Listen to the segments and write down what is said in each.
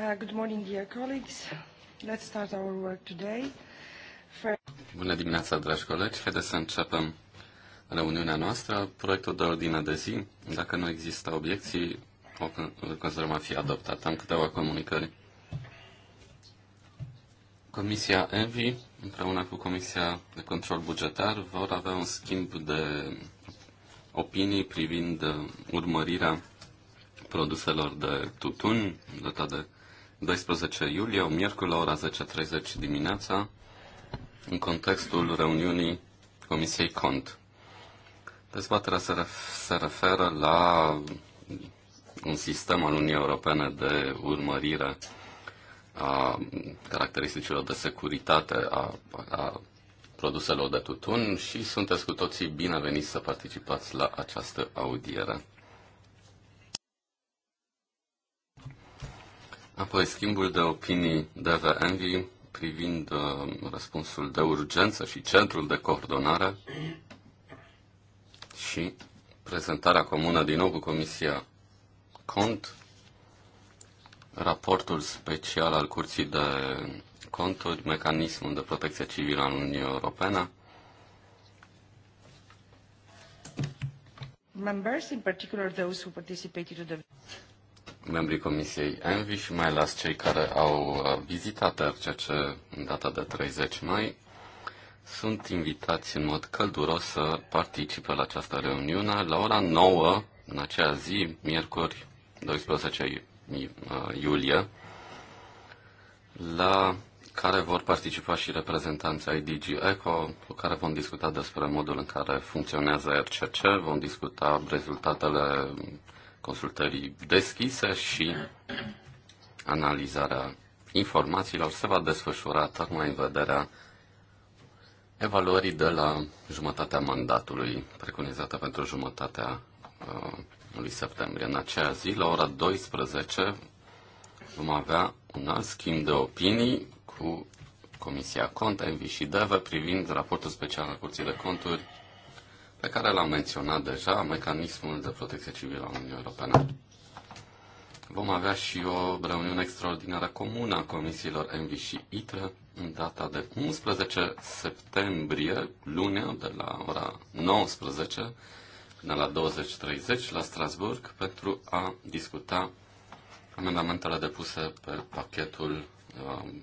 Uh, good morning, dear colleagues. Let's start our work today. Bună dimineața, dragi colegi. Haideți să începem reuniunea noastră. Proiectul de ordine de zi, dacă nu există obiecții, o considerăm a fi adoptat. Am câteva comunicări. Comisia ENVI, împreună cu Comisia de Control Bugetar, vor avea un schimb de opinii privind urmărirea produselor de tutun, data de 12 iulie, miercuri la ora 10.30 dimineața, în contextul reuniunii Comisiei Cont. Dezbaterea se, ref- se referă la un sistem al Uniunii Europene de urmărire a caracteristicilor de securitate a, a produselor de tutun și sunteți cu toții bineveniți să participați la această audiere. Apoi schimbul de opinii DVNV privind uh, răspunsul de urgență și centrul de coordonare și prezentarea comună din nou cu Comisia Cont, raportul special al Curții de Conturi, mecanismul de protecție civilă al Uniunii Europene, members, in particular those who participated to the membrii Comisiei Envi și mai ales cei care au uh, vizitat RCC în data de 30 mai sunt invitați în mod călduros să participe la această reuniune la ora 9 în acea zi, miercuri 12 uh, iulie, la care vor participa și reprezentanții ai DG ECO, cu care vom discuta despre modul în care funcționează RCC, vom discuta rezultatele consultării deschise și analizarea informațiilor se va desfășura tocmai în vederea evaluării de la jumătatea mandatului, preconizată pentru jumătatea uh, lui septembrie. În acea zi, la ora 12, vom avea un alt schimb de opinii cu Comisia Cont, Envi și Deve privind raportul special al Curții de Conturi pe care l-am menționat deja, mecanismul de protecție civilă a Uniunii Europene. Vom avea și o reuniune extraordinară comună a comisiilor ENVI și ITRE în data de 11 septembrie, lunea, de la ora 19 până la 20.30 la Strasburg pentru a discuta amendamentele depuse pe pachetul um,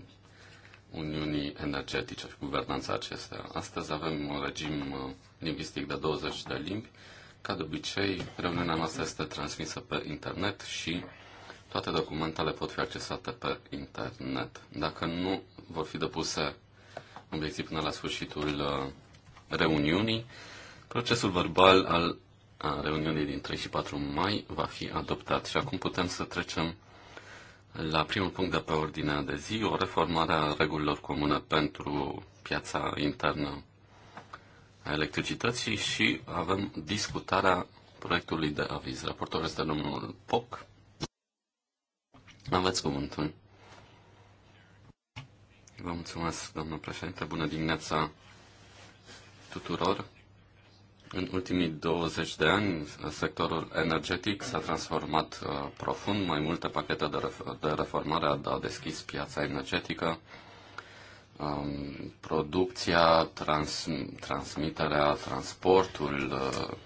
Uniunii Energetice și guvernanța acestea. Astăzi avem un regim uh, lingvistic de 20 de limbi. Ca de obicei, reuniunea noastră este transmisă pe internet și toate documentele pot fi accesate pe internet. Dacă nu vor fi depuse obiectiv până la sfârșitul uh, reuniunii, procesul verbal al a reuniunii din 3 și 4 mai va fi adoptat. Și acum putem să trecem la primul punct de pe ordinea de zi, o reformare a regulilor comune pentru piața internă electricității și avem discutarea proiectului de aviz. Raportor este domnul Poc. Aveți cuvântul. Vă mulțumesc, domnul președinte. Bună dimineața tuturor. În ultimii 20 de ani, sectorul energetic s-a transformat uh, profund. Mai multe pachete de, ref- de reformare a, deschis piața energetică um, producția, trans, transmiterea, transportul uh,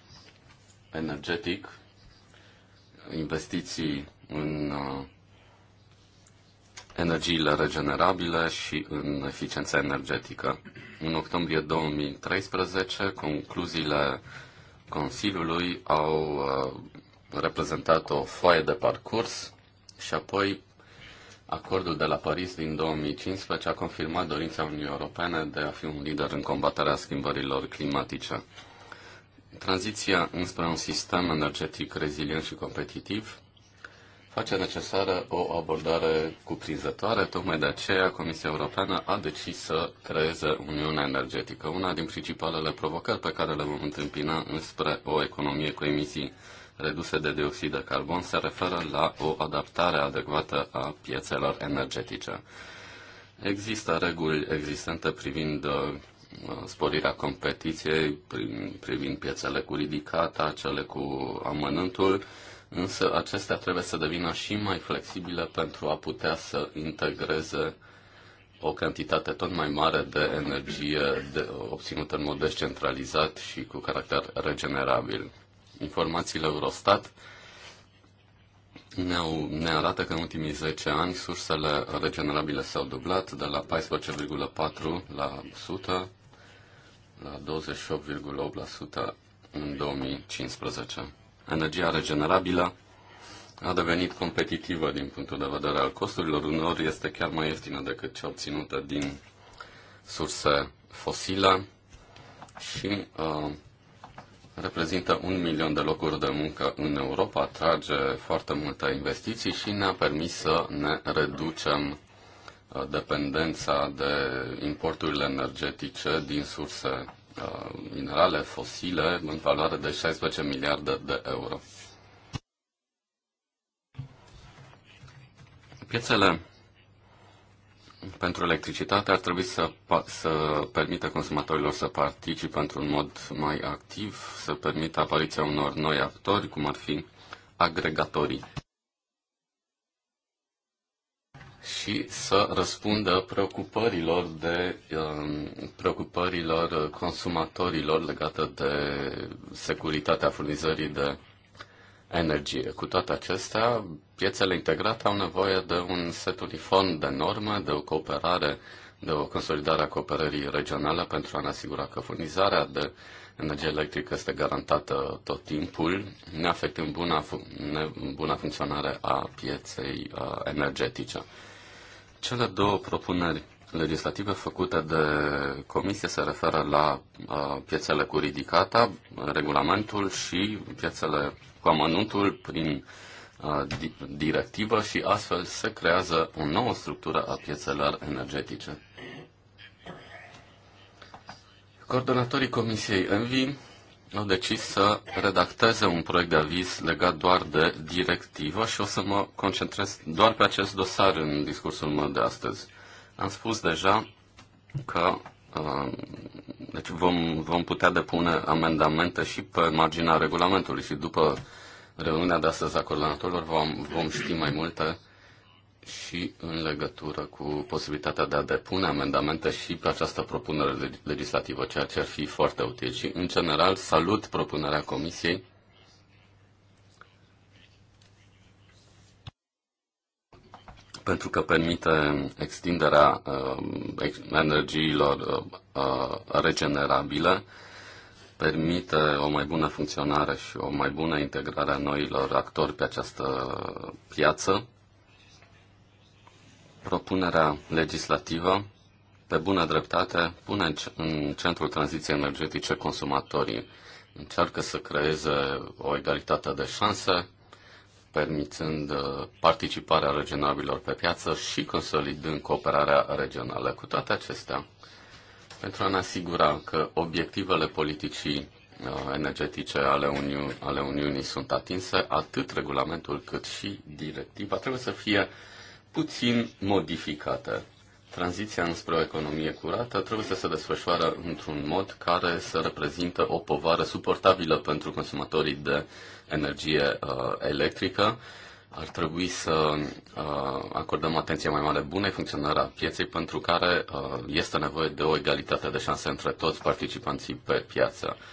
energetic, investiții în uh, energiile regenerabile și în eficiența energetică. În octombrie 2013, concluziile Consiliului au uh, reprezentat o foaie de parcurs și apoi Acordul de la Paris din 2015 a confirmat dorința Uniunii Europene de a fi un lider în combaterea schimbărilor climatice. Tranziția înspre un sistem energetic rezilient și competitiv face necesară o abordare cuprinzătoare. Tocmai de aceea Comisia Europeană a decis să creeze Uniunea Energetică, una din principalele provocări pe care le vom întâmpina înspre o economie cu emisii reduse de dioxid de carbon se referă la o adaptare adecvată a piețelor energetice. Există reguli existente privind uh, sporirea competiției, privind piețele cu ridicata, cele cu amănântul, însă acestea trebuie să devină și mai flexibile pentru a putea să integreze o cantitate tot mai mare de energie de, obținută în mod descentralizat și cu caracter regenerabil informațiile Eurostat ne-au, ne arată că în ultimii 10 ani sursele regenerabile s-au dublat de la 14,4% la 100 la 28,8% în 2015. Energia regenerabilă a devenit competitivă din punctul de vedere al costurilor, uneori este chiar mai ieftină decât cea obținută din surse fosile și uh, reprezintă un milion de locuri de muncă în Europa, atrage foarte multe investiții și ne-a permis să ne reducem uh, dependența de importurile energetice din surse uh, minerale fosile în valoare de 16 miliarde de euro. Piețele pentru electricitate ar trebui să, să permită consumatorilor să participe într-un mod mai activ, să permită apariția unor noi actori, cum ar fi agregatorii. Și să răspundă preocupărilor, de, um, preocupărilor consumatorilor legate de securitatea furnizării de energie. Cu toate acestea, piețele integrate au nevoie de un set uniform de norme, de o cooperare, de o consolidare a cooperării regionale pentru a ne asigura că furnizarea de energie electrică este garantată tot timpul, ne afectând buna, buna funcționare a pieței energetice. Cele două propuneri legislative făcute de comisie se referă la uh, piețele cu ridicata, regulamentul și piețele cu amănuntul prin uh, directivă și astfel se creează o nouă structură a piețelor energetice. Coordonatorii Comisiei Envi au decis să redacteze un proiect de aviz legat doar de directivă și o să mă concentrez doar pe acest dosar în discursul meu de astăzi. Am spus deja că Um, deci vom, vom putea depune amendamente și pe marginea regulamentului și după reuniunea de astăzi a coordonatorilor vom, vom ști mai multe și în legătură cu posibilitatea de a depune amendamente și pe această propunere legislativă, ceea ce ar fi foarte util. Și, în general, salut propunerea Comisiei pentru că permite extinderea um, uh, energiilor uh, regenerabile, permite o mai bună funcționare și o mai bună integrare a noilor actori pe această piață. Propunerea legislativă, pe bună dreptate, pune în centrul tranziției energetice consumatorii. Încearcă să creeze o egalitate de șanse permițând uh, participarea regenabilor pe piață și consolidând cooperarea regională. Cu toate acestea, pentru a ne asigura că obiectivele politicii uh, energetice ale, Uniu- ale Uniunii sunt atinse, atât regulamentul cât și directiva trebuie să fie puțin modificate. Tranziția înspre o economie curată trebuie să se desfășoare într-un mod care să reprezintă o povară suportabilă pentru consumatorii de energie uh, electrică. Ar trebui să uh, acordăm atenție mai mare bunei funcționarea a pieței, pentru care uh, este nevoie de o egalitate de șanse între toți participanții pe piață. Uh,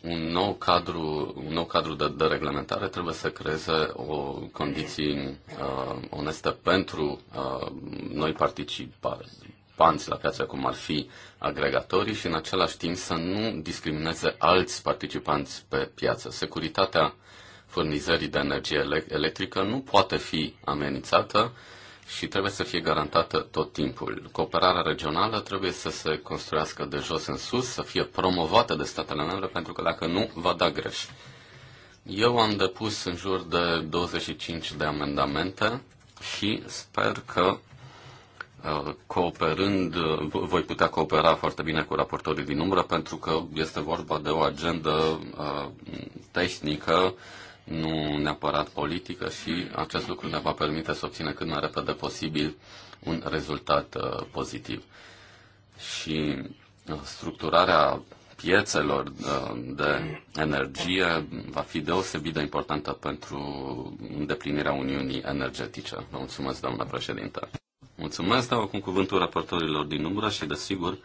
un nou cadru, un nou cadru de, de reglementare trebuie să creeze o condiții uh, onestă pentru uh, noi participanți la piață, cum ar fi agregatorii, și în același timp să nu discrimineze alți participanți pe piață. Securitatea furnizării de energie electrică nu poate fi amenințată uh, și trebuie să fie garantată tot timpul. Cooperarea regională trebuie să se construiască de jos în sus, să fie promovată de statele membre, pentru că dacă nu, va da greș. Eu am depus în jur de 25 de amendamente și sper că uh, cooperând, uh, voi putea coopera foarte bine cu raportorii din umbră, pentru că este vorba de o agendă uh, tehnică nu neapărat politică și acest lucru ne va permite să obținem cât mai repede posibil un rezultat uh, pozitiv. Și uh, structurarea piețelor uh, de energie va fi deosebit de importantă pentru îndeplinirea Uniunii Energetice. Vă mulțumesc, doamna președinte. Mulțumesc, dau acum cuvântul raportorilor din umbră și, desigur,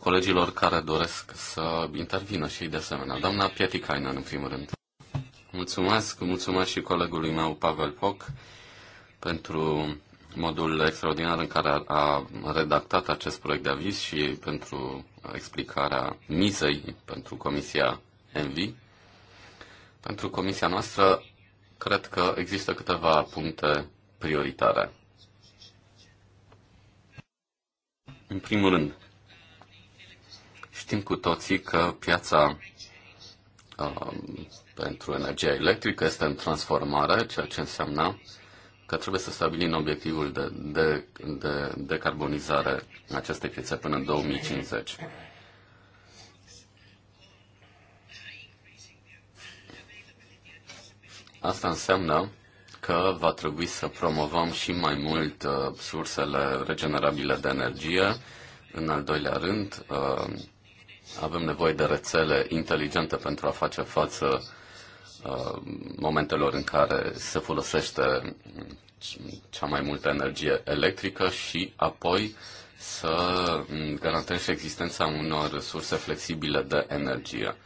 colegilor care doresc să intervină și de asemenea. Doamna Pietikainen, în primul rând. Mulțumesc, mulțumesc și colegului meu, Pavel Poc, pentru modul extraordinar în care a redactat acest proiect de aviz și pentru explicarea mizei pentru Comisia ENVI. Pentru Comisia noastră, cred că există câteva puncte prioritare. În primul rând, știm cu toții că piața uh, pentru energia electrică este în transformare, ceea ce înseamnă că trebuie să stabilim obiectivul de, de, de decarbonizare acestei piețe până în 2050. Asta înseamnă că va trebui să promovăm și mai mult uh, sursele regenerabile de energie. În al doilea rând, uh, avem nevoie de rețele inteligente pentru a face față Uh, momentelor în care se folosește cea mai multă energie electrică și apoi să garantăm și existența unor resurse flexibile de energie.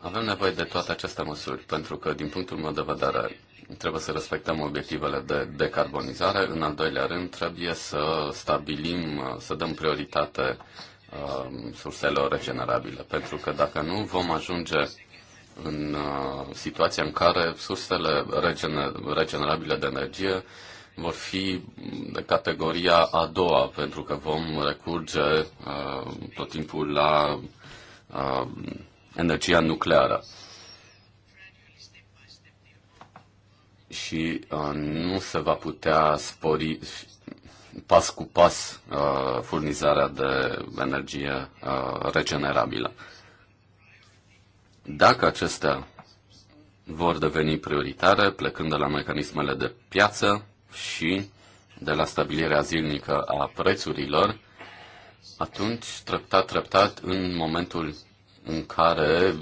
Avem nevoie de toate aceste măsuri, pentru că, din punctul meu de vedere, trebuie să respectăm obiectivele de decarbonizare. În al doilea rând, trebuie să stabilim, să dăm prioritate uh, surselor regenerabile, pentru că dacă nu vom ajunge în uh, situația în care sursele regenerabile de energie vor fi de categoria a doua, pentru că vom recurge uh, tot timpul la uh, energia nucleară. Și nu se va putea spori pas cu pas furnizarea de energie regenerabilă. Dacă acestea vor deveni prioritare, plecând de la mecanismele de piață și de la stabilirea zilnică a prețurilor, atunci, treptat, treptat, în momentul în care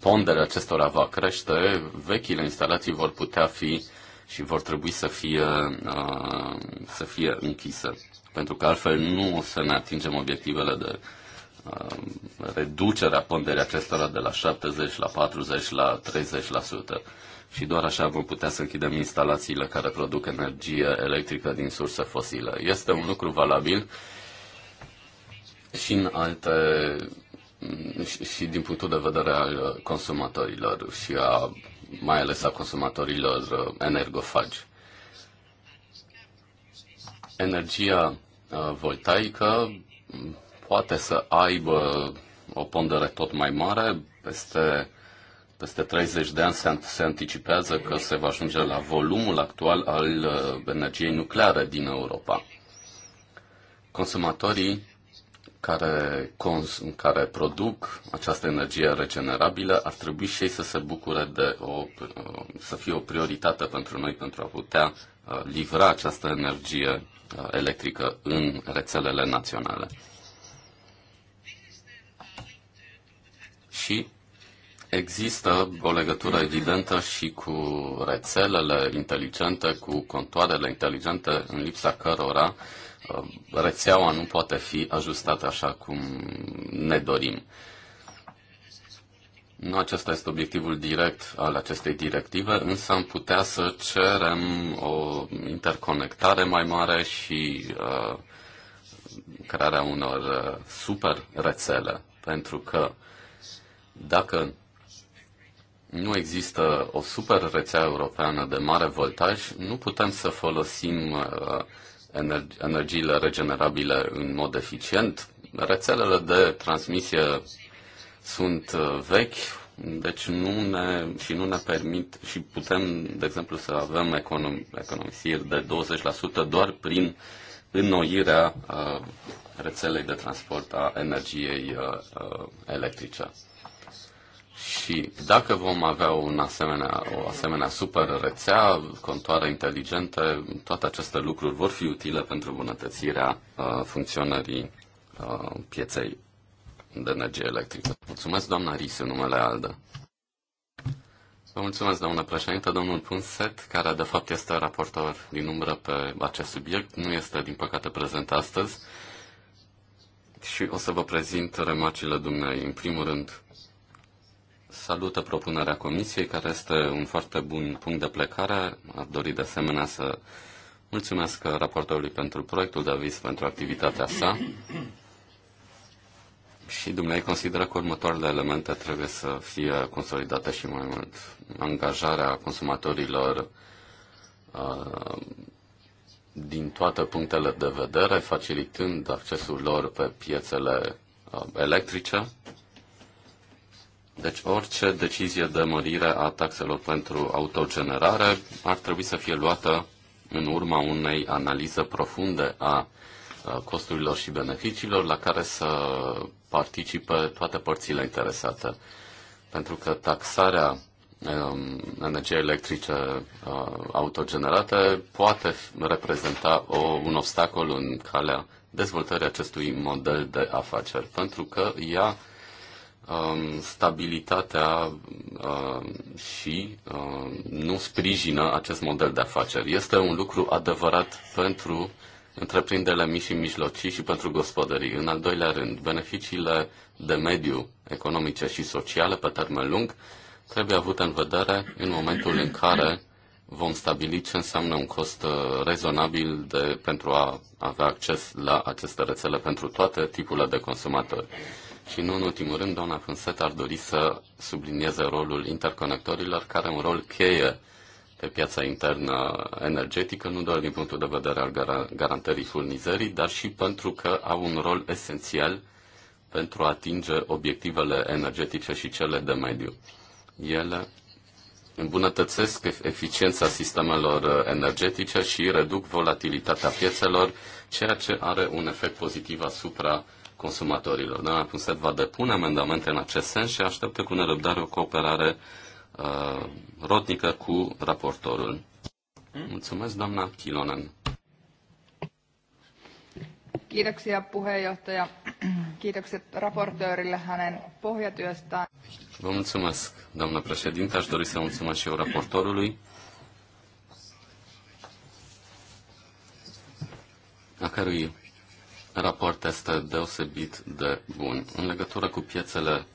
ponderea acestora va crește, vechile instalații vor putea fi și vor trebui să fie, uh, să fie închise. Pentru că altfel nu o să ne atingem obiectivele de Um, reducerea ponderii acestora de la 70 la 40 la 30% și doar așa vom putea să închidem instalațiile care produc energie electrică din surse fosile. Este un lucru valabil și în alte și, și din punctul de vedere al consumatorilor și a, mai ales a consumatorilor energofagi. Energia uh, voltaică poate să aibă o pondere tot mai mare. Peste, peste 30 de ani se, se anticipează că se va ajunge la volumul actual al uh, energiei nucleare din Europa. Consumatorii care, cons- care produc această energie regenerabilă ar trebui și ei să se bucure de o, uh, să fie o prioritate pentru noi pentru a putea uh, livra această energie electrică în rețelele naționale. și există o legătură evidentă și cu rețelele inteligente, cu contoarele inteligente, în lipsa cărora uh, rețeaua nu poate fi ajustată așa cum ne dorim. Nu acesta este obiectivul direct al acestei directive, însă am putea să cerem o interconectare mai mare și uh, crearea unor uh, super rețele, pentru că uh, dacă nu există o super rețea europeană de mare voltaj, nu putem să folosim uh, energiile regenerabile în mod eficient. Rețelele de transmisie sunt uh, vechi, deci nu ne, și nu ne permit și putem, de exemplu, să avem econom, economisiri de 20% doar prin înnoirea uh, rețelei de transport a energiei electrice. Și dacă vom avea un asemenea, o asemenea super rețea, contoare inteligente, toate aceste lucruri vor fi utile pentru bunătățirea uh, funcționării uh, pieței de energie electrică. Mulțumesc, doamna Ris, în numele Aldă. Vă mulțumesc, doamnă președinte. Domnul Punset, care de fapt este raportor din umbră pe acest subiect, nu este, din păcate, prezent astăzi și o să vă prezint remarcile dumnei. În primul rând, salută propunerea Comisiei, care este un foarte bun punct de plecare. Ar dori de asemenea să mulțumesc raportorului pentru proiectul de aviz pentru activitatea sa și dumneavoastră consideră că următoarele elemente trebuie să fie consolidate și mai mult. Angajarea consumatorilor uh, din toate punctele de vedere, facilitând accesul lor pe piețele uh, electrice, deci orice decizie de mărire a taxelor pentru autogenerare ar trebui să fie luată în urma unei analize profunde a costurilor și beneficiilor la care să participe toate părțile interesate. Pentru că taxarea um, energiei electrice uh, autogenerate poate reprezenta o, un obstacol în calea dezvoltării acestui model de afaceri, pentru că ea um, stabilitatea um, și um, nu sprijină acest model de afaceri. Este un lucru adevărat pentru întreprinderile mici și mijlocii și pentru gospodării. În al doilea rând, beneficiile de mediu economice și sociale pe termen lung trebuie avute în vedere în momentul în care vom stabili ce înseamnă un cost uh, rezonabil de, pentru a avea acces la aceste rețele pentru toate tipurile de consumatori. Și nu în ultimul rând, doamna Fânset ar dori să sublinieze rolul interconectorilor, care un rol cheie pe piața internă energetică, nu doar din punctul de vedere al garantării furnizării, dar și pentru că au un rol esențial pentru a atinge obiectivele energetice și cele de mediu. Ele îmbunătățesc eficiența sistemelor energetice și reduc volatilitatea piețelor, ceea ce are un efect pozitiv asupra consumatorilor. Da? Punset va depune amendamente în acest sens și așteptă cu nerăbdare o cooperare uh, rotnică cu raportorul. Hmm? Mulțumesc, doamna Kilonen. Kiitoksia puheenjohtaja. Kiitokset raportöörille hänen pohjatyöstään. Vă mulțumesc, doamna președinte. Aș dori să mulțumesc și eu raportorului. a cărui raport este deosebit de bun. În legătură cu piețele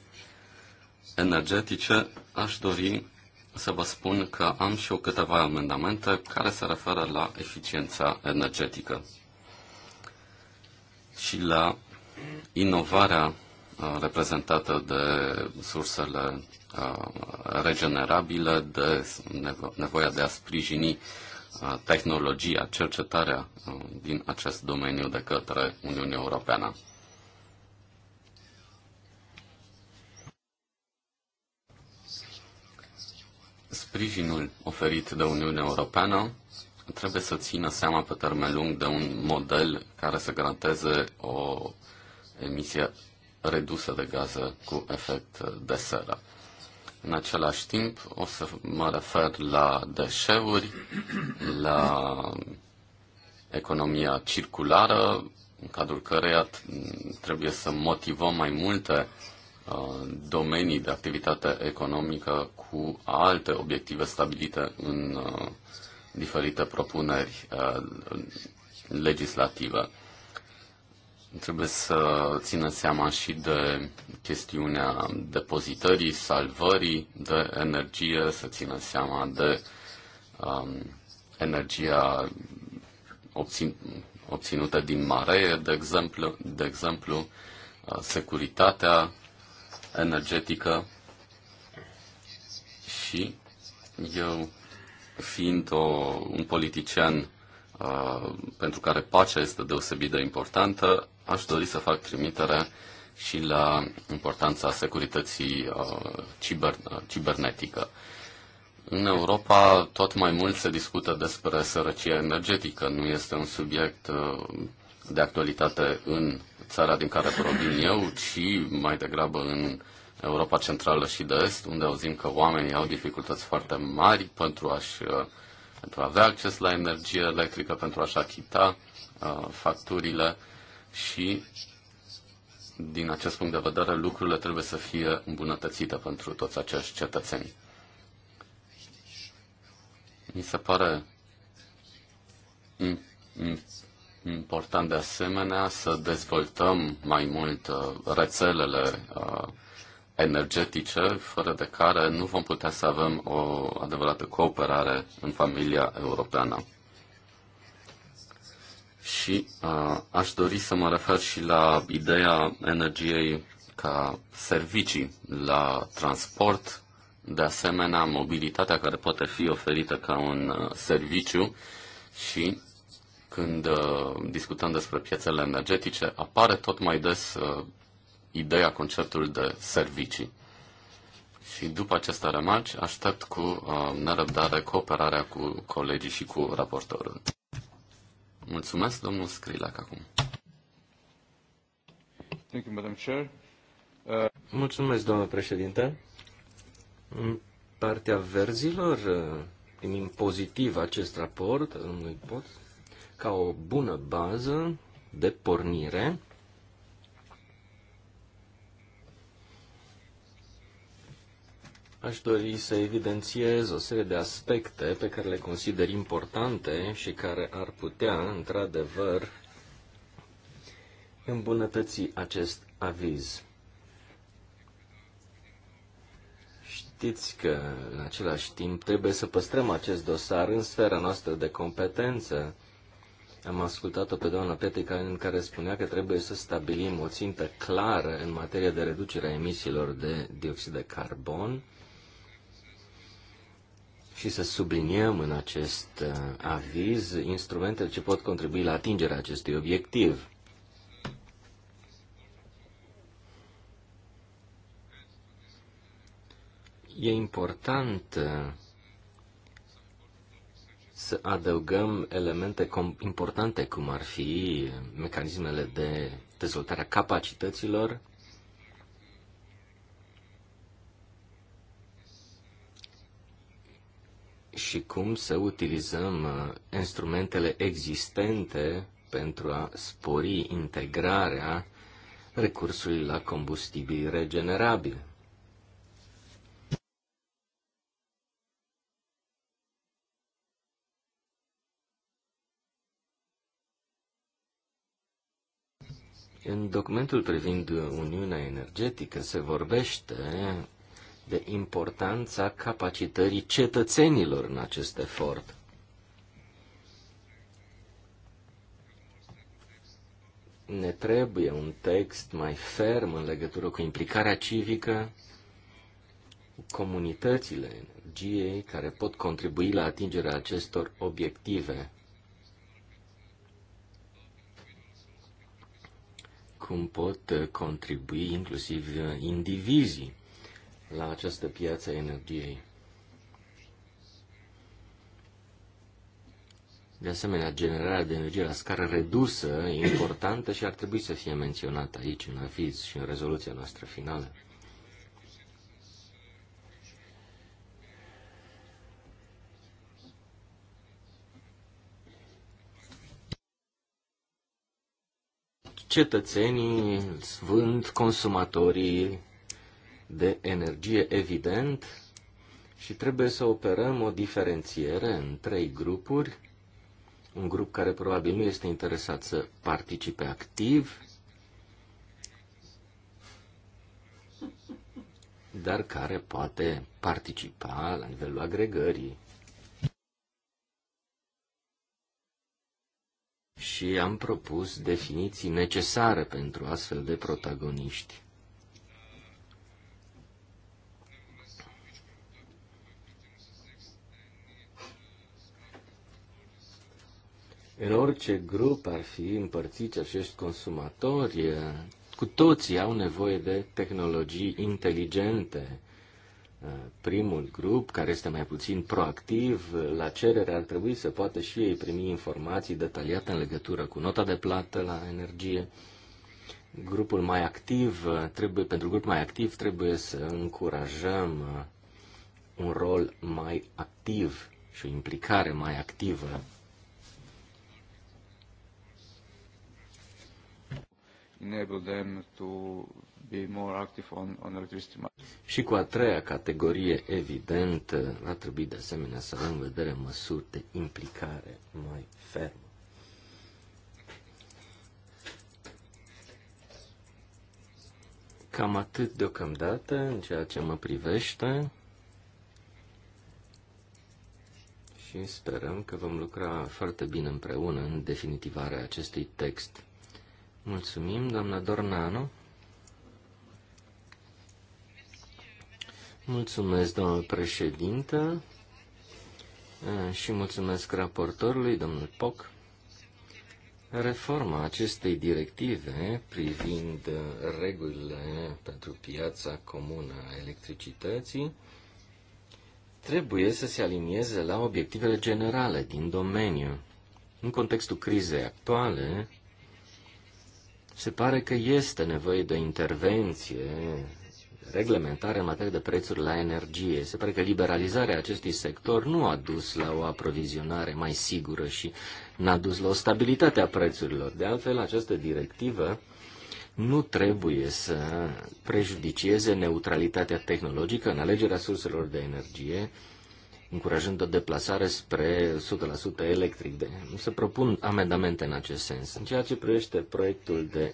energetice, aș dori să vă spun că am și eu câteva amendamente care se referă la eficiența energetică și la inovarea uh, reprezentată de sursele uh, regenerabile, de nevoia de a sprijini tehnologia, cercetarea uh, din acest domeniu de către Uniunea Europeană. Sprijinul oferit de Uniunea Europeană trebuie să țină seama pe termen lung de un model care să garanteze o emisie redusă de gaze cu efect de seră. În același timp, o să mă refer la deșeuri, la economia circulară, în cadrul căreia trebuie să motivăm mai multe uh, domenii de activitate economică cu alte obiective stabilite în uh, diferite propuneri uh, legislative. Trebuie să țină seama și de chestiunea depozitării, salvării de energie, să țină seama de um, energia obțin, obținută din mare, de exemplu, de exemplu uh, securitatea energetică și eu, fiind o, un politician uh, pentru care pacea este deosebit de importantă, aș dori să fac trimitere și la importanța securității uh, ciber, uh, cibernetică. În Europa tot mai mult se discută despre sărăcia energetică. Nu este un subiect uh, de actualitate în țara din care provin eu, ci mai degrabă în Europa Centrală și de Est, unde auzim că oamenii au dificultăți foarte mari pentru, a-și, pentru a avea acces la energie electrică, pentru a-și achita uh, facturile și din acest punct de vedere lucrurile trebuie să fie îmbunătățite pentru toți acești cetățeni. Mi se pare important de asemenea să dezvoltăm mai mult uh, rețelele uh, energetice, fără de care nu vom putea să avem o adevărată cooperare în familia europeană. Și a, aș dori să mă refer și la ideea energiei ca servicii, la transport, de asemenea mobilitatea care poate fi oferită ca un serviciu și când discutăm despre piețele energetice, apare tot mai des ideea, conceptului de servicii. Și după aceste remarci, aștept cu nerăbdare cooperarea cu colegii și cu raportorul. Mulțumesc, domnul Scrilac, acum. Thank you, Madam Chair. Uh... Mulțumesc, domnul președinte. În partea verzilor, primim eh, pozitiv acest raport, domnului Pot, ca o bună bază de pornire Aș dori să evidențiez o serie de aspecte pe care le consider importante și care ar putea, într-adevăr, îmbunătăți acest aviz. Știți că, în același timp, trebuie să păstrăm acest dosar în sfera noastră de competență. Am ascultat-o pe doamna în care spunea că trebuie să stabilim o țintă clară în materie de reducere a emisiilor de dioxid de carbon și să subliniem în acest uh, aviz instrumentele ce pot contribui la atingerea acestui obiectiv. E important uh, să adăugăm elemente importante, cum ar fi mecanismele de dezvoltare a capacităților și cum să utilizăm uh, instrumentele existente pentru a spori integrarea recursului la combustibil regenerabil. În documentul privind Uniunea Energetică se vorbește de importanța capacitării cetățenilor în acest efort. Ne trebuie un text mai ferm în legătură cu implicarea civică, comunitățile energiei care pot contribui la atingerea acestor obiective. cum pot contribui inclusiv indivizii la această piață a energiei. De asemenea, generarea de energie la scară redusă e importantă și ar trebui să fie menționată aici, în aviz și în rezoluția noastră finală. Cetățenii, vând, consumatorii de energie evident și trebuie să operăm o diferențiere în trei grupuri. Un grup care probabil nu este interesat să participe activ, dar care poate participa la nivelul agregării. Și am propus definiții necesare pentru astfel de protagoniști. În orice grup ar fi împărțiți acești consumatori, eh, cu toții au nevoie de tehnologii inteligente. Eh, primul grup, care este mai puțin proactiv, eh, la cerere ar trebui să poată și ei primi informații detaliate în legătură cu nota de plată la energie. Grupul mai activ, trebuie, pentru grup mai activ trebuie să încurajăm un rol mai activ și o implicare mai activă enable them to be more active on, on electricity market. Și cu a treia categorie, evident, ar trebui de asemenea să avem în vedere măsuri de implicare mai ferm. Cam atât deocamdată în ceea ce mă privește și sperăm că vom lucra foarte bine împreună în definitivarea acestui text. Mulțumim, doamna Dornano. Mulțumesc, domnul președinte, eh, și mulțumesc raportorului, domnul Poc. Reforma acestei directive privind eh, regulile pentru piața comună a electricității trebuie să se alinieze la obiectivele generale din domeniu. În contextul crizei actuale, se pare că este nevoie de intervenție, reglementare în materie de prețuri la energie. Se pare că liberalizarea acestui sector nu a dus la o aprovizionare mai sigură și n-a dus la o stabilitate a prețurilor. De altfel, această directivă nu trebuie să prejudicieze neutralitatea tehnologică în alegerea surselor de energie, încurajând o deplasare spre 100% electric. De, deci, se propun amendamente în acest sens. În ceea ce privește proiectul de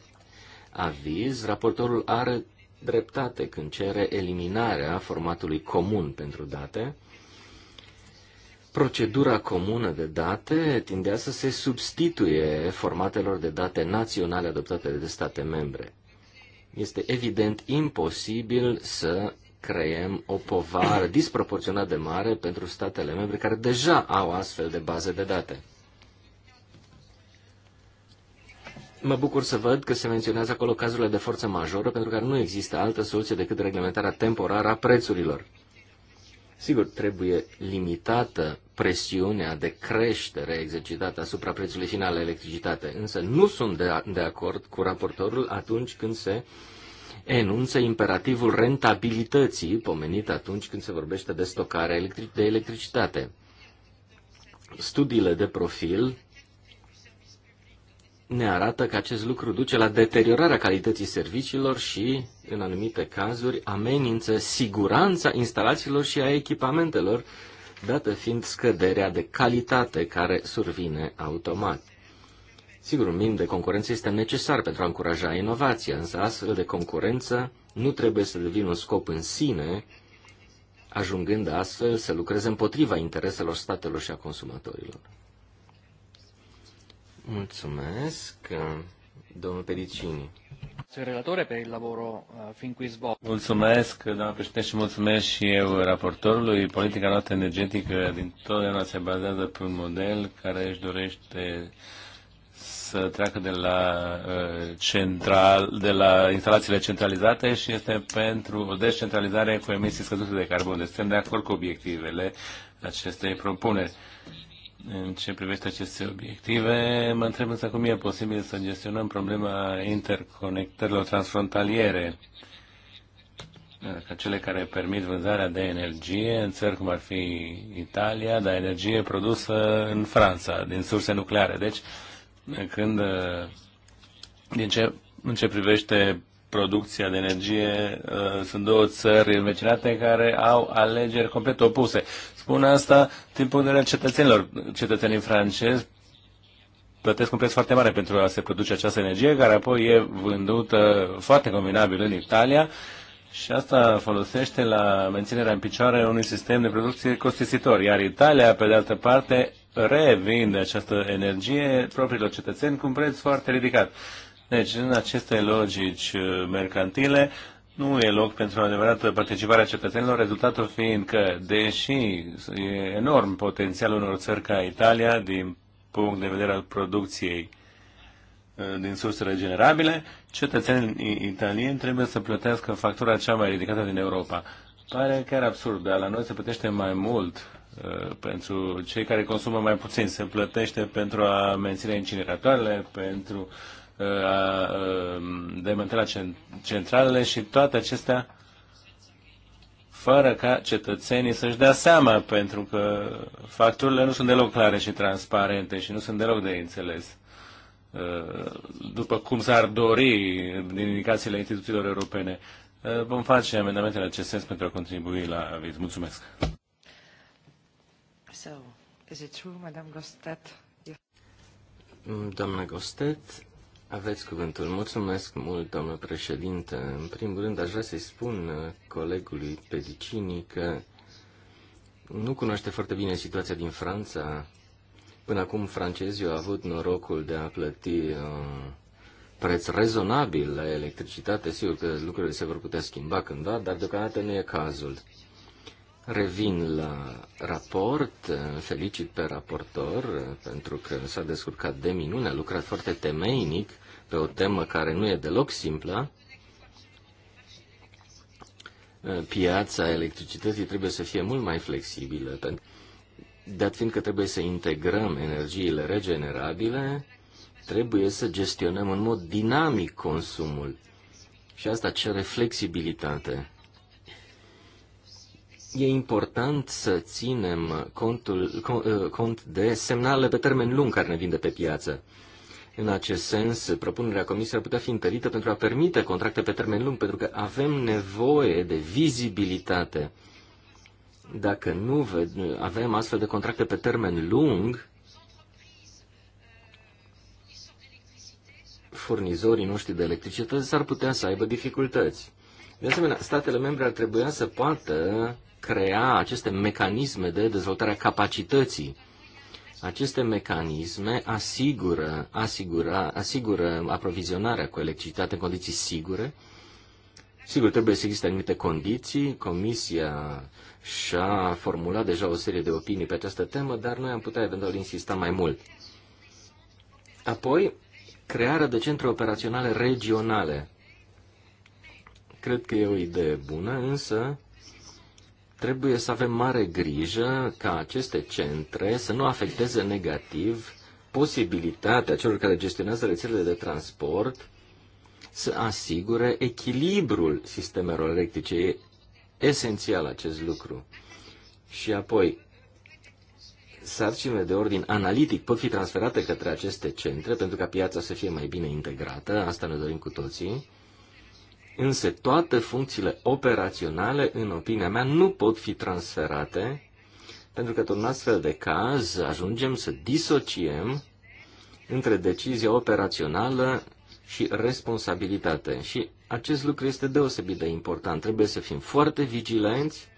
aviz, raportorul are dreptate când cere eliminarea formatului comun pentru date. Procedura comună de date tindea să se substituie formatelor de date naționale adoptate de state membre. Este evident imposibil să creăm o povară disproporționat de mare pentru statele membre care deja au astfel de baze de date. Mă bucur să văd că se menționează acolo cazurile de forță majoră pentru care nu există altă soluție decât reglementarea temporară a prețurilor. Sigur, trebuie limitată presiunea de creștere exercitată asupra prețului final al electricitate, însă nu sunt de, de acord cu raportorul atunci când se uh, enunță imperativul rentabilității pomenit atunci când se vorbește de stocarea electric- de electricitate. Studiile de profil ne arată că acest lucru duce la deteriorarea calității serviciilor și, în anumite cazuri, amenință siguranța instalațiilor și a echipamentelor, dată fiind scăderea de calitate care survine automat. Sigur, un minim de concurență este necesar pentru a încuraja inovația, însă astfel de concurență nu trebuie să devină un scop în sine, ajungând astfel să lucreze împotriva intereselor statelor și a consumatorilor. Mulțumesc, domnul Pedicini. Eh, mulțumesc, doamna președinte, și mulțumesc și eu raportorului. Politica noastră energetică din totdeauna se bazează pe un model care își dorește să treacă de la, uh, central, de la instalațiile centralizate și este pentru o descentralizare cu emisii scăzute de carbon. Deci suntem de acord cu obiectivele acestei propuneri. În ce privește aceste obiective, mă întreb însă cum e posibil să gestionăm problema interconectărilor transfrontaliere ca cele care permit vânzarea de energie în țări cum ar fi Italia, dar energie produsă în Franța, din surse nucleare. Deci, când, uh, din ce, în ce privește producția de energie, uh, sunt două țări învecinate care au alegeri complet opuse. Spun asta din punct de vedere cetățenilor. Cetățenii francezi plătesc un preț foarte mare pentru a se produce această energie, care apoi e vândută foarte combinabil în Italia și asta folosește la menținerea în picioare unui sistem de producție costisitor. Iar Italia, pe de altă parte, revinde această energie propriilor cetățeni cu un preț foarte ridicat. Deci, în aceste logici uh, mercantile, nu e loc pentru o adevărată participare a cetățenilor, rezultatul fiind că, deși e enorm potențialul unor țări ca Italia, din punct de vedere al producției uh, din surse regenerabile, cetățenii italieni trebuie să plătească factura cea mai ridicată din Europa. Pare chiar absurd, dar la noi se plătește mai mult Uh, pentru cei care consumă mai puțin. Se plătește pentru a menține incineratoarele, pentru uh, a um, demantela centralele și toate acestea fără ca cetățenii să-și dea seama, pentru că facturile nu sunt deloc clare și transparente și nu sunt deloc de înțeles uh, după cum s-ar dori din indicațiile instituțiilor europene. Vom face amendamentele în acest sens pentru a contribui la aviz. Mulțumesc! Is Gostet? Mm, doamna Gostet, aveți cuvântul. Mulțumesc mult, doamnă președinte. În primul rând, aș vrea să-i spun uh, colegului Pedicini că nu cunoaște foarte bine situația din Franța. Până acum, francezii au avut norocul de a plăti un uh, preț rezonabil la electricitate. Sigur că lucrurile se vor putea schimba cândva, dar deocamdată nu e cazul. Revin la raport, felicit pe raportor pentru că s-a descurcat de minune, a lucrat foarte temeinic pe o temă care nu e deloc simplă. Piața electricității trebuie să fie mult mai flexibilă, dat fiindcă trebuie să integrăm energiile regenerabile, trebuie să gestionăm în mod dinamic consumul și asta cere flexibilitate. E important să ținem contul, ă, cont de semnale pe termen lung care ne vin de pe piață. În acest sens, propunerea Comisiei ar putea fi întărită pentru a permite contracte pe termen lung, pentru că avem nevoie de vizibilitate. Dacă nu avem astfel de contracte pe termen lung, furnizorii noștri de electricitate s-ar putea să aibă dificultăți. De asemenea, statele membre ar trebui să poată crea aceste mecanisme de dezvoltare a capacității. Aceste mecanisme asigură, asigură, asigură aprovizionarea cu electricitate în condiții sigure. Sigur, trebuie să existe anumite condiții. Comisia și-a formulat deja o serie de opinii pe această temă, dar noi am putea eventual insista mai mult. Apoi, crearea de centre operaționale regionale Cred că e o idee bună, însă trebuie să avem mare grijă ca aceste centre să nu afecteze negativ posibilitatea celor care gestionează rețelele de transport să asigure echilibrul sistemelor electrice. E esențial acest lucru. Și apoi, sarcinile de ordin analitic pot fi transferate către aceste centre pentru ca piața să fie mai bine integrată, asta ne dorim cu toții, Însă toate funcțiile operaționale, în opinia mea, nu pot fi transferate, pentru că, în astfel de caz, ajungem să disociem între decizia operațională și responsabilitate. Și acest lucru este deosebit de important. Trebuie să fim foarte vigilenți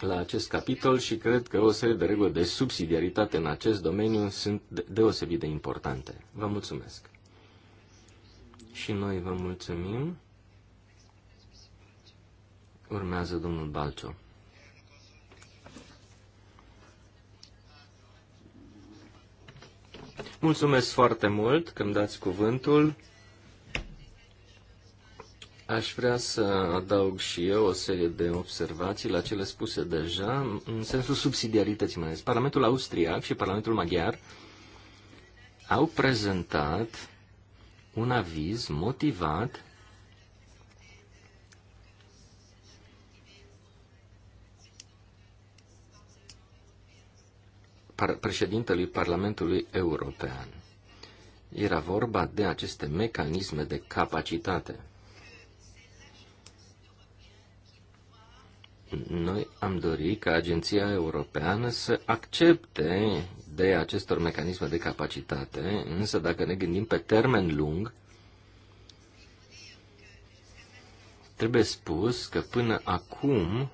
la acest capitol și cred că o serie de reguli de subsidiaritate în acest domeniu sunt deosebit de importante. Vă mulțumesc! Și noi vă mulțumim. Urmează domnul Balcio. Mulțumesc foarte mult că îmi dați cuvântul. Aș vrea să adaug și eu o serie de observații la cele spuse deja, în sensul subsidiarității mai ales. Parlamentul austriac și Parlamentul maghiar au prezentat un aviz motivat președintelui Parlamentului European. Era vorba de aceste mecanisme de capacitate. Noi am dorit ca Agenția Europeană să accepte de acestor mecanisme de capacitate, însă dacă ne gândim pe termen lung, trebuie spus că până acum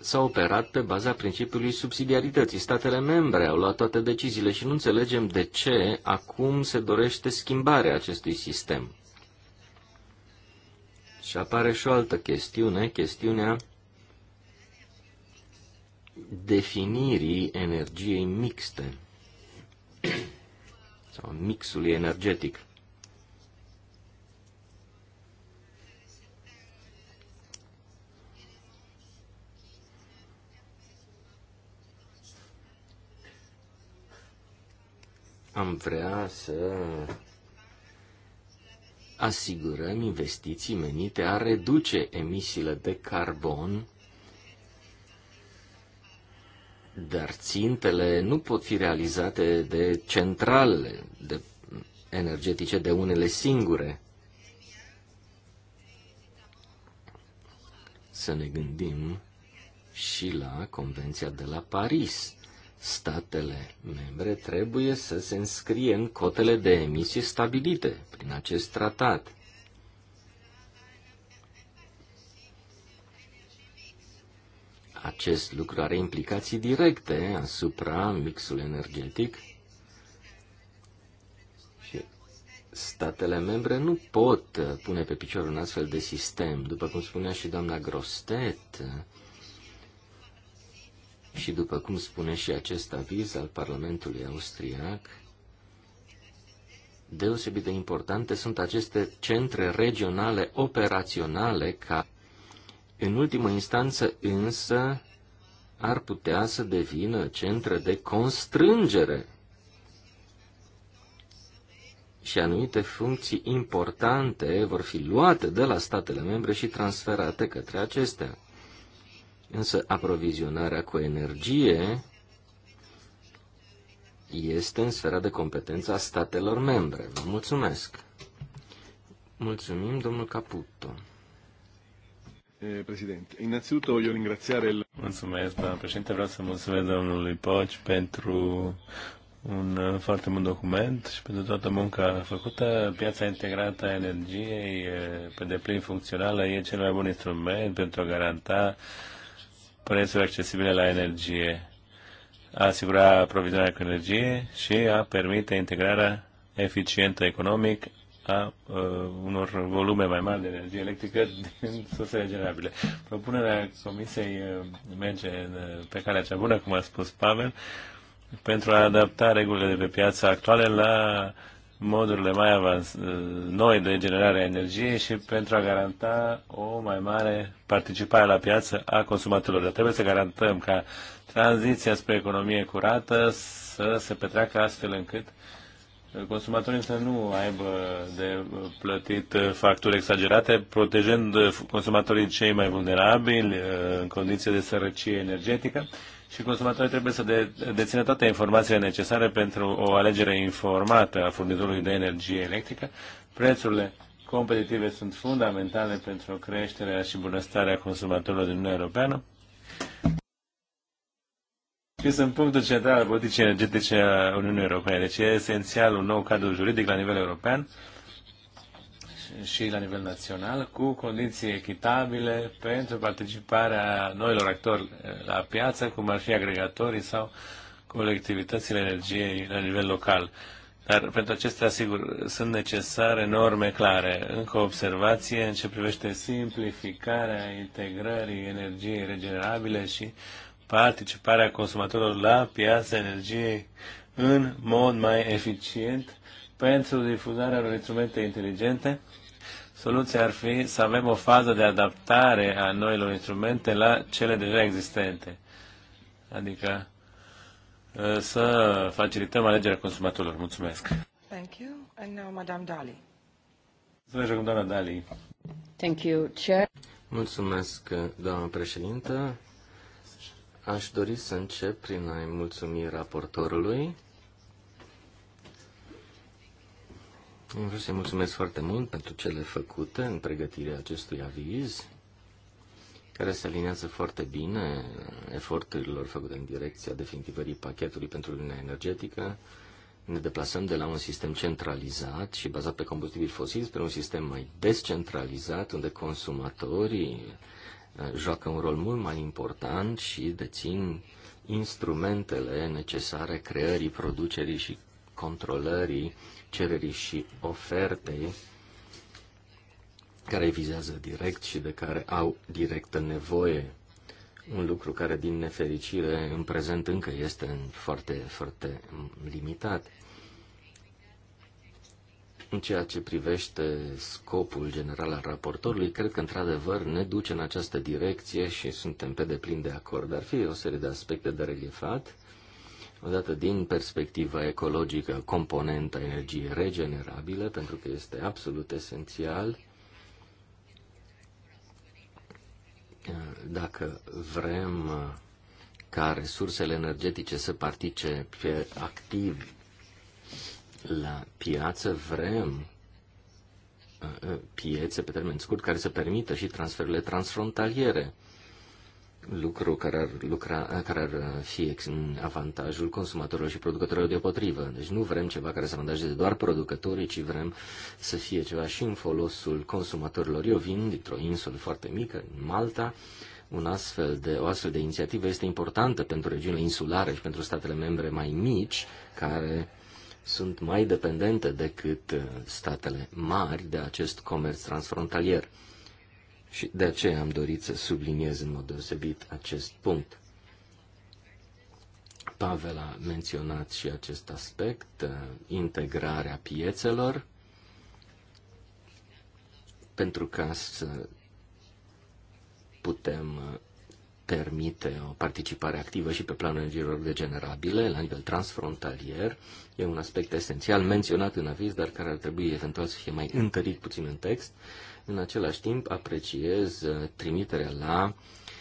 s-a operat pe baza principiului subsidiarității. Statele membre au luat toate deciziile și nu înțelegem de ce acum se dorește schimbarea acestui sistem. Și apare și o altă chestiune, chestiunea definirii energiei mixte sau mixului energetic. Am vrea să asigurăm investiții menite a reduce emisiile de carbon dar țintele nu pot fi realizate de centrale de energetice de unele singure. Să ne gândim și la Convenția de la Paris. Statele membre trebuie să se înscrie în cotele de emisie stabilite prin acest tratat. acest lucru are implicații directe asupra mixului energetic și statele membre nu pot pune pe picior un astfel de sistem. După cum spunea și doamna Grostet și după cum spune și acest aviz al Parlamentului Austriac, deosebit de importante sunt aceste centre regionale operaționale ca în ultimă instanță, însă, ar putea să devină centre de constrângere și anumite funcții importante vor fi luate de la statele membre și transferate către acestea. Însă aprovizionarea cu energie este în sfera de competență a statelor membre. Vă mulțumesc! Mulțumim, domnul Caputo. Eh, Presidente. Innanzitutto voglio ringraziare il... Mulțumesc, doamna președinte. Vreau să mulțumesc domnului Poci pentru un eh, foarte bun document și pentru toată munca făcută. Piața integrată a energiei, eh, pe deplin funcțională, e cel mai bun instrument pentru a garanta prețuri accesibile la energie, a asigura aprovizionarea cu energie și a permite integrarea eficientă economic a uh, unor volume mai mari de energie electrică din surse regenerabile. Propunerea Comisiei merge pe calea cea bună, cum a spus Pavel, pentru a adapta regulile de pe piața actuale la modurile mai avans, noi de generare a energiei și pentru a garanta o mai mare participare la piață a consumatorilor. Dar trebuie să garantăm ca tranziția spre economie curată să se petreacă astfel încât consumatorii să nu aibă de plătit facturi exagerate, protejând consumatorii cei mai vulnerabili uh, în condiții de sărăcie energetică și consumatorii trebuie să de, dețină toate informațiile necesare pentru o alegere informată a furnizorului de energie electrică. Prețurile competitive sunt fundamentale pentru creșterea și bunăstarea consumatorilor din Uniunea Europeană și sunt punctul central al politicii energetice a Uniunii Europene. Deci e esențial un nou cadru juridic la nivel european și la nivel național, cu condiții echitabile pentru participarea noilor actori eh, la piață, cum ar fi agregatorii sau colectivitățile energiei la nivel local. Dar pentru acestea, sigur, sunt necesare norme clare. Încă o observație în ce privește simplificarea integrării energiei regenerabile și participarea consumatorilor la piața energiei în mod mai eficient pentru difuzarea unor instrumente inteligente. Soluția ar fi să avem o fază de adaptare a noilor instrumente la cele deja existente. Adică ă, să facilităm alegerea consumatorilor. Mulțumesc. Thank you. And now, Madame Dali. Mulțumesc, doamna Dali. Thank you, Chair. Mulțumesc, doamnă președintă. Aș dori să încep prin a-i mulțumi raportorului. Vreau să-i mulțumesc foarte mult pentru cele făcute în pregătirea acestui aviz, care se alinează foarte bine eforturilor făcute în direcția definitivării pachetului pentru lumea energetică. Ne deplasăm de la un sistem centralizat și bazat pe combustibili fosili spre un sistem mai descentralizat, unde consumatorii joacă un rol mult mai important și dețin instrumentele necesare creării, producerii și controlării cererii și ofertei care vizează direct și de care au directă nevoie. Un lucru care, din nefericire, în prezent încă este foarte, foarte limitat. În ceea ce privește scopul general al raportorului, cred că într-adevăr ne duce în această direcție și suntem pe deplin de acord. Ar fi o serie de aspecte de reliefat. Odată din perspectiva ecologică, componenta energiei regenerabile, pentru că este absolut esențial dacă vrem ca resursele energetice să participe activ la piață vrem uh, uh, piețe pe termen scurt care să permită și transferurile transfrontaliere, lucru care ar, lucra, uh, care ar fi în avantajul consumatorilor și producătorilor deopotrivă. Deci nu vrem ceva care să avantajeze doar producătorii, ci vrem să fie ceva și în folosul consumatorilor. Eu vin dintr-o insulă foarte mică, în Malta, un astfel de, o astfel de inițiativă este importantă pentru regiunile insulare și pentru statele membre mai mici, care sunt mai dependente decât uh, statele mari de acest comerț transfrontalier. Și de aceea am dorit să subliniez în mod deosebit acest punct. Pavel a menționat și acest aspect, uh, integrarea piețelor, pentru ca să putem uh, permite o participare activă și pe planul energiilor regenerabile, la nivel transfrontalier. E un aspect esențial menționat în aviz, dar care ar trebui eventual să fie mai întărit puțin în text. În același timp, apreciez uh, trimiterea la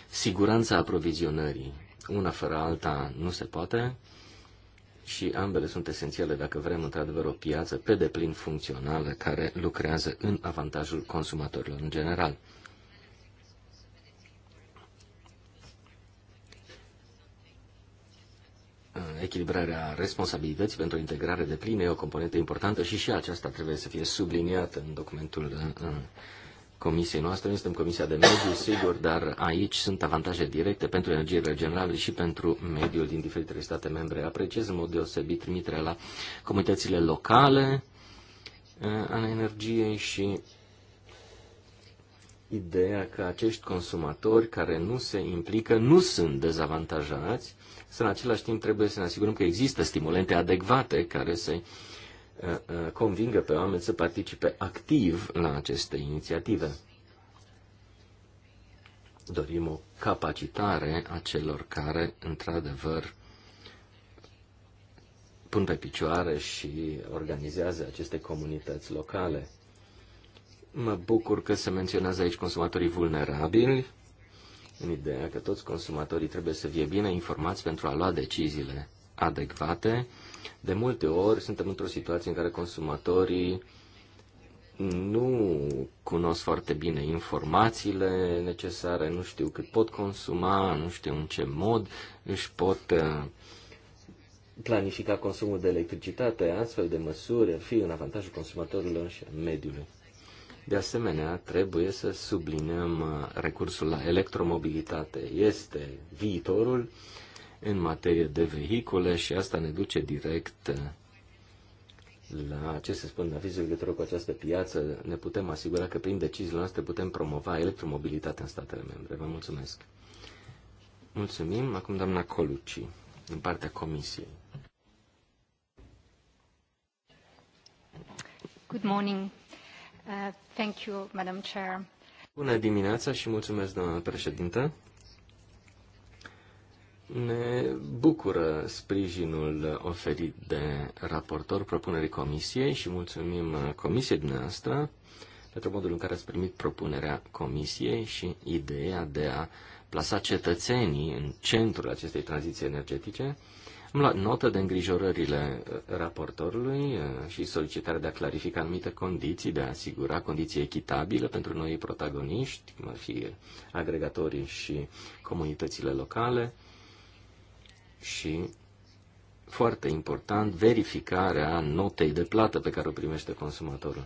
siguranța aprovizionării. Una fără alta nu se poate și ambele sunt esențiale dacă vrem într-adevăr o piață pe deplin funcțională care lucrează în avantajul consumatorilor în general. Uh, echilibrarea responsabilității pentru integrare de plină e o componentă importantă și și aceasta trebuie să fie subliniată în documentul uh, uh, comisiei noastre. Noi suntem Comisia de Mediu, sigur, dar aici sunt avantaje directe pentru energie regenerabilă și pentru mediul din diferitele state membre. Apreciez în mod deosebit trimiterea la comunitățile locale ale energiei și ideea că acești consumatori care nu se implică nu sunt dezavantajați, să în același timp trebuie să ne asigurăm că există stimulente adecvate care să uh, uh, convingă pe oameni să participe activ la aceste inițiative. Dorim o capacitare a celor care, într-adevăr, pun pe picioare și organizează aceste comunități locale. Mă bucur că se menționează aici consumatorii vulnerabili în ideea că toți consumatorii trebuie să fie bine informați pentru a lua deciziile adecvate. De multe ori suntem într-o situație în care consumatorii nu cunosc foarte bine informațiile necesare, nu știu cât pot consuma, nu știu în ce mod își pot uh, planifica consumul de electricitate, astfel de măsuri ar fi în avantajul consumatorilor și a mediului. De asemenea, trebuie să subliniem uh, recursul la electromobilitate. Este viitorul în materie de vehicule și asta ne duce direct uh, la ce se spune la vizul legătură cu această piață. Ne putem asigura că prin deciziile noastre putem promova electromobilitatea în statele membre. Vă mulțumesc! Mulțumim. Acum doamna Colucci, din partea Comisiei. Good morning. Uh, thank you, Madam Chair. Bună dimineața și mulțumesc, doamnă președintă. Ne bucură sprijinul oferit de raportor propunerii comisiei și mulțumim comisiei dumneavoastră pentru modul în care ați primit propunerea comisiei și ideea de a plasa cetățenii în centrul acestei tranziții energetice am luat notă de îngrijorările uh, raportorului uh, și solicitarea de a clarifica anumite condiții, de a asigura condiții echitabile pentru noi protagoniști, cum ar fi agregatorii și comunitățile locale și, foarte important, verificarea notei de plată pe care o primește consumatorul.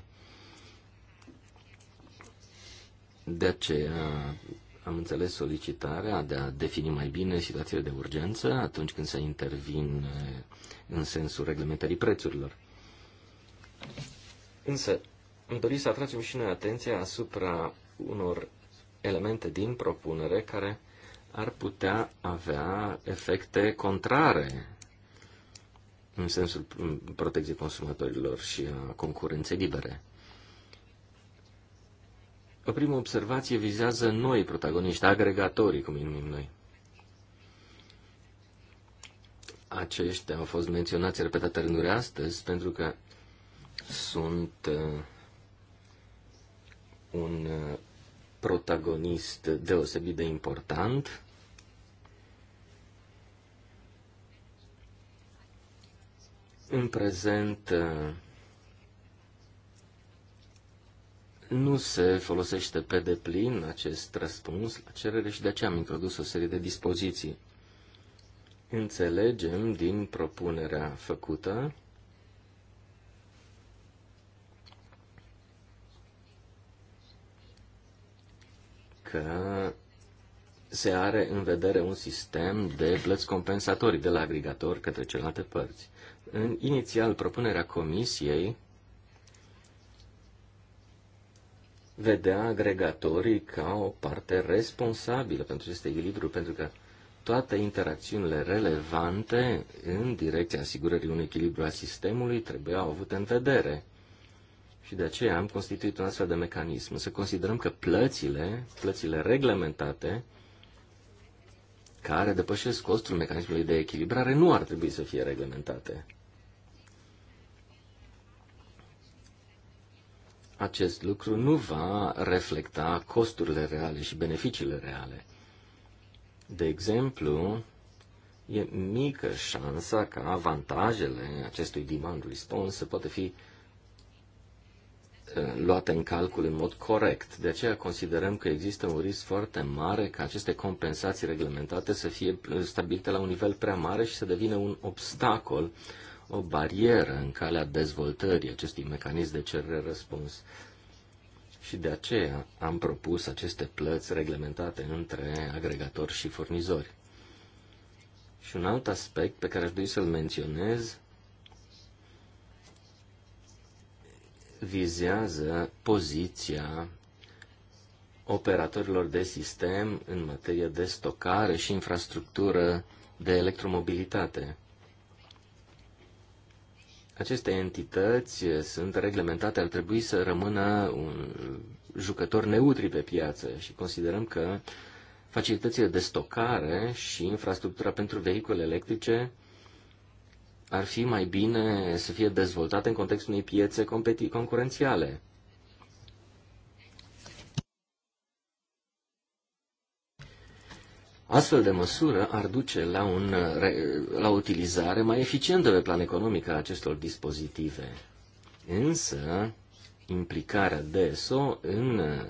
De aceea am înțeles solicitarea de a defini mai bine situațiile de urgență atunci când se intervin eh, în sensul reglementării prețurilor. Însă, îmi dori să atragem și noi atenția asupra unor elemente din propunere care ar putea avea efecte contrare în sensul mm, protecției consumatorilor și a concurenței libere. O primă observație vizează noi protagoniști, agregatorii, cum îi numim noi. Aceștia au fost menționați repetate rânduri astăzi pentru că sunt uh, un uh, protagonist deosebit de important. În prezent, uh, nu se folosește pe deplin acest răspuns la cerere și de aceea am introdus o serie de dispoziții. Înțelegem din propunerea făcută că se are în vedere un sistem de plăți compensatorii de la agregator către celelalte părți. În inițial, propunerea comisiei vedea agregatorii ca o parte responsabilă pentru acest echilibru, pentru că toate interacțiunile relevante în direcția asigurării unui echilibru al sistemului trebuiau avute în vedere. Și de aceea am constituit un astfel de mecanism. Să considerăm că plățile, plățile reglementate, care depășesc costul mecanismului de echilibrare, nu ar trebui să fie reglementate. acest lucru nu va reflecta costurile reale și beneficiile reale. De exemplu, e mică șansa ca avantajele acestui demand response să poată fi uh, luate în calcul în mod corect. De aceea considerăm că există un risc foarte mare ca aceste compensații reglementate să fie uh, stabilite la un nivel prea mare și să devină un obstacol o barieră în calea dezvoltării acestui mecanism de cerere-răspuns. Și de aceea am propus aceste plăți reglementate între agregatori și furnizori. Și un alt aspect pe care aș dori să-l menționez vizează poziția operatorilor de sistem în materie de stocare și infrastructură de electromobilitate. Aceste entități eh, sunt reglementate, ar trebui să rămână un jucător neutri pe piață și considerăm că facilitățile de stocare și infrastructura pentru vehicule electrice ar fi mai bine să fie dezvoltate în contextul unei piețe concurențiale. Astfel de măsură ar duce la, un, la o utilizare mai eficientă pe plan economic a acestor dispozitive. Însă, implicarea DSO în uh,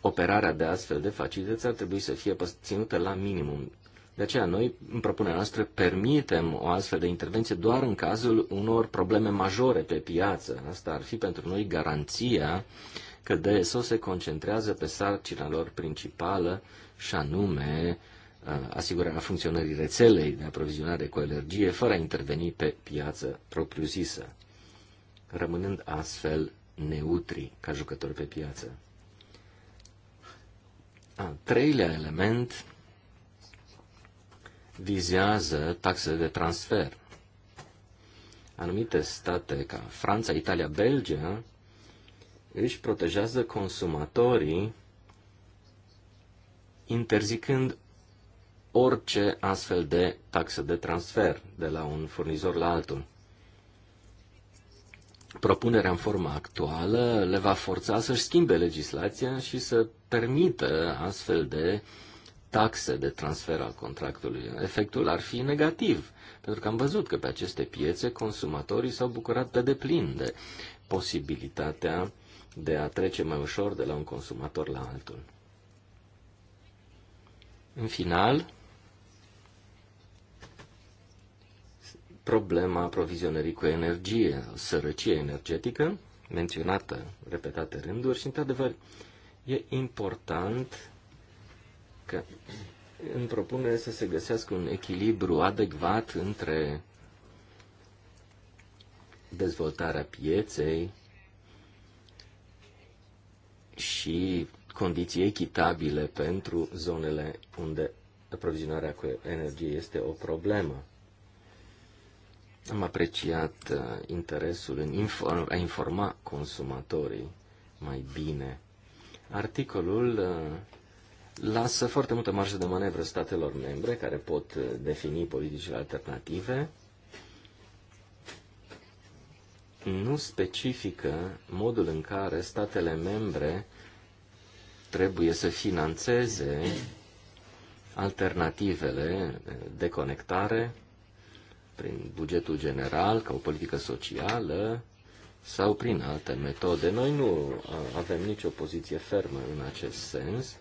operarea de astfel de facilități ar trebui să fie ținută la minimum. De aceea noi, în propunerea noastră, permitem o astfel de intervenție doar în cazul unor probleme majore pe piață. Asta ar fi pentru noi garanția uh, că DSO se concentrează pe sarcina lor principală și anume uh, asigurarea funcționării rețelei de aprovizionare cu energie fără a interveni pe piață propriu-zisă, rămânând astfel neutri ca jucători pe piață. Al treilea element vizează taxele de transfer. Anumite state ca Franța, Italia, Belgia își protejează consumatorii interzicând orice astfel de taxă de transfer de la un furnizor la altul. Propunerea în forma actuală le va forța să-și schimbe legislația și să permită astfel de taxe de transfer al contractului. Efectul ar fi negativ, pentru că am văzut că pe aceste piețe consumatorii s-au bucurat pe deplin de posibilitatea de a trece mai ușor de la un consumator la altul. În final, problema aprovizionării cu energie, sărăcie energetică, menționată repetate rânduri și, într-adevăr, e important că în propunere să se găsească un echilibru adecvat între dezvoltarea pieței și condiții echitabile pentru zonele unde aprovizionarea cu energie este o problemă. Am apreciat uh, interesul în inform, a informa consumatorii mai bine. Articolul uh, lasă foarte multă marjă de manevră statelor membre care pot uh, defini politicile alternative nu specifică modul în care statele membre trebuie să financeze alternativele de conectare prin bugetul general, ca o politică socială sau prin alte metode. Noi nu avem nicio poziție fermă în acest sens,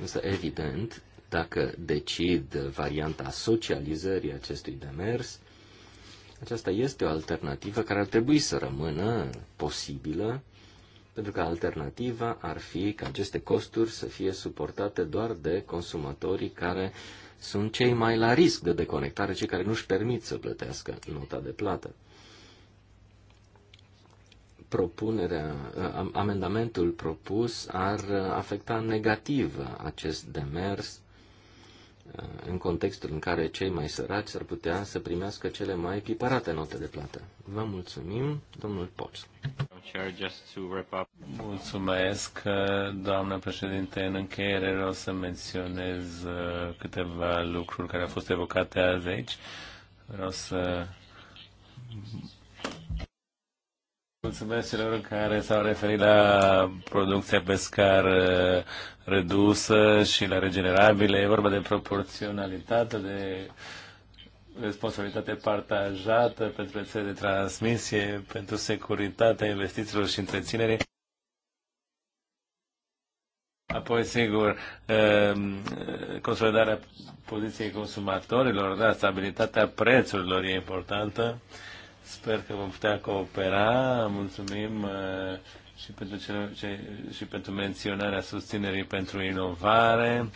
însă evident, dacă decid varianta socializării acestui demers, aceasta este o alternativă care ar trebui să rămână posibilă, pentru că alternativa ar fi ca aceste costuri să fie suportate doar de consumatorii care sunt cei mai la risc de deconectare, cei care nu-și permit să plătească nota de plată. Propunerea, amendamentul propus ar afecta negativ acest demers în contextul în care cei mai săraci ar putea să primească cele mai echiparate note de plată. Vă mulțumim, domnul Poț. Mulțumesc, doamnă președinte. În încheiere vreau să menționez uh, câteva lucruri care au fost evocate azi aici. Vreau să Mulțumesc celor care s-au referit la producția pescară redusă și la regenerabile. E vorba de proporționalitate, de responsabilitate partajată pentru rețele de transmisie, pentru securitatea investițiilor și întreținerii. Apoi, sigur, ehm, consolidarea poziției consumatorilor, da, stabilitatea prețurilor e importantă Sper că vom putea coopera. Mulțumim uh, și pentru, ce, și pentru menționarea susținerii pentru inovare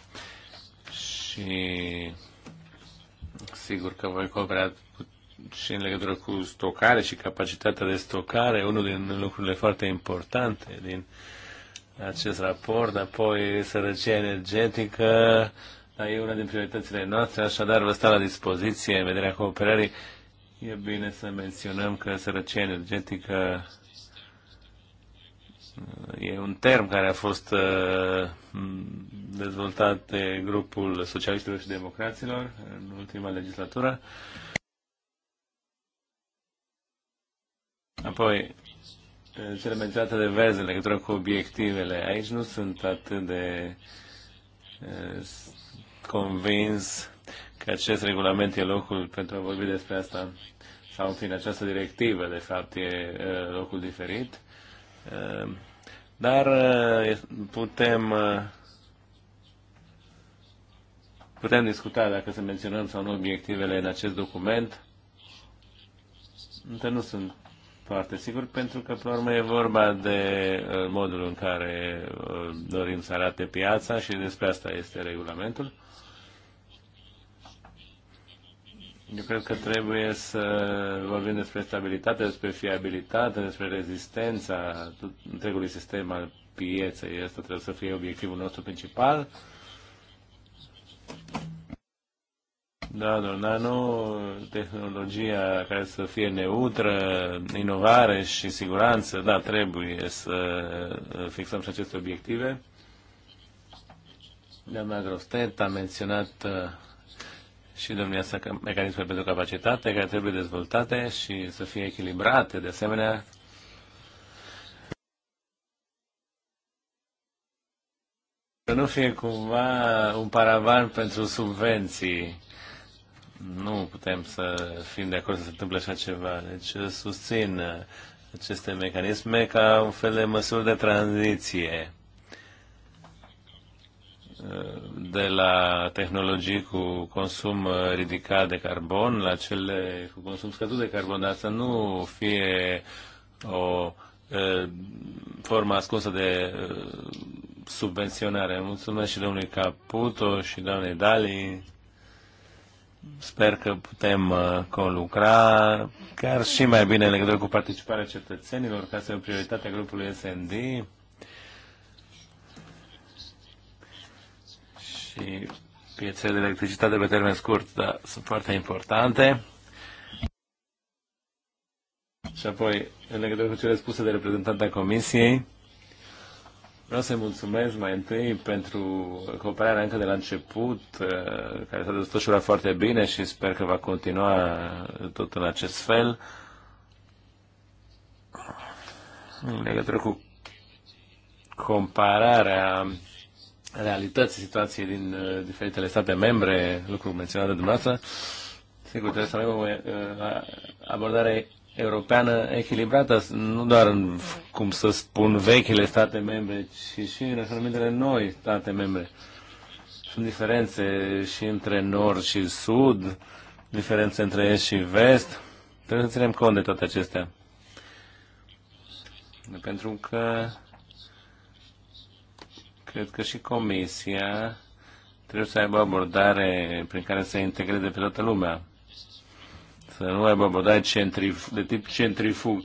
și sigur că voi coopera și în legătură cu stocare și capacitatea de stocare, unul din lucrurile foarte importante din acest raport, apoi sărăcia energetică, dar e una din prioritățile noastre, așadar vă stau la dispoziție în vederea cooperării E bine să menționăm că sărăcia energetică uh, e un term care a fost uh, dezvoltat de grupul socialiștilor și democraților în ultima legislatură. Apoi, uh, cele menționate de vezi în legătură cu obiectivele. Aici nu sunt atât de convins că acest regulament e locul pentru a vorbi despre asta, sau în fine, această directivă, de fapt, e locul diferit. Dar putem putem discuta dacă să menționăm sau nu obiectivele în acest document. Încă nu sunt foarte sigur, pentru că, pe urmă, e vorba de modul în care dorim să arate piața și despre asta este regulamentul. Eu cred că trebuie să vorbim despre stabilitate, despre fiabilitate, despre rezistența întregului sistem al pieței. Asta trebuie să fie obiectivul nostru principal. Da, doamna, nu tehnologia care să fie neutră, inovare și siguranță, da, trebuie să fixăm și aceste obiective. Doamna Grostet a menționat uh, și domnia sa mecanisme pentru capacitate care trebuie dezvoltate și să fie echilibrate de asemenea Să nu fie cumva un paravan pentru subvenții. Nu putem să fim de acord să se întâmple așa ceva. Deci susțin aceste mecanisme ca un fel de măsuri de tranziție de la tehnologii cu consum ridicat de carbon la cele cu consum scăzut de carbon, dar să nu fie o formă ascunsă de subvenționare. Mulțumesc și domnului Caputo și doamnei Dali. Sper că putem conlucra chiar și mai bine în legătură cu participarea cetățenilor, ca să o prioritate a grupului SND și piețele de electricitate pe termen scurt, dar sunt foarte importante. Și apoi, în legătură cu cele spuse de reprezentanta Comisiei, vreau să-i mulțumesc mai întâi pentru cooperarea încă de la început, uh, care s-a desfășurat foarte bine și sper că va continua uh, tot în acest fel. În legătură cu compararea realități, situații din uh, diferitele state membre, lucru menționat de dumneavoastră, sigur, trebuie să avem o uh, abordare europeană echilibrată, nu doar în, cum să spun, vechile state membre, ci și în referimentele noi state membre. Sunt diferențe și între nord și sud, diferențe între est și vest. Trebuie să ținem cont de toate acestea. Pentru că Cred că și Comisia trebuie să aibă o abordare prin care să integreze pe toată lumea. Să nu aibă abordare centrif- de tip centrifug.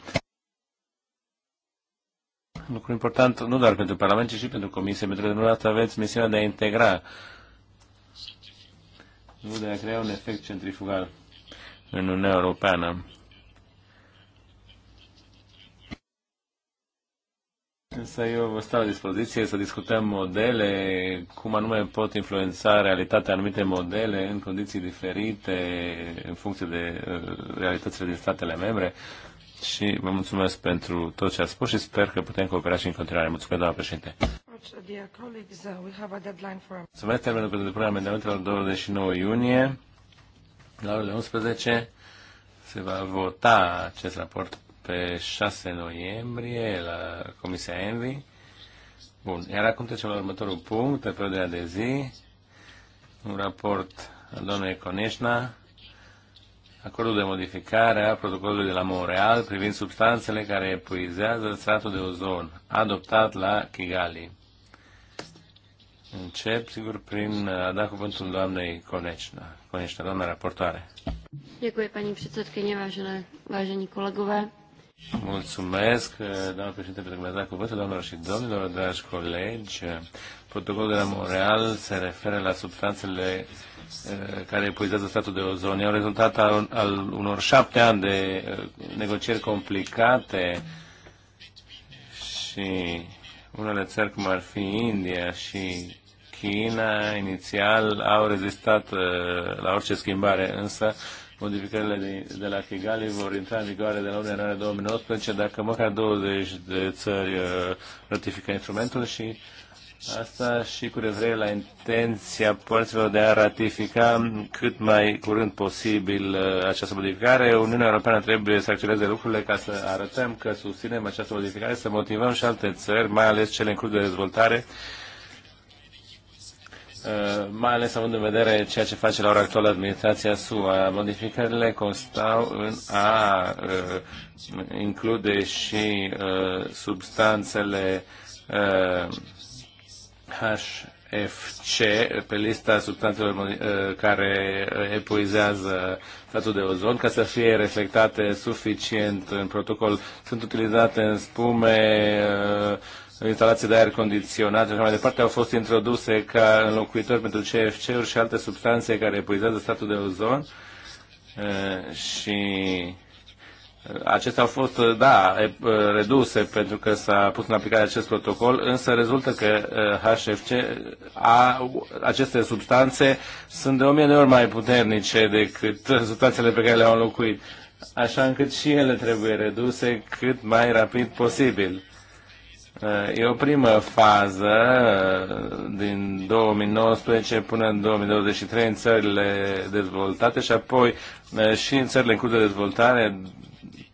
Lucru important nu doar pentru Parlament, ci și pentru Comisie, pentru că dumneavoastră aveți misiunea de a integra, nu de a crea un efect centrifugal în Uniunea Europeană. Însă eu vă stau la dispoziție să discutăm modele, cum anume pot influența realitatea anumite modele în condiții diferite, în funcție de uh, realitățile din statele membre. Și vă mulțumesc pentru tot ce ați spus și sper că putem coopera și în continuare. Mulțumesc, doamna președinte. Uh, mulțumesc, termenul pentru depunerea amendamentelor 29 iunie. La orele 11 se va vota acest raport pe 6 noiembrie la Comisia Envi. Bun, iar acum trecem la următorul punct, pe perioada de zi, un raport a doamnei Coneșna, acordul de modificare a protocolului de la Montreal privind substanțele care epuizează stratul de ozon, adoptat la Kigali. Încep, sigur, prin a da cuvântul doamnei Coneșna. Coneșna, doamna raportoare. Děkuji, paní předsedkyně, vážené, vážení kolegové. Mulțumesc, eh, doamnă președinte, pentru că mi-a dat cuvântul, doamnelor și domnilor, dragi colegi. Eh, protocolul de la Montreal se referă la substanțele eh, care epuizează statul de ozon. E un rezultat al, al unor șapte ani de negocieri complicate și unele țări, cum ar fi India și China, inițial au rezistat la orice schimbare, însă modificările de, de la Kigali vor intra în vigoare de la 1 ianuarie 2019 dacă măcar 20 de țări uh, ratifică instrumentul și asta și cu referire la intenția părților de a ratifica cât mai curând posibil uh, această modificare. Uniunea Europeană trebuie să acționeze lucrurile ca să arătăm că susținem această modificare, să motivăm și alte țări, mai ales cele în curs de dezvoltare, Uh, mai ales având în vedere ceea ce face la ora actuală administrația SUA. Modificările constau în a uh, include și uh, substanțele HFC pe lista substanțelor care epuizează statul de ozon ca să fie reflectate suficient în protocol. Sunt utilizate în spume, instalații de aer condiționat și așa mai departe, au fost introduse ca înlocuitori pentru CFC-uri și alte substanțe care epuizează statul de ozon și Acestea au fost, da, reduse pentru că s-a pus în aplicare acest protocol, însă rezultă că HFC, a, aceste substanțe sunt de o mie de ori mai puternice decât substanțele pe care le-au înlocuit, așa încât și ele trebuie reduse cât mai rapid posibil. E o primă fază uh, din 2019 până în 2023 în țările dezvoltate și apoi uh, și în țările în curs de dezvoltare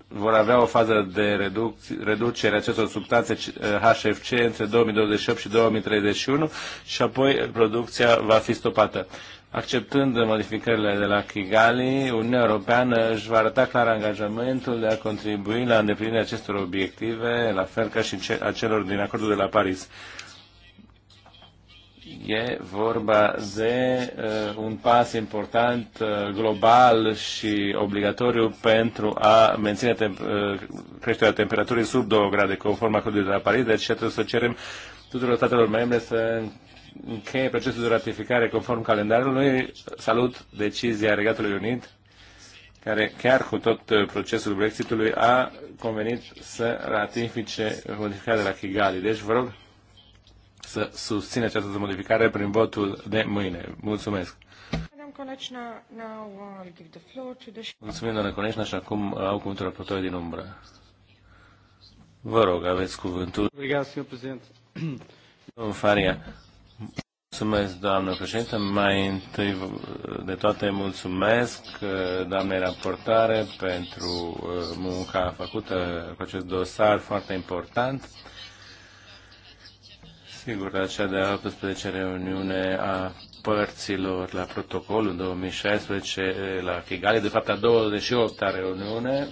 vor avea o fază de reduc reducere acestor substanțe HFC uh, între 2028 și 2031 și apoi producția va fi stopată. Acceptând modificările de la Kigali, Uniunea Europeană își va arăta clar angajamentul de a contribui la îndeplinirea acestor obiective, la fel ca și a celor din acordul de la Paris. E vorba de uh, un pas important, uh, global și obligatoriu pentru a menține tem- uh, creșterea temperaturii sub 2 grade, conform acordului de la Paris, deci trebuie să cerem tuturor statelor membre să încheie procesul de ratificare conform calendarului. Salut decizia Regatului Unit, care chiar cu tot uh, procesul Brexitului a convenit să ratifice modificarea de la Kigali. Deci vă rog să susțin această modificare prin votul de mâine. Mulțumesc! Uh, Mulțumim, doamnă Coneșna, și acum au cuvântul raportorii din umbră. Vă rog, aveți cuvântul. Domnul Faria, Mulțumesc, doamnă președinte. Mai întâi de toate mulțumesc uh, doamnei raportare pentru uh, munca făcută cu acest dosar foarte important. Sigur, la cea de-a 18 reuniune a părților la protocolul 2016 la Kigali, de fapt a 28-a reuniune,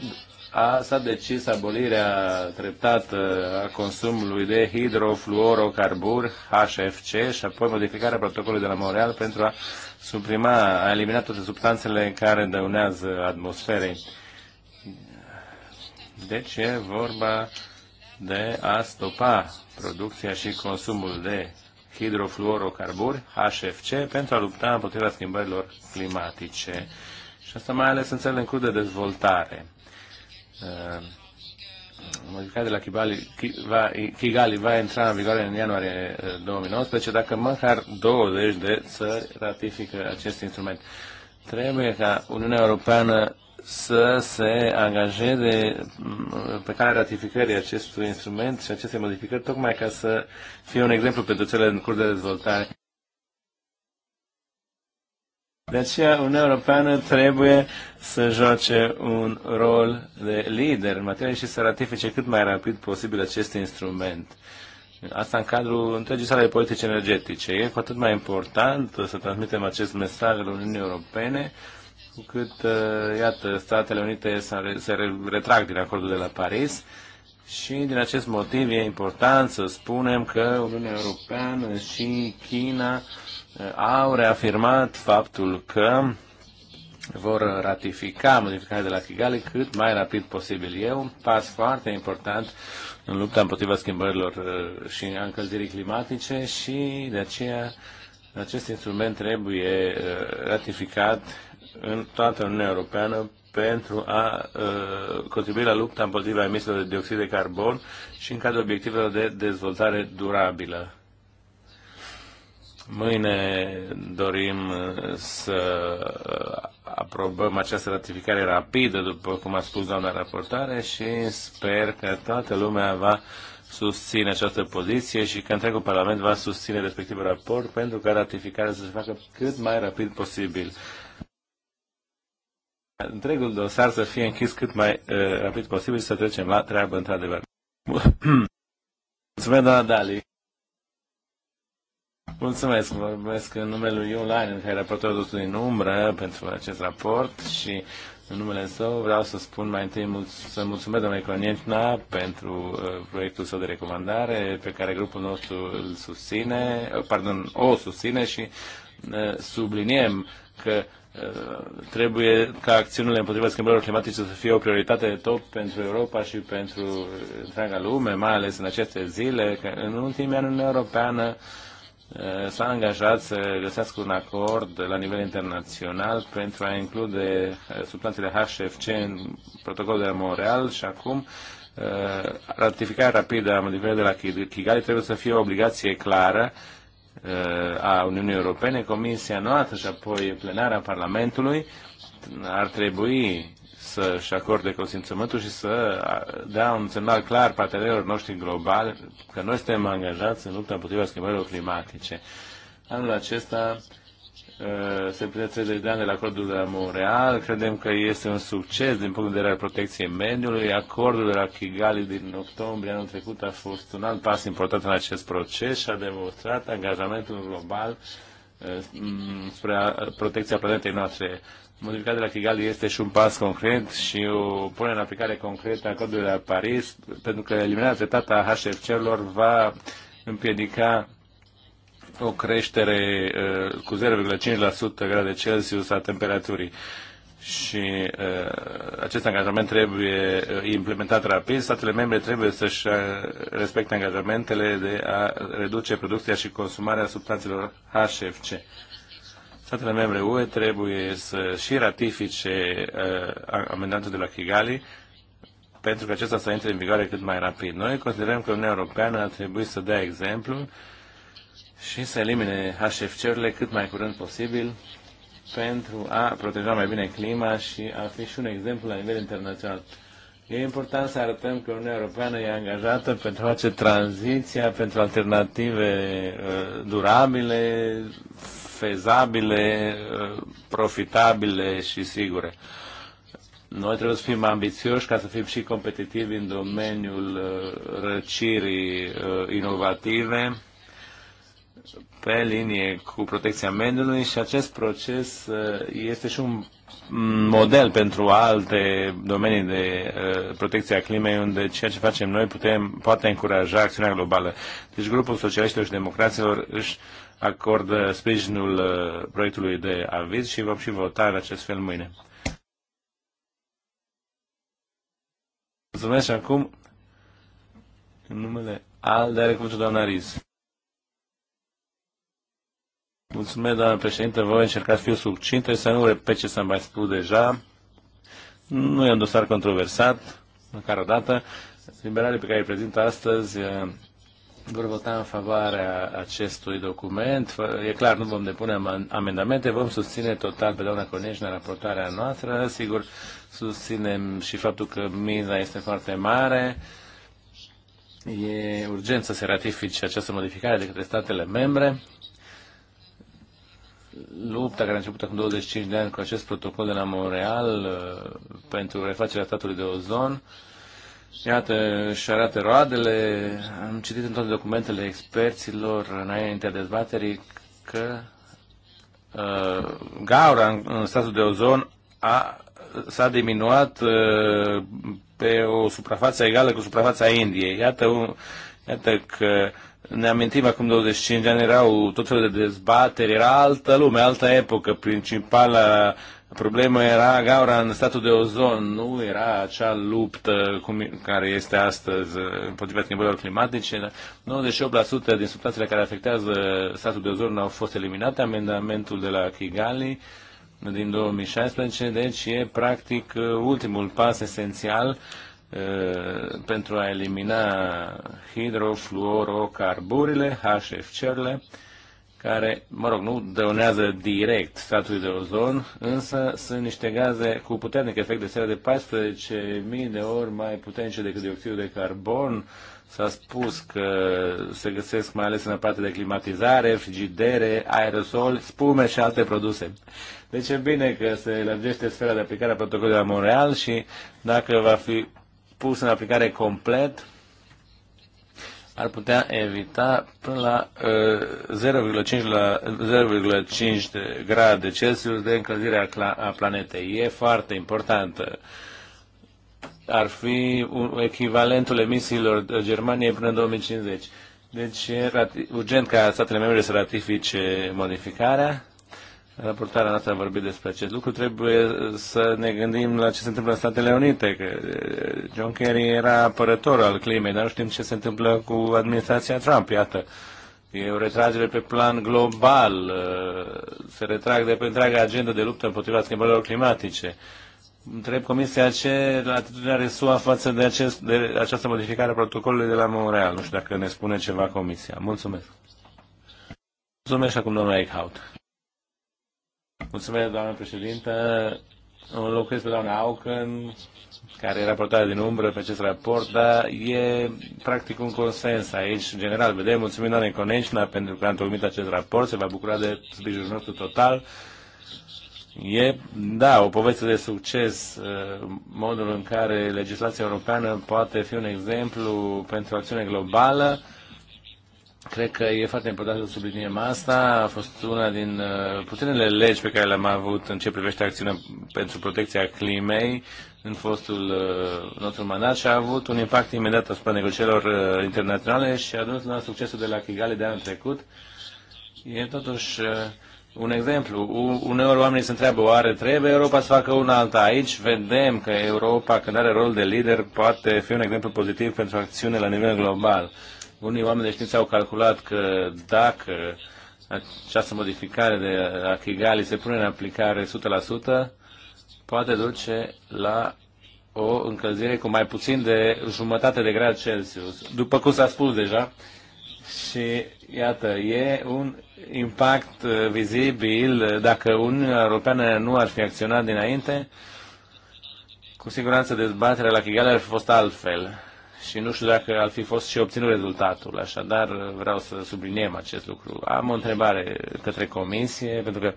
a, s-a decis abolirea treptată a consumului de hidrofluorocarbur, HFC, și apoi modificarea protocolului de la Montreal pentru a suprima, a elimina toate substanțele care dăunează atmosferei. Deci e vorba de a stopa producția și consumul de hidrofluorocarburi, HFC, pentru a lupta împotriva schimbărilor climatice. Și asta mai ales în țările în curs de dezvoltare. Uh, modificat de la Kibali, va, Kigali va intra în vigoare în ianuarie 2019, uh, dacă măcar 20 de țări ratifică acest instrument. Trebuie ca Uniunea Europeană să se angajeze mm, pe calea ratificării acestui instrument și aceste modificări, tocmai ca să fie un exemplu pentru cele în curs de dezvoltare. De aceea Uniunea Europeană trebuie să joace un rol de lider în materie și să ratifice cât mai rapid posibil acest instrument. Asta în cadrul întregii sale politice politici energetice. E cu atât mai important să transmitem acest mesaj al Uniunii Europene, cu cât, uh, iată, Statele Unite se retrag din acordul de la Paris și din acest motiv e important să spunem că Uniunea Europeană și China au reafirmat faptul că vor ratifica modificarea de la Kigali cât mai rapid posibil. E un pas foarte important în lupta împotriva schimbărilor uh, și a încălzirii climatice și de aceea acest instrument trebuie uh, ratificat în toată Uniunea Europeană pentru a uh, contribui la lupta împotriva emisiilor de dioxid de carbon și în cadrul obiectivelor de dezvoltare durabilă. Mâine dorim uh, să uh, aprobăm această ratificare rapidă, după cum a spus doamna raportare, și sper că toată lumea va susține această poziție și că întregul Parlament va susține respectivul raport pentru ca ratificarea să se facă cât mai rapid posibil. Întregul dosar să fie închis cât mai uh, rapid posibil și să trecem la treabă într-adevăr. Mulțumesc, doamna Dali. Mulțumesc, vorbesc în numele lui Ion Lain, care e raportorul nostru din umbră pentru acest raport și în numele său vreau să spun mai întâi mul- să mulțumesc domnului Cronietna pentru uh, proiectul său de recomandare pe care grupul nostru îl susține, uh, pardon, o susține și uh, subliniem că uh, trebuie ca acțiunile împotriva schimbărilor climatice să fie o prioritate de top pentru Europa și pentru uh, întreaga lume, mai ales în aceste zile, că în ultimii ani în Europeană Eh, s-a angajat să găsească un acord la nivel internațional pentru a include eh, substanțele HFC în protocolul de la Montreal și acum eh, ratificarea rapidă a nivelului de la Kigali trebuie să fie o obligație clară a Uniunii Europene, Comisia noastră și apoi plenarea Parlamentului ar trebui să-și acorde consimțământul și să dea un semnal clar partenerilor noștri globali că noi suntem angajați în lupta împotriva schimbărilor climatice. Anul acesta ă, se împlinesc 30 de ani de la acordul de la Montreal. Credem că este un succes din punct de vedere al protecției mediului. Acordul de la Kigali din octombrie anul trecut a fost un alt pas important în acest proces și a demonstrat angajamentul global ă, spre protecția planetei noastre. Modificarea de la Kigali este și un pas concret și o punere în aplicare concretă a codului de la Paris, pentru că eliminarea treptată a HFC-urilor va împiedica o creștere uh, cu 0,5% grade Celsius a temperaturii. Și uh, acest angajament trebuie uh, implementat rapid. Statele membre trebuie să-și uh, respecte angajamentele de a reduce producția și consumarea substanțelor HFC statele membre UE trebuie să și ratifice uh, amendamentul de la Kigali pentru că acesta să intre în vigoare cât mai rapid. Noi considerăm că Uniunea Europeană ar trebui să dea exemplu și să elimine HFC-urile cât mai curând posibil pentru a proteja mai bine clima și a fi și un exemplu la nivel internațional. E important să arătăm că Uniunea Europeană e angajată pentru a face tranziția pentru alternative uh, durabile, fezabile, profitabile și sigure. Noi trebuie să fim ambițioși ca să fim și competitivi în domeniul uh, răcirii uh, inovative pe linie cu protecția mediului și acest proces uh, este și un model pentru alte domenii de protecție a climei unde ceea ce facem noi putem, poate încuraja acțiunea globală. Deci grupul socialiștilor și democraților își acordă sprijinul uh, proiectului de aviz și vom și vota în acest fel mâine. Mulțumesc și acum în numele al de are doamna Riz. Mulțumesc, doamna președinte, voi încerca să fiu succintă să nu repet ce s-a mai spus deja. Nu e un dosar controversat, măcar o dată. Liberalii pe care îi prezint astăzi uh, vor vota în favoarea acestui document. E clar, nu vom depune amendamente, vom susține total pe doamna Coneșna raportarea noastră. Sigur, susținem și faptul că miza este foarte mare. E urgent să se ratifice această modificare de către statele membre. Lupta care a început acum 25 de ani cu acest protocol de la Montreal uh, pentru refacerea statului de ozon Iată, și arată roadele. Am citit în toate documentele experților înaintea dezbaterii că uh, gaura în, în statul de ozon a, s-a diminuat uh, pe o suprafață egală cu suprafața Indiei. Iată, un, iată că ne amintim acum 25 de ani erau tot felul de dezbateri, era altă lume, altă epocă. Principala Problema era gaura în statul de ozon, nu era acea luptă cum, care este astăzi uh, împotriva schimbărilor climatice. 98% din substanțele care afectează statul de ozon au fost eliminate. Amendamentul de la Kigali din 2016, deci e practic uh, ultimul pas esențial uh, pentru a elimina hidrofluorocarburile, HFC-urile, care, mă rog, nu dăunează direct stratului de ozon, însă sunt niște gaze cu puternic efect de seră de 14.000 de ori mai puternice decât dioxidul de carbon. S-a spus că se găsesc mai ales în aparate de climatizare, frigidere, aerosol, spume și alte produse. Deci e bine că se lărgește sfera de aplicare a protocolului la Montreal și dacă va fi pus în aplicare complet, ar putea evita până la uh, 0,5 la 0,5 grade Celsius de încălzire a, a planetei. E foarte importantă. Ar fi un, echivalentul emisiilor de Germaniei până în 2050. Deci e urgent ca statele membre să ratifice modificarea Raportarea noastră a vorbit despre acest lucru. Trebuie să ne gândim la ce se întâmplă în Statele Unite, că eh, John Kerry era apărător al climei, dar nu știm ce se întâmplă cu administrația Trump. Iată, e o retragere pe plan global, eh, se retrag de pe întreaga agenda de luptă împotriva schimbărilor climatice. Întreb Comisia ce atitudine are SUA față de, acest, de această modificare a protocolului de la Montreal. Nu știu dacă ne spune ceva Comisia. Mulțumesc. Mulțumesc acum domnul Eichhout. Mulțumesc, doamnă președintă. Un lucru este doamna Auken, care era raportare din umbră pe acest raport, dar e practic un consens aici, în general. Vedem, mulțumim doamnei Conecina pentru că a întocmit acest raport, se va bucura de sprijinul nostru total. E, da, o poveste de succes, uh, modul în care legislația europeană poate fi un exemplu pentru acțiune globală Cred că e foarte important să subliniem asta. A fost una din uh, puținele legi pe care le-am avut în ce privește acțiunea pentru protecția climei în fostul uh, nostru mandat și a avut un impact imediat asupra negocierilor uh, internaționale și a dus la succesul de la Kigali de anul trecut. E totuși un exemplu. Uneori oamenii se întreabă, oare trebuie Europa să facă una alta aici? Vedem că Europa, când are rol de lider, poate fi un exemplu pozitiv pentru acțiune la nivel global. Unii oameni de știință au calculat că dacă această modificare de la Kigali se pune în aplicare 100%, poate duce la o încălzire cu mai puțin de jumătate de grad Celsius, după cum s-a spus deja. Și iată, e un impact uh, vizibil dacă Uniunea Europeană nu ar fi acționat dinainte, cu siguranță dezbaterea la Kigali ar fi fost altfel și nu știu dacă ar fi fost și obținut rezultatul. Așadar, uh, vreau să subliniem acest lucru. Am o întrebare către comisie, pentru că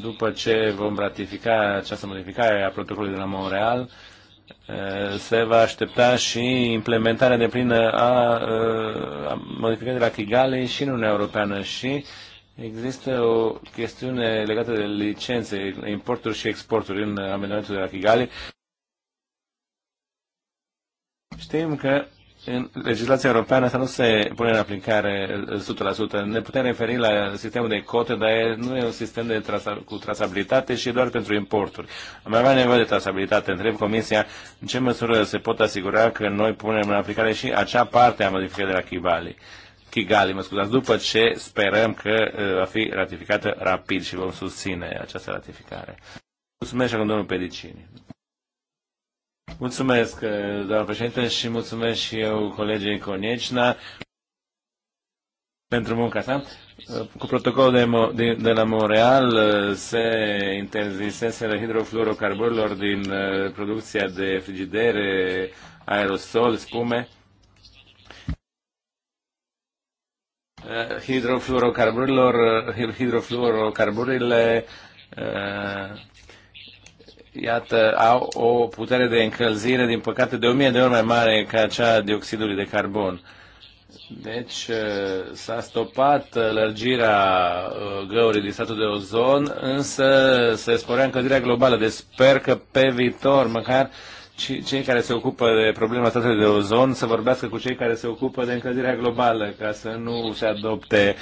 după ce vom ratifica această modificare a protocolului de la Montreal, uh, se va aștepta și implementarea de plină a, uh, a modificării de la Kigali și în Uniunea Europeană și există o chestiune legată de licențe, importuri și exporturi în amendamentul de la Kigali. Știm că în legislația europeană asta nu se pune în aplicare 100%. Ne putem referi la sistemul de cote, dar nu e un sistem de trasa, cu trasabilitate și doar pentru importuri. Am avea nevoie de trasabilitate. Întreb Comisia în ce măsură se pot asigura că noi punem în aplicare și acea parte a modificării de la Kigali. Kigali, mă scuzați, după ce sperăm că uh, va fi ratificată rapid și vom susține această ratificare. Mulțumesc și acum domnul Pedicini. Mulțumesc, eh, doamnă președinte, și mulțumesc și eu colegii Conecina pentru munca sa. Eh, cu protocolul de, de, de la Montreal eh, se interziseseră hidrofluorocarburilor din producția de frigidere, aerosol, spume. Hidrofluorocarburilor, hidrofluorocarburile iată, au o putere de încălzire, din păcate, de o mie de ori mai mare ca cea dioxidului de carbon. Deci uh, s-a stopat uh, lărgirea uh, găurii din statul de ozon, însă se sporea încălzirea globală. Deci sper că pe viitor, măcar cei care se ocupă de problema statului de ozon să vorbească cu cei care se ocupă de încălzirea globală, ca să nu se adopte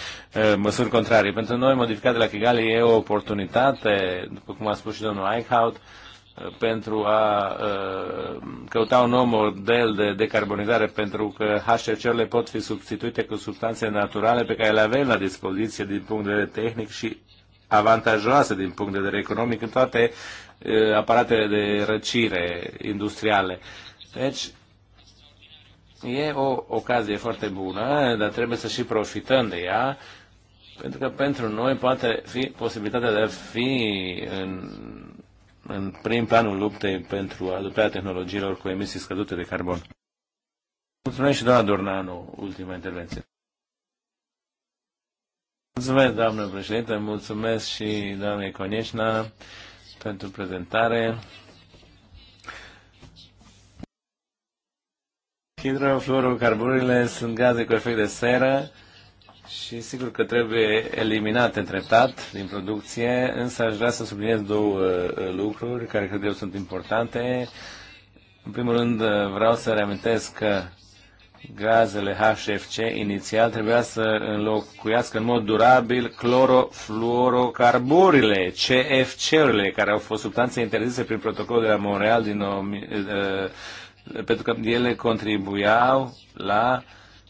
măsuri contrarii. Pentru noi, modificarea de la Kigali e o oportunitate, după cum a spus și domnul Eichhout, pentru a căuta un nou model de decarbonizare, pentru că hcr le pot fi substituite cu substanțe naturale pe care le avem la dispoziție din punct de vedere tehnic și avantajoase din punct de vedere economic în toate aparatele de răcire industriale. Deci, e o ocazie foarte bună, dar trebuie să și profităm de ea, pentru că pentru noi poate fi posibilitatea de a fi în în prim planul luptei pentru adoptarea tehnologiilor cu emisii scăzute de carbon. Mulțumesc și doamna Dornanu, ultima intervenție. Mulțumesc, doamnă președinte, mulțumesc și doamnei Coneșna pentru prezentare. Hidrofluorocarburile sunt gaze cu efect de seră și sigur că trebuie eliminate treptat din producție, însă aș vrea să subliniez două uh, lucruri care cred eu sunt importante. În primul rând uh, vreau să reamintesc că gazele HFC inițial trebuia să înlocuiască în mod durabil clorofluorocarburile, CFC-urile, care au fost substanțe interzise prin protocolul de la Montreal din, uh, pentru că ele contribuiau la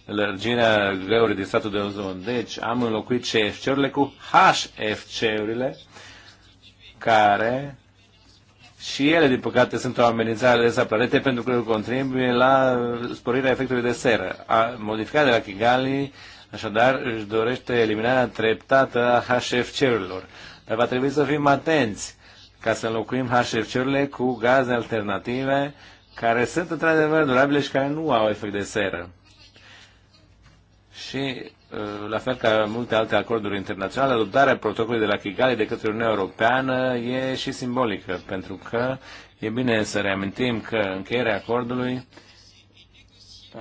lărgirea greurii din statul de ozon. Deci am înlocuit CFC-urile cu HFC-urile, care și ele, din păcate, sunt o amenințare de planetei pentru că contribuie la sporirea efectului de seră. A, modificarea de la Kigali, așadar, își dorește eliminarea treptată a HFC-urilor. Dar va trebui să fim atenți ca să înlocuim HFC-urile cu gaze alternative care sunt într-adevăr durabile și care nu au efect de seră și, uh, la fel ca multe alte acorduri internaționale, adoptarea protocolului de la Kigali de către Uniunea Europeană e și simbolică, pentru că e bine să reamintim că încheierea acordului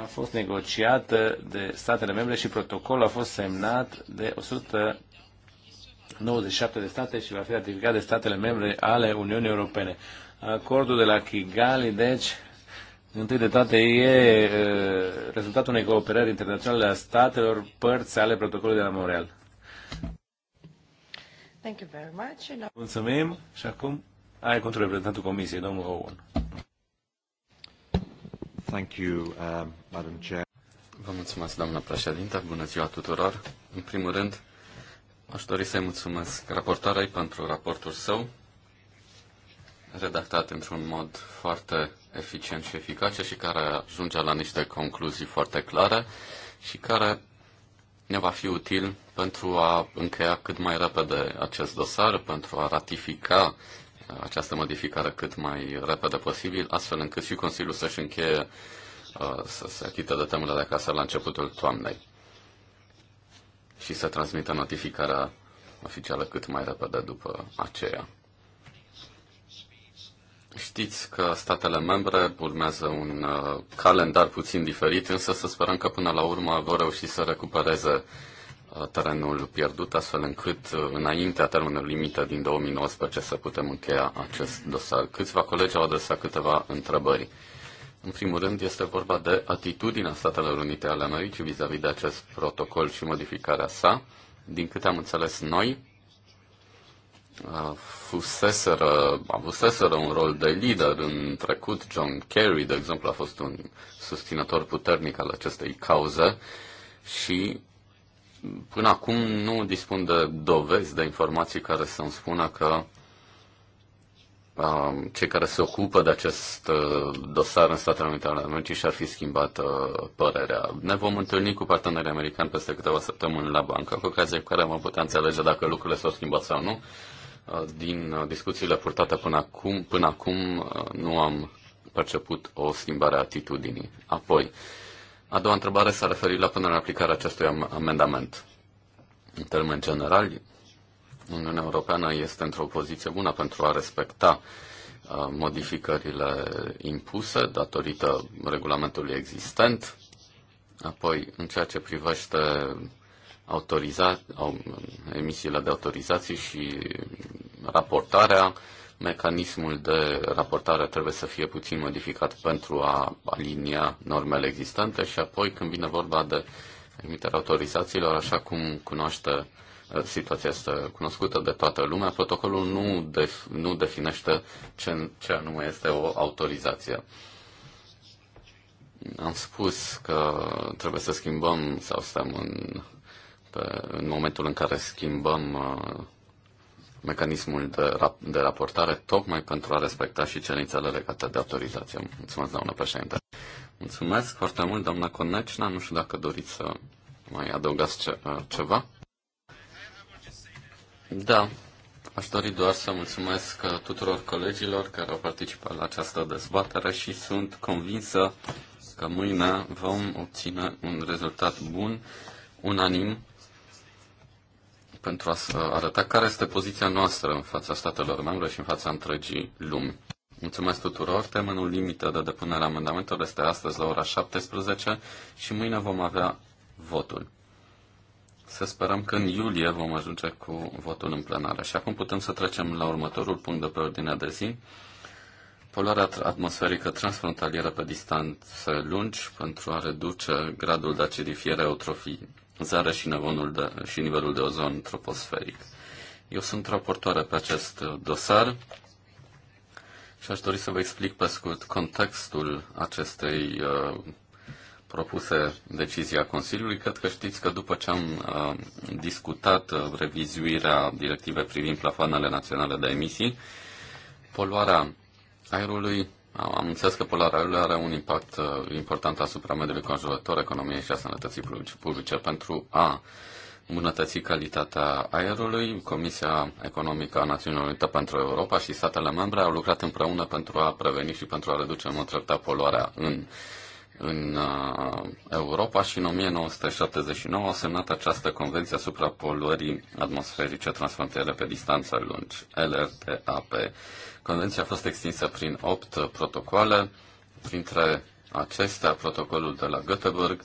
a fost negociată de statele membre și protocolul a fost semnat de 197 de state și va fi ratificat de statele membre ale Uniunii Europene. Acordul de la Kigali, deci, Întâi de toate e rezultatul unei cooperări internaționale a statelor părți ale protocolului de la Montreal. Thank you very much. Mulțumim și acum ai contul reprezentantul Comisiei, domnul Owen. Thank you, uh, Madam Chair. Vă mulțumesc, doamna președinte. Bună ziua tuturor. În primul rând, aș dori să-i mulțumesc raportoarei pentru raportul său redactat într-un mod foarte eficient și eficace și care ajunge la niște concluzii foarte clare și care ne va fi util pentru a încheia cât mai repede acest dosar, pentru a ratifica uh, această modificare cât mai repede posibil, astfel încât și Consiliul să-și încheie, uh, să se achite de temele de acasă la începutul toamnei și să transmită notificarea oficială cât mai repede după aceea. Știți că statele membre urmează un uh, calendar puțin diferit, însă să sperăm că până la urmă vor reuși să recupereze uh, terenul pierdut, astfel încât uh, înaintea termenului limită din 2019 să putem încheia acest dosar. Câțiva colegi au adresat câteva întrebări. În primul rând, este vorba de atitudinea Statelor Unite ale Americii vis-a-vis -vis de acest protocol și modificarea sa. Din câte am înțeles noi, fuseseră, avuseseră un rol de lider în trecut. John Kerry, de exemplu, a fost un susținător puternic al acestei cauze și până acum nu dispun de dovezi, de informații care să-mi spună că uh, cei care se ocupă de acest uh, dosar în Statele Unite ale Americii și-ar fi schimbat uh, părerea. Ne vom întâlni cu partenerii americani peste câteva săptămâni la bancă, cu ocazia cu care am putea înțelege dacă lucrurile s-au schimbat sau nu. Uh, din uh, discuțiile purtate până acum, până acum uh, nu am perceput o schimbare a atitudinii. Apoi, a doua întrebare s-a referit la punerea în aplicare acestui amendament. În termeni generali, Uniunea Europeană este într-o poziție bună pentru a respecta modificările impuse datorită regulamentului existent. Apoi, în ceea ce privește autoriza- au, emisiile de autorizații și raportarea. Mecanismul de raportare trebuie să fie puțin modificat pentru a alinia normele existente și apoi când vine vorba de emiterea autorizațiilor, așa cum cunoaște uh, situația este cunoscută de toată lumea, protocolul nu, def, nu definește ce, ce anume este o autorizație. Am spus că trebuie să schimbăm sau suntem în pe, în momentul în care schimbăm uh, mecanismul de, rap- de raportare, tocmai pentru a respecta și cerințele legate de autorizație. Mulțumesc, doamnă președinte. Mulțumesc foarte mult, doamna Conecina. Nu știu dacă doriți să mai adăugați ce, uh, ceva. Da, aș dori doar să mulțumesc uh, tuturor colegilor care au participat la această dezbatere și sunt convinsă că mâine vom obține un rezultat bun, unanim pentru a arăta care este poziția noastră în fața statelor membre și în fața întregii lumi. Mulțumesc tuturor. Termenul limită de depunere a amendamentelor este astăzi la ora 17 și mâine vom avea votul. Să sperăm că în iulie vom ajunge cu votul în plenară. Și acum putem să trecem la următorul punct de pe ordinea de zi. Poluarea atmosferică transfrontalieră pe distanțe lungi pentru a reduce gradul de acidifiere eutrofii zare și, nivelul de, și nivelul de ozon troposferic. Eu sunt raportoare pe acest uh, dosar și aș dori să vă explic pe scurt contextul acestei uh, propuse decizia Consiliului. Cred că știți că după ce am uh, discutat uh, revizuirea directivei privind plafoanele naționale de emisii, poluarea aerului am înțeles că polarul are un impact uh, important asupra mediului conjurător, economiei și a sănătății publice. Pentru a îmbunătăți calitatea aerului, Comisia Economică a Națiunilor Unite pentru Europa și statele membre au lucrat împreună pentru a preveni și pentru a reduce în mod treptat poluarea în în uh, Europa și în 1979 a semnat această convenție asupra poluării atmosferice transfrontiere pe distanță lungi, LRTAP. Convenția a fost extinsă prin opt protocoale, printre acestea protocolul de la Göteborg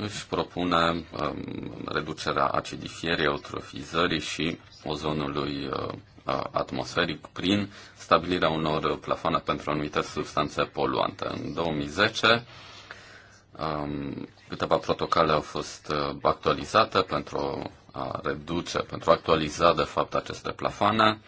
își propune um, reducerea acidifierii, eutrofizării și ozonului uh, atmosferic prin stabilirea unor plafoane pentru anumite substanțe poluante. În 2010 Um, câteva protocole au fost uh, actualizate pentru a reduce, pentru a actualiza, de fapt, aceste plafane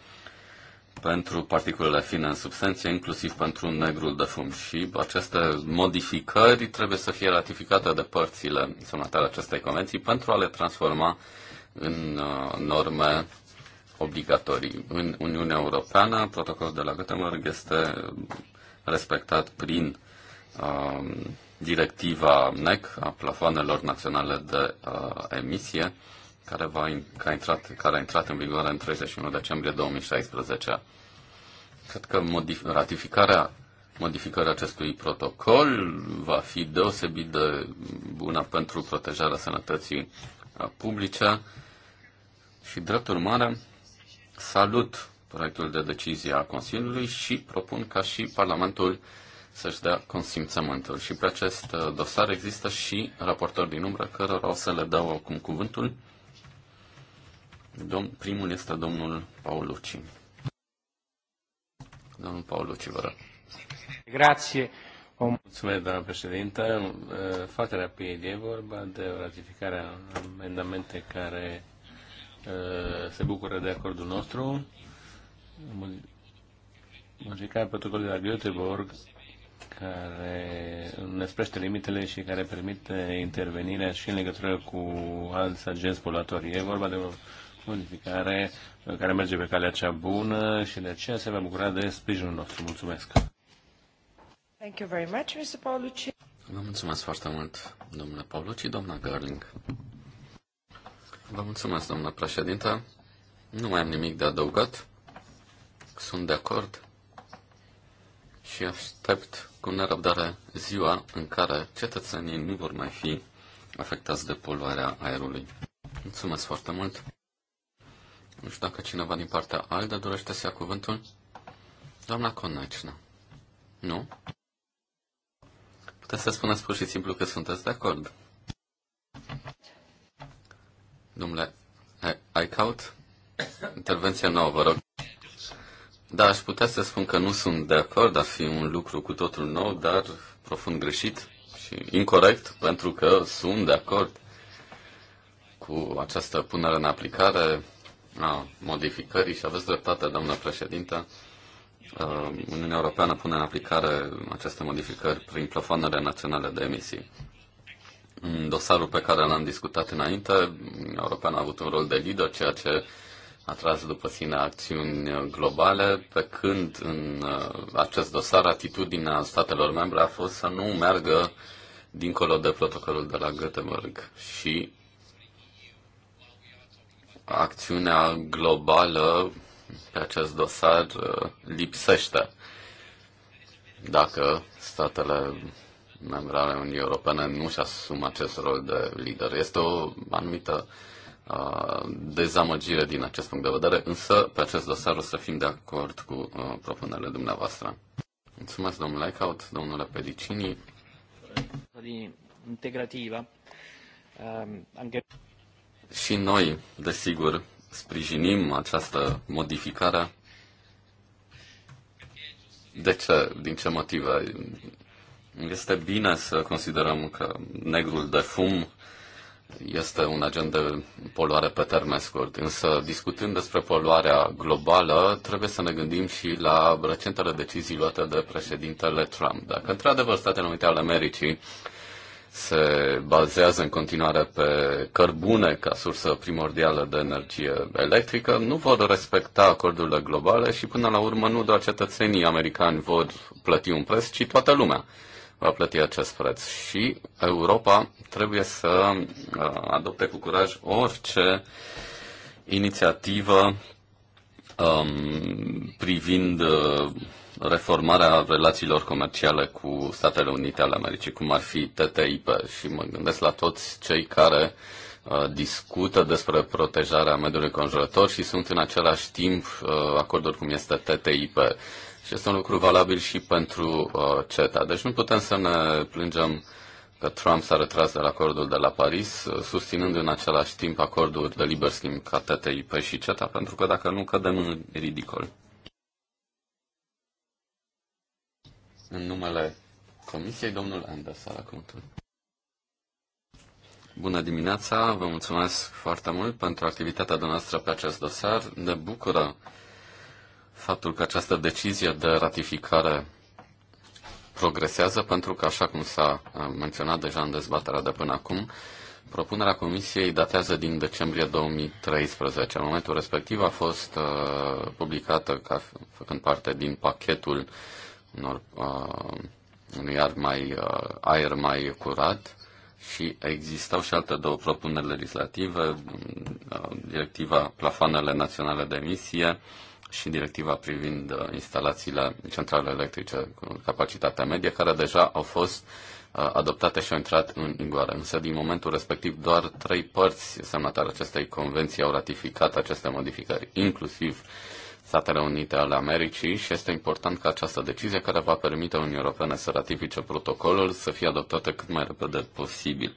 pentru particulele fine în substanție, inclusiv pentru negrul de fum. Și aceste modificări trebuie să fie ratificate de părțile semnatare acestei convenții pentru a le transforma în uh, norme obligatorii. În Uniunea Europeană, protocolul de la Gutenberg este respectat prin Um, directiva NEC, a plafoanelor naționale de uh, emisie, care, va, care, a intrat, care a intrat în vigoare în 31 decembrie 2016. Cred că modif- ratificarea modificării acestui protocol va fi deosebit de bună pentru protejarea sănătății uh, publice și, drept urmare, salut proiectul de decizie a Consiliului și propun ca și Parlamentul uh, să-și dea consimțământul. Și pe acest uh, dosar există și raportori din umbră, cărora o să le dau acum cuvântul. Dom- primul este domnul Paulucci. Domnul Paulucci, vă rog. Grație. Mulțumesc, doamna președintă. Uh, foarte rapid, e vorba de o ratificare a amendamente care uh, se bucură de acordul nostru. Modificarea protocolului de la Göteborg care năsprește limitele și care permite intervenirea și în legătură cu alți agenți poluatori. E vorba de o modificare care merge pe calea cea bună și de aceea se va bucura de sprijinul nostru. Mulțumesc! Thank you very much, Mr. Paulucci. Vă mulțumesc foarte mult, domnule Paulucci, doamna Garling. Vă mulțumesc, doamna președintă. Nu mai am nimic de adăugat. Sunt de acord și aștept cu nerăbdare ziua în care cetățenii nu vor mai fi afectați de poluarea aerului. Mulțumesc foarte mult! Nu știu dacă cineva din partea ALDE dorește să ia cuvântul. Doamna Conecna. Nu? Puteți să spuneți pur și simplu că sunteți de acord. Domnule, ai, caut? Intervenția nouă, vă rog. Da, aș putea să spun că nu sunt de acord, ar fi un lucru cu totul nou, dar profund greșit și incorrect, pentru că sunt de acord cu această punere în aplicare a modificării și aveți dreptate, doamnă președintă. Uh, Uniunea Europeană pune în aplicare aceste modificări prin plafonarea națională de emisii. În dosarul pe care l-am discutat înainte, Uniunea Europeană a avut un rol de lider, ceea ce uh, atras după sine acțiuni globale, pe când în uh, acest dosar atitudinea statelor membre a fost să nu meargă dincolo de protocolul de la Göteborg și acțiunea globală pe acest dosar uh, lipsește. Dacă statele membre ale Uniunii Europene nu-și asumă acest rol de lider, este o anumită uh, Uh, dezamăgire din acest punct de vedere, însă pe acest dosar o să fim de acord cu uh, propunerile dumneavoastră. Mulțumesc, domnule Eichhout, domnule Pedicini. Integrativă. Ehm, Și noi, desigur, sprijinim această modificare. De ce? Din ce motive? Este bine să considerăm că negrul de fum este un agent de poluare pe termen scurt. Însă, discutând despre poluarea globală, trebuie să ne gândim și la recentele decizii luate de președintele Trump. Dacă într-adevăr Statele Unite ale Americii se bazează în continuare pe cărbune ca sursă primordială de energie electrică, nu vor respecta acordurile globale și până la urmă nu doar cetățenii americani vor plăti un preț, ci toată lumea va plăti acest preț. Și Europa trebuie să uh, adopte cu curaj orice inițiativă um, privind uh, reformarea relațiilor comerciale cu Statele Unite ale Americii, cum ar fi TTIP. Și mă gândesc la toți cei care uh, discută despre protejarea mediului conjurător și sunt în același timp acorduri cum este TTIP. Și este un lucru valabil și pentru uh, CETA. Deci nu putem să ne plângem că Trump s-a retras de la acordul de la Paris, uh, susținând în același timp acorduri de liber schimb ca TTIP și CETA, pentru că dacă nu cădem în ridicol. În numele Comisiei, domnul Anders, la cuvântul. Bună dimineața, vă mulțumesc foarte mult pentru activitatea noastră pe acest dosar. Ne bucură faptul că această decizie de ratificare progresează pentru că, așa cum s-a uh, menționat deja în dezbaterea de până acum, propunerea Comisiei datează din decembrie 2013. În momentul respectiv a fost uh, publicată ca făcând parte din pachetul unor, uh, unui aer mai, uh, aer mai curat și existau și alte două propuneri legislative, uh, directiva plafoanele naționale de emisie, uh, și directiva privind uh, instalațiile centrale electrice cu capacitatea medie, care deja au fost uh, adoptate și au intrat în vigoare. Însă, din momentul respectiv, doar trei părți semnatare acestei convenții au ratificat aceste modificări, inclusiv Statele Unite ale Americii și este important ca această decizie care va permite Uniunii Europene să ratifice protocolul să fie adoptată cât mai repede posibil.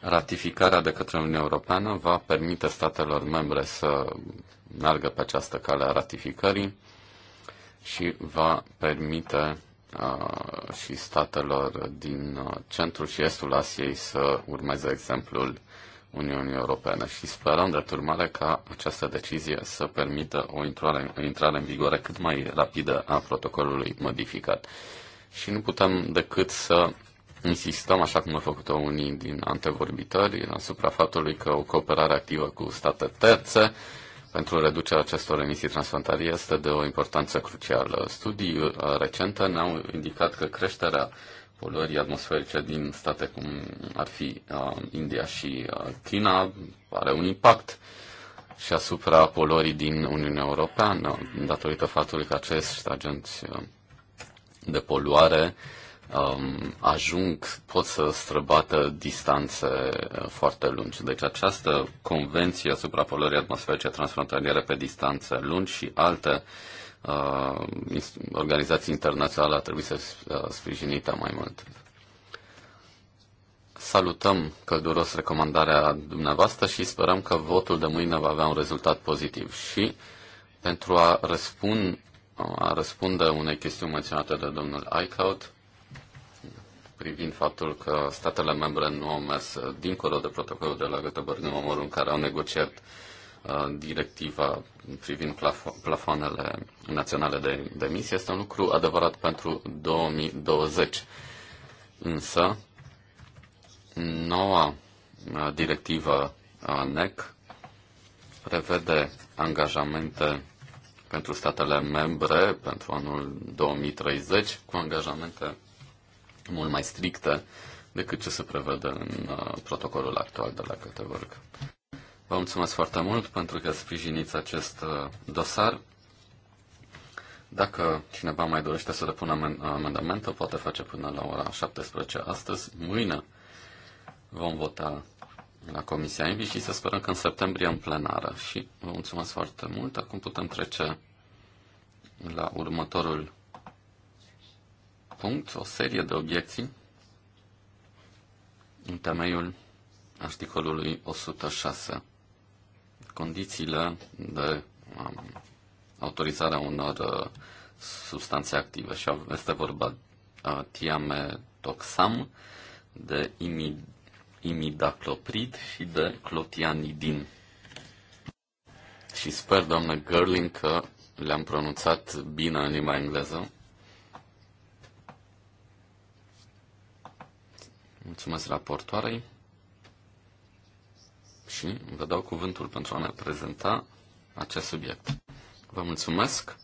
Ratificarea de către Uniunea Europeană va permite statelor membre să meargă pe această cale a ratificării și va permite uh, și statelor din centrul și estul Asiei să urmeze exemplul Uniunii Europene și sperăm, de urmare, ca această decizie să permită o intrare, o intrare în vigoare cât mai rapidă a protocolului modificat. Și nu putem decât să insistăm, așa cum a făcut-o unii din antevorbitori, asupra faptului că o cooperare activă cu state terțe pentru reducerea acestor emisii transfrontaliere este de o importanță crucială. Studii uh, recente ne-au indicat că creșterea poluării atmosferice din state cum ar fi uh, India și uh, China are un impact și asupra poluării din Uniunea Europeană, datorită faptului că acești agenți uh, de poluare uh, um, ajung, pot să străbată distanțe uh, foarte lungi. Deci această convenție asupra polării atmosferice transfrontaliere pe distanțe lungi și alte uh, organizații internaționale ar trebui să uh, sprijinite mai mult. Salutăm călduros recomandarea dumneavoastră și sperăm că votul de mâine va avea un rezultat pozitiv. Și pentru a, răspund, a răspunde unei chestiuni menționate de domnul Eichhout, privind faptul că statele membre nu au mers uh, dincolo de protocolul de la Göteborg în momentul în care au negociat uh, directiva privind plafo- plafoanele naționale de, emisie, este un lucru adevărat pentru 2020. Însă, noua uh, directivă NEC prevede angajamente pentru statele membre pentru anul 2030 cu angajamente mult mai stricte decât ce se prevede în uh, protocolul actual de la Göteborg. Vă mulțumesc foarte mult pentru că sprijiniți acest uh, dosar. Dacă cineva mai dorește să depună amendamente, poate face până la ora 17 astăzi. Mâine vom vota la Comisia Invi și să sperăm că în septembrie în plenară. Și vă mulțumesc foarte mult. Acum putem trece la următorul punct o serie de obiecții în temeiul articolului 106. Condițiile de um, a unor uh, substanțe active și este vorba uh, tiametoxam, de imid, imidacloprid și de clotianidin. Și sper, doamnă Gerling, că le-am pronunțat bine în limba engleză. Mulțumesc raportoarei și vă dau cuvântul pentru a ne prezenta acest subiect. Vă mulțumesc.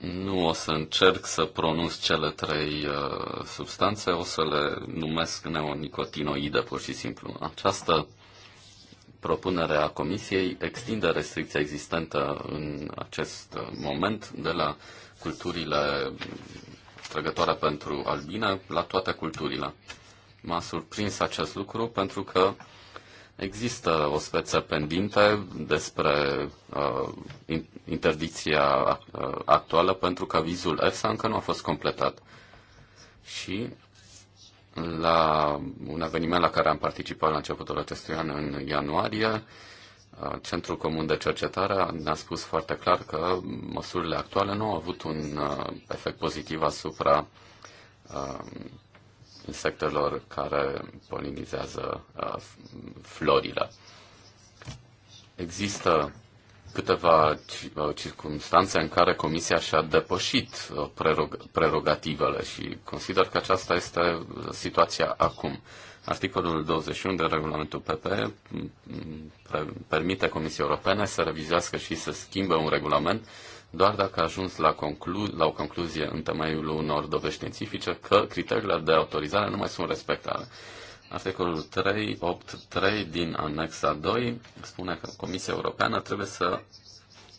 Nu o să încerc să pronunț cele trei uh, substanțe, o să le numesc neonicotinoide pur și simplu. Această propunere a Comisiei extinde restricția existentă în acest moment de la culturile atrăgătoare pentru albine la toate culturile. M-a surprins acest lucru pentru că există o speță pendinte despre uh, interdicția uh, actuală pentru că vizul EFSA încă nu a fost completat. Și la un eveniment la care am participat la începutul acestui an, în ianuarie, Uh, Centrul Comun de Cercetare ne-a spus foarte clar că măsurile actuale nu au avut un uh, efect pozitiv asupra uh, insectelor care polinizează florile. Există câteva circunstanțe în care Comisia și-a depășit prerogativele și consider că aceasta este situația acum. Articolul 21 de regulamentul PP permite Comisiei Europene să revizească și să schimbe un regulament doar dacă a ajuns la, conclu- la o concluzie în temeiul unor dovești științifice că criteriile de autorizare nu mai sunt respectate. Articolul 3.8.3 din anexa 2 spune că Comisia Europeană trebuie să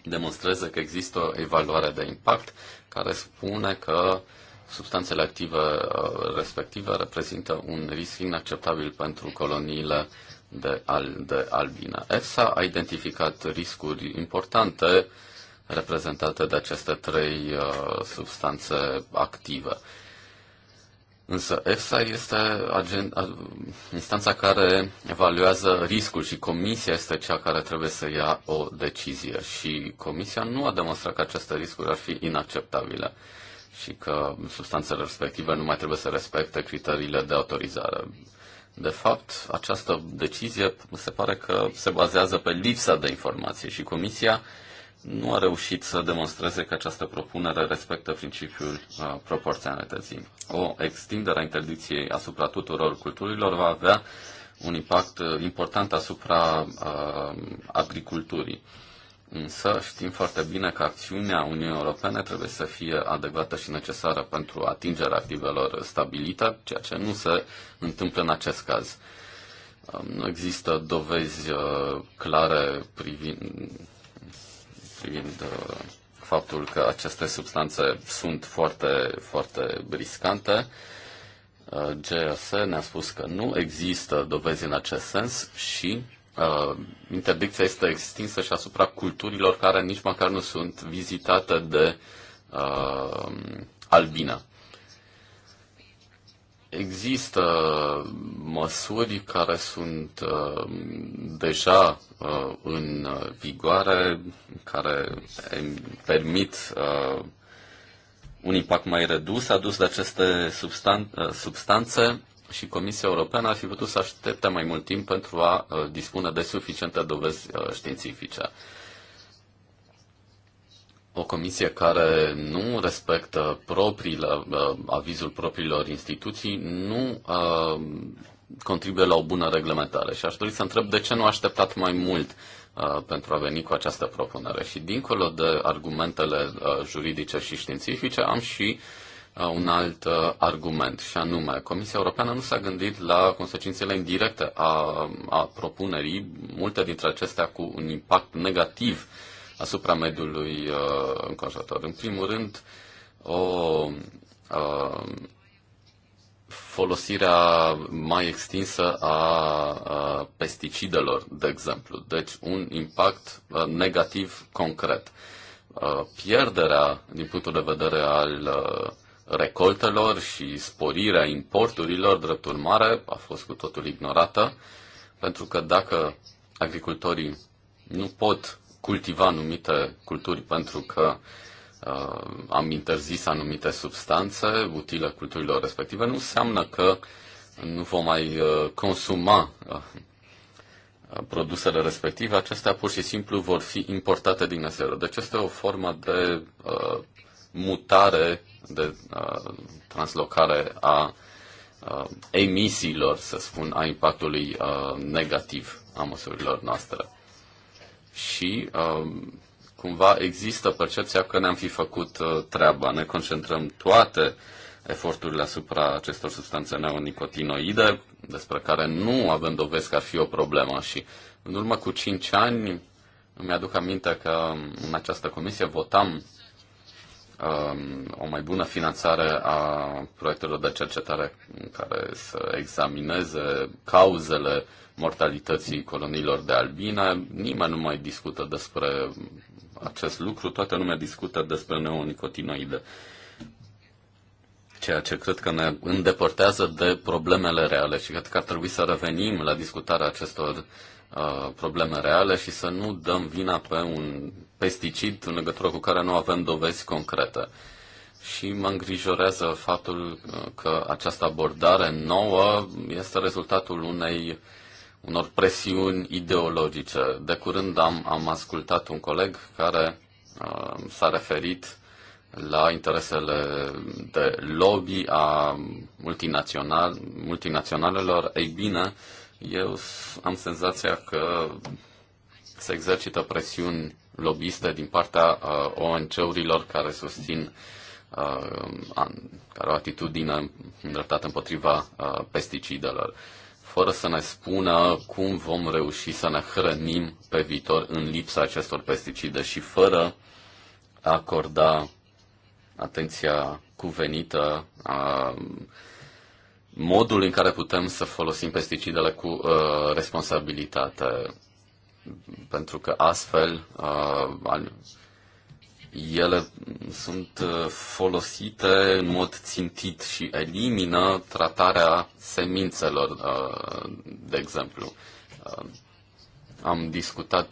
demonstreze că există o evaluare de impact care spune că substanțele active uh, respective reprezintă un risc inacceptabil pentru coloniile de, al, de albine. EFSA a identificat riscuri importante reprezentate de aceste trei uh, substanțe active. Însă EFSA este uh, instanța care evaluează riscul și comisia este cea care trebuie să ia o decizie și comisia nu a demonstrat că aceste riscuri ar fi inacceptabile și că substanțele respective nu mai trebuie să respecte criteriile de autorizare. De fapt, această decizie se pare că se bazează pe lipsa de informație și Comisia nu a reușit să demonstreze că această propunere respectă principiul uh, proporționalității. O extindere a interdicției asupra tuturor culturilor va avea un impact uh, important asupra uh, agriculturii. Însă știm foarte bine că acțiunea Uniunii Europene trebuie să fie adecvată și necesară pentru atingerea activelor stabilite, ceea ce nu se întâmplă în acest caz. Nu există dovezi uh, clare privind, privind uh, faptul că aceste substanțe sunt foarte, foarte briscante. Uh, GSE ne-a spus că nu există dovezi în acest sens și uh, interdicția este extinsă și asupra culturilor care nici măcar nu sunt vizitate de uh, albină. Există măsuri care sunt uh, deja uh, în vigoare, care permit uh, un impact mai redus adus de aceste substan- uh, substanțe și Comisia Europeană ar fi putut să aștepte mai mult timp pentru a uh, dispune de suficiente dovezi uh, științifice. O comisie care nu respectă propriile, uh, avizul propriilor instituții nu contribuie la o bună reglementare. Și aș dori să întreb de ce nu a așteptat mai mult pentru a veni cu această propunere. Și dincolo de argumentele juridice și științifice, am și uh, un alt argument, și anume, Comisia Europeană nu s-a gândit la consecințele indirecte a, a propunerii, multe dintre acestea cu un impact negativ asupra mediului uh, înconjurător. În primul rând, o uh, folosirea mai extinsă a, uh, pesticidelor, de exemplu. Deci, un impact uh, negativ concret. Uh, pierderea, din punctul de vedere al uh, recoltelor și sporirea importurilor, drept urmare, a fost cu totul ignorată, pentru că dacă agricultorii nu pot cultiva anumite culturi pentru că uh, am interzis anumite substanțe utile culturilor respective, nu înseamnă că nu vom mai uh, consuma uh, produsele respective, acestea pur și simplu vor fi importate din exterior. Deci este o formă de uh, mutare, de uh, translocare a uh, emisiilor, să spun, a impactului uh, negativ a măsurilor noastre. Și uh, cumva există percepția că ne-am fi făcut uh, treaba, ne concentrăm toate eforturile asupra acestor substanțe neonicotinoide, despre care nu avem dovezi că ar fi o problemă și în urmă cu 5 ani îmi aduc aminte că um, în această comisie votam Um, o mai bună finanțare a proiectelor de cercetare care să examineze cauzele mortalității coloniilor de albine. Nimeni nu mai discută despre acest lucru, toată lumea discută despre neonicotinoide. Ceea ce cred că ne îndepărtează de problemele reale și cred că ar trebui să revenim la discutarea acestor Uh, probleme reale și să nu dăm vina pe un pesticid în legătură cu care nu avem dovezi concrete. Și mă îngrijorează faptul uh, că această abordare nouă este rezultatul unei unor presiuni ideologice. De curând am, am ascultat un coleg care uh, s-a referit la interesele de lobby a multinațional, multinaționalelor. Ei bine, uh, eu am senzația că se exercită presiuni lobiste din partea uh, ONG-urilor care susțin uh, care o atitudine îndreptată împotriva uh, pesticidelor, fără să ne spună cum vom reuși să ne hrănim pe viitor în lipsa acestor pesticide și fără a acorda atenția cuvenită uh, modul în care putem să folosim pesticidele cu uh, responsabilitate, pentru că astfel uh, ele sunt uh, folosite în mod țintit și elimină tratarea semințelor, uh, de exemplu. Uh, am discutat,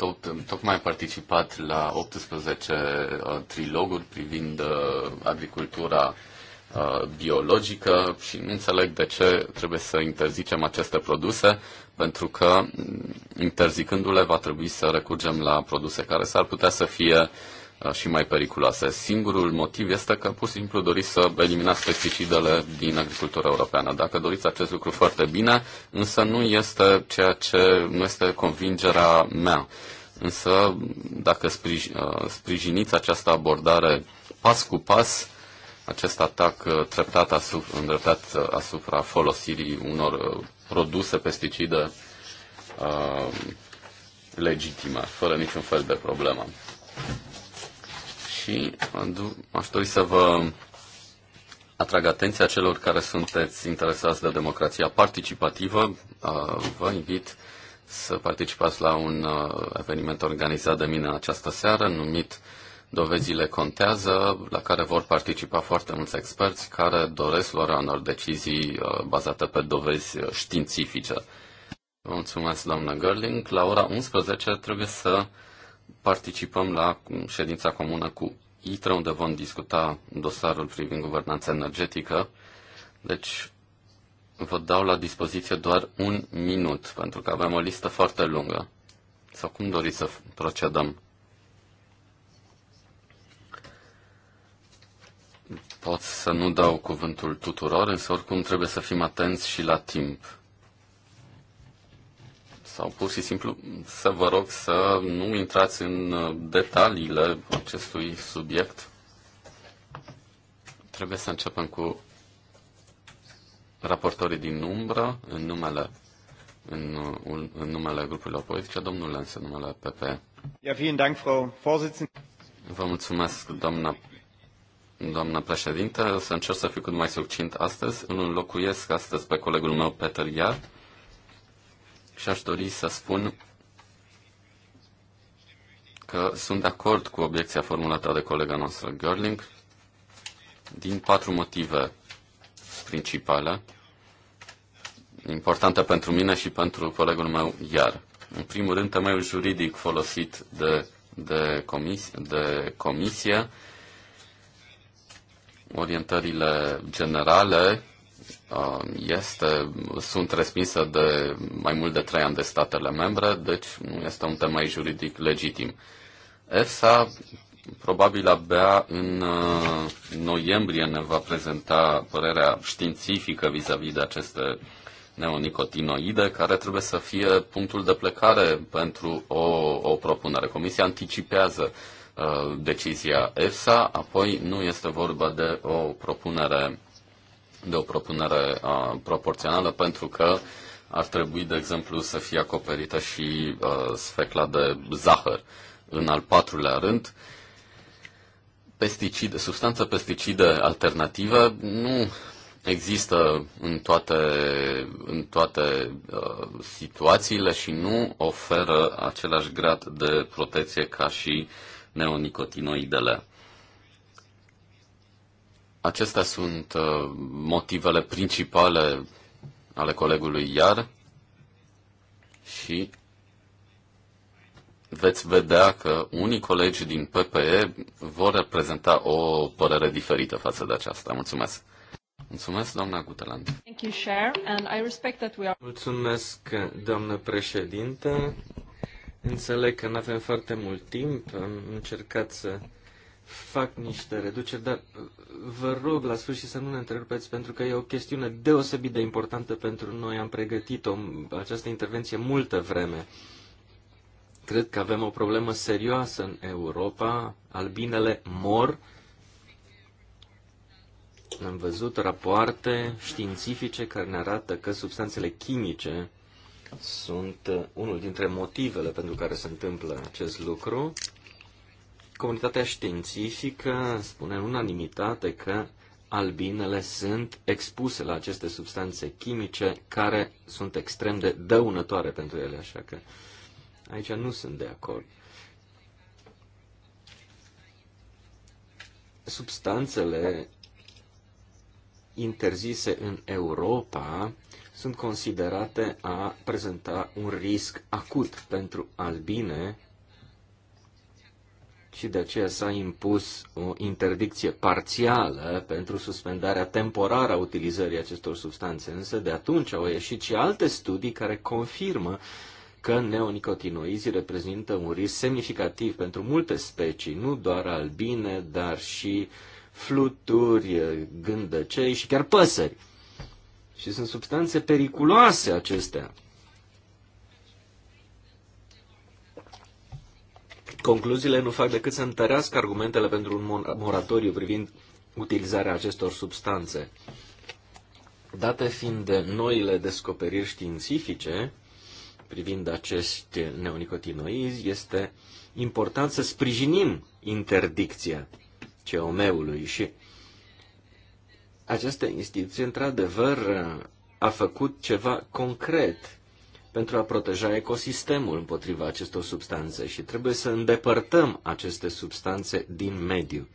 tocmai am participat la 18 uh, triloguri privind uh, agricultura Uh, biologică și nu înțeleg de ce trebuie să interzicem aceste produse, pentru că mm, interzicându-le va trebui să recurgem la produse care s-ar putea să fie uh, și mai periculoase. Singurul motiv este că pur și simplu doriți să eliminați pesticidele din agricultura europeană. Dacă doriți acest lucru foarte bine, însă nu este ceea ce nu este convingerea mea. Însă dacă uh, sprijiniți această abordare pas cu pas, acest atac uh, treptat asupra, îndreptat uh, asupra folosirii unor uh, produse pesticide legitime, fără niciun fel de problemă. Și aș dori să vă atrag atenția celor care sunteți interesați de democrația participativă. Vă invit să participați la un eveniment organizat de mine această seară, numit Dovezile contează, la care vor participa foarte mulți experți care doresc luarea unor decizii uh, bazate pe dovezi uh, științifice. Vă mulțumesc, doamnă Gerling. La ora 11 trebuie să participăm la mm, ședința comună cu ITRE, unde vom discuta dosarul privind guvernanța energetică. Deci, vă dau la dispoziție doar un minut, pentru că avem o listă foarte lungă. Sau cum doriți să procedăm? Pot să nu dau cuvântul tuturor, însă oricum trebuie să fim atenți și la timp. Sau pur și simplu să vă rog să nu intrați în uh, detaliile acestui subiect. Trebuie să începem cu raportorii din umbră, în numele, în, uh, în numele grupurilor politice, domnul Lens, în numele PP. Ja, vielen Dank, Frau Vă mulțumesc, doamna Doamna președinte, o să încerc să fiu cât mai succint astăzi. Îl înlocuiesc astăzi pe colegul meu, Peter Iar, și aș dori să spun că sunt de acord cu obiecția formulată de colega noastră, Görling, din patru motive principale, importante pentru mine și pentru colegul meu, Iar. În primul rând, temeiul juridic folosit de, de, comis, de comisie, orientările generale um, este, sunt respinse de mai mult de trei ani de statele membre, deci nu este un temei juridic legitim. EFSA probabil abia în uh, noiembrie ne va prezenta părerea științifică vis-a-vis -vis de aceste neonicotinoide, care trebuie să fie punctul de plecare pentru o, o propunere. Comisia anticipează uh, Uh, decizia EFSA, apoi nu este vorba de o propunere de o propunere uh, proporțională pentru că ar trebui, de exemplu, să fie acoperită și uh, sfecla de zahăr. În al patrulea rând, pesticide, substanțe pesticide alternative nu există în toate, în toate uh, situațiile și nu oferă același grad de protecție ca și uh, neonicotinoidele. Acestea sunt uh, motivele principale ale colegului Iar și veți vedea că unii colegi din PPE vor reprezenta o părere diferită față de aceasta. Mulțumesc! Mulțumesc, doamna Guteland. Thank you, and I respect that we are... Mulțumesc, doamnă președinte. Înțeleg că nu avem foarte mult timp, am încercat să fac niște reduceri, dar vă rog la sfârșit să nu ne întrerupeți, pentru că e o chestiune deosebit de importantă pentru noi. Am pregătit o, această intervenție multă vreme. Cred că avem o problemă serioasă în Europa. Albinele mor. Am văzut rapoarte științifice care ne arată că substanțele chimice sunt uh, unul dintre motivele pentru care se întâmplă acest lucru. Comunitatea științifică spune în unanimitate că albinele sunt expuse la aceste substanțe chimice care sunt extrem de dăunătoare pentru ele, așa că aici nu sunt de acord. Substanțele interzise în Europa sunt considerate a prezenta un risc acut pentru albine și de aceea s-a impus o interdicție parțială pentru suspendarea temporară a utilizării acestor substanțe. Însă de atunci au ieșit și alte studii care confirmă că neonicotinoizii reprezintă un risc semnificativ pentru multe specii, nu doar albine, dar și fluturi, gândăcei și chiar păsări. Și sunt substanțe periculoase acestea. Concluziile nu fac decât să întărească argumentele pentru un moratoriu privind utilizarea acestor substanțe. Date fiind de noile descoperiri științifice privind acești neonicotinoizi, este important să sprijinim interdicția COM-ului și această instituție, într-adevăr, a făcut ceva concret pentru a proteja ecosistemul împotriva acestor substanțe și trebuie să îndepărtăm aceste substanțe din mediu.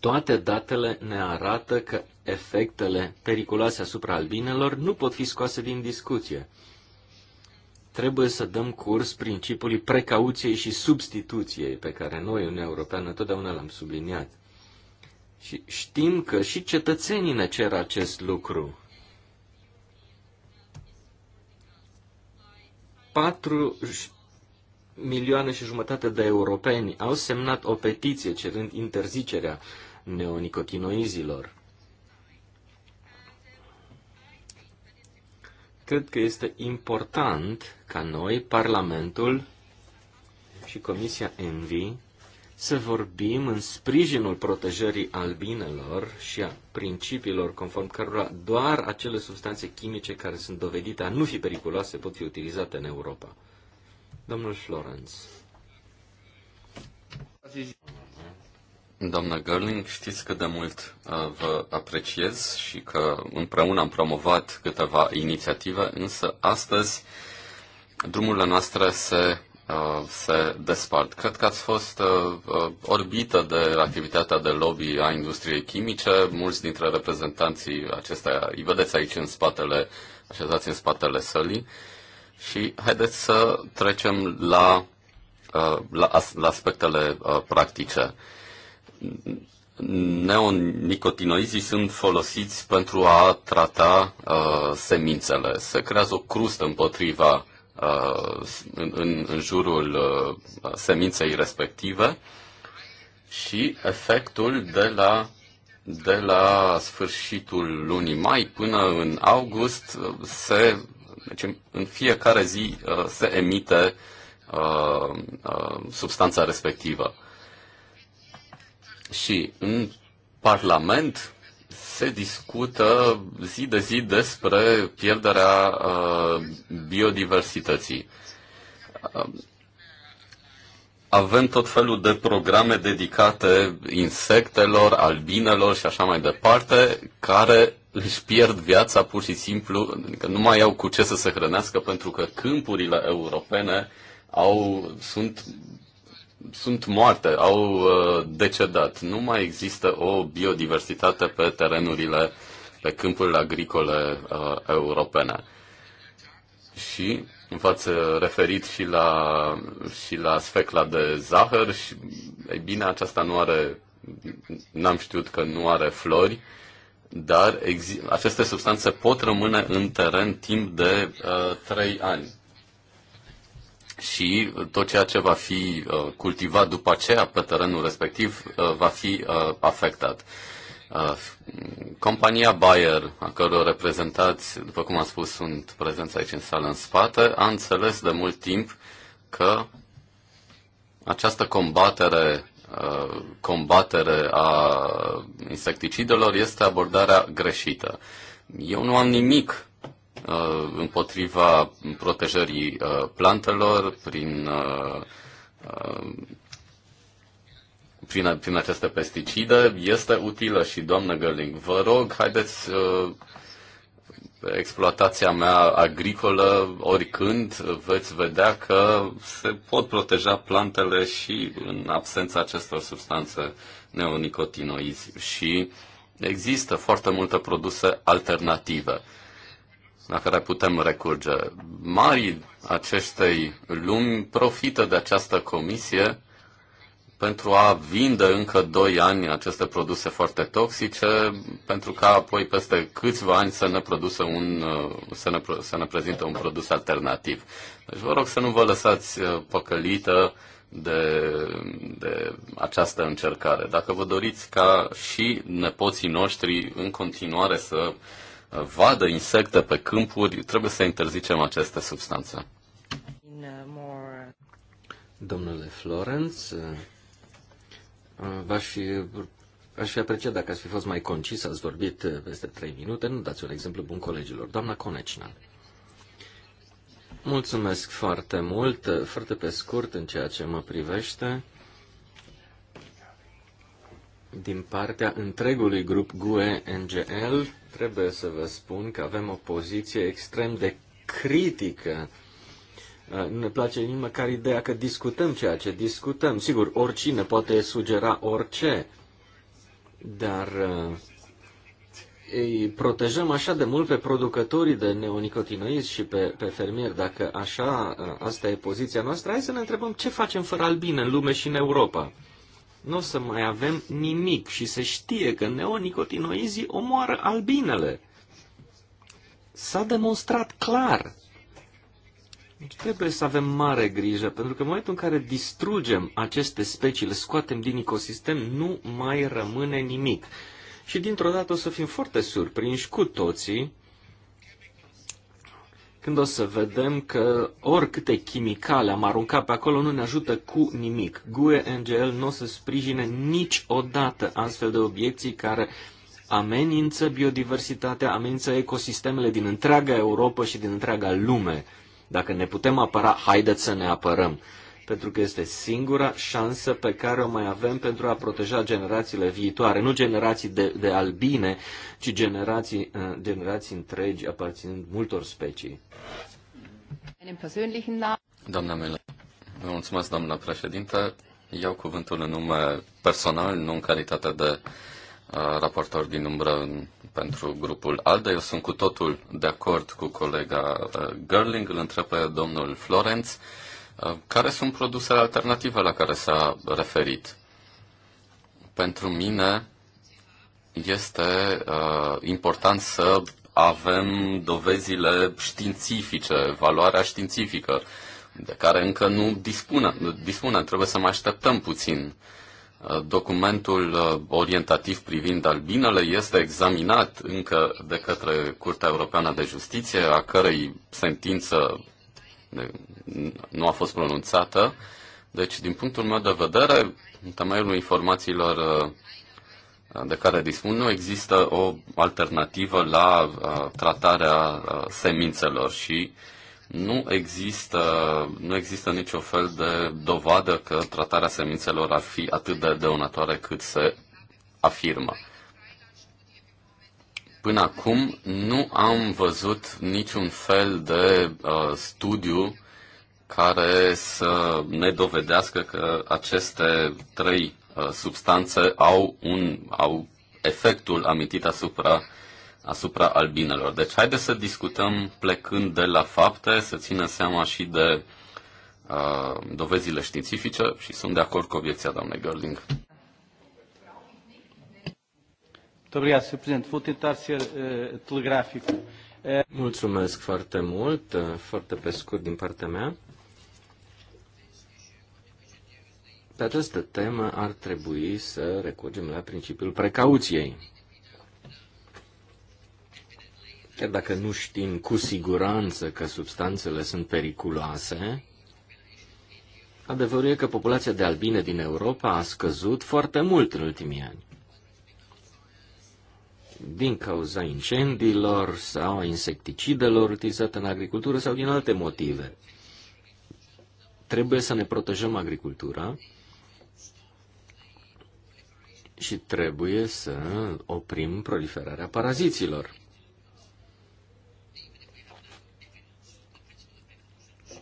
Toate datele ne arată că efectele periculoase asupra albinelor nu pot fi scoase din discuție. Trebuie să dăm curs principiului precauției și substituției pe care noi, Uniunea Europeană, totdeauna l-am subliniat. Și știm că și cetățenii ne cer acest lucru. Patru milioane și jumătate de europeni au semnat o petiție cerând interzicerea neonicotinoizilor. Cred că este important ca noi, Parlamentul și Comisia Envi, să vorbim în sprijinul protejării albinelor și a principiilor conform cărora doar acele substanțe chimice care sunt dovedite a nu fi periculoase pot fi utilizate în Europa. Domnul Florence. Doamna Gerling, știți că de mult uh, vă apreciez și că împreună am promovat câteva inițiative, însă astăzi drumurile noastre se Uh, se despart. Cred că ați fost uh, uh, orbită de activitatea de lobby a industriei chimice. Mulți dintre reprezentanții acestea îi vedeți aici în spatele, așezați în spatele sălii. Și haideți să trecem la, la, la aspectele practice. Neonicotinoizii sunt folosiți pentru a trata uh, semințele. Se creează o crustă împotriva Uh, în, în, în jurul uh, seminței respective și efectul de la, de la sfârșitul lunii mai până în august uh, se, deci în fiecare zi se emite substanța respectivă. Și în Parlament se discută zi de zi despre pierderea uh, biodiversității. Uh, avem tot felul de programe dedicate insectelor, albinelor și așa mai departe, care își pierd viața pur și simplu, adică nu mai au cu ce să se hrănească pentru că câmpurile europene au, sunt sunt moarte, au uh, decedat. Nu mai există o biodiversitate pe terenurile, pe câmpurile agricole uh, europene. Și v-ați referit și la, și la sfecla de zahăr și, ei bine, aceasta nu are, n-am știut că nu are flori, dar aceste substanțe pot rămâne în teren timp de uh, 3 ani și uh, tot ceea ce va fi uh, cultivat după aceea pe terenul respectiv uh, va fi afectat. Compania Bayer, a căror reprezentați, după cum am spus, sunt prezenți aici în sală în spate, a înțeles de mult timp că această combatere combatere a insecticidelor este abordarea greșită. Eu nu am nimic Uh, împotriva protejării uh, plantelor prin, uh, prin, prin aceste pesticide este utilă și, doamnă Gărling, vă rog, haideți exploatația mea agricolă, oricând veți vedea că se pot proteja plantele și în absența acestor substanțe neonicotinoizi. Și există foarte multe produse alternative la care putem recurge. Marii acestei lumi profită de această comisie pentru a vinde încă 2 ani aceste produse foarte toxice, pentru ca apoi peste câțiva ani să ne, produse un, uh, să ne, să ne prezinte un produs alternativ. Deci vă rog să nu vă lăsați uh, păcălită de, de această încercare. Dacă vă doriți ca și nepoții noștri în continuare să uh, vadă insecte pe câmpuri, trebuie să interzicem aceste substanțe. Uh, uh, Domnule Florence, uh, v-aș fi, aș fi apreciat dacă ați fi fost mai concis, ați vorbit peste trei minute, nu dați un exemplu bun colegilor. Doamna Conecina. Mulțumesc foarte mult, foarte pe scurt în ceea ce mă privește din partea întregului grup GUE-NGL, trebuie să vă spun că avem o poziție extrem de critică. Uh, nu ne place nici măcar ideea că discutăm ceea ce discutăm. Sigur, oricine poate sugera orice, dar uh, îi protejăm așa de mult pe producătorii de neonicotinoizi și pe, pe fermieri. Dacă așa, uh, asta e poziția noastră, hai să ne întrebăm ce facem fără albine în lume și în Europa nu o să mai avem nimic și se știe că neonicotinoizii omoară albinele. S-a demonstrat clar. Deci trebuie să avem mare grijă, pentru că în momentul în care distrugem aceste specii, le scoatem din ecosistem, nu mai rămâne nimic. Și dintr-o dată o să fim foarte surprinși cu toții când o să vedem că oricâte chimicale am aruncat pe acolo nu ne ajută cu nimic. GUE NGL nu o să sprijine niciodată astfel de obiecții care amenință biodiversitatea, amenință ecosistemele din întreaga Europa și din întreaga lume. Dacă ne putem apăra, haideți să ne apărăm pentru că este singura șansă pe care o mai avem pentru a proteja generațiile viitoare, nu generații de, de albine, ci generații, uh, generații întregi aparținând multor specii. Doamna mea, vă mulțumesc, doamna președintă. Iau cuvântul în nume personal, nu în calitate de uh, raportor din umbră pentru grupul ALDE. Eu sunt cu totul de acord cu colega uh, Gerling, îl întreb pe domnul Florenț Uh, care sunt produsele alternative la care s-a referit? Pentru mine este uh, important să avem dovezile științifice, valoarea științifică, de care încă nu dispunem. dispunem. Trebuie să mai așteptăm puțin. Uh, documentul uh, orientativ privind albinele este examinat încă de către Curtea Europeană de Justiție, a cărei sentință nu a fost pronunțată. Deci, din punctul meu de vedere, în temeiul informațiilor uh, de care dispun, nu există o alternativă la uh, tratarea uh, semințelor și nu există, nu există niciun fel de dovadă că tratarea semințelor ar fi atât de dăunătoare cât se afirmă. Până acum nu am văzut niciun fel de uh, studiu care să ne dovedească că aceste trei uh, substanțe au, un, au efectul amintit asupra, asupra albinelor. Deci haideți să discutăm plecând de la fapte, să ținem seama și de uh, dovezile științifice și sunt de acord cu obiecția doamnei Gerling. Eh, eh, Mulțumesc foarte mult, eh, foarte pe scurt din partea mea. Pe această temă ar trebui să recurgem la principiul precauției. Chiar dacă nu știm cu siguranță că substanțele sunt periculoase, adevărul e că populația de albine din Europa a scăzut foarte mult în ultimii ani din cauza incendiilor sau a insecticidelor utilizate în agricultură sau din alte motive. Trebuie să ne protejăm agricultura și trebuie să oprim proliferarea paraziților.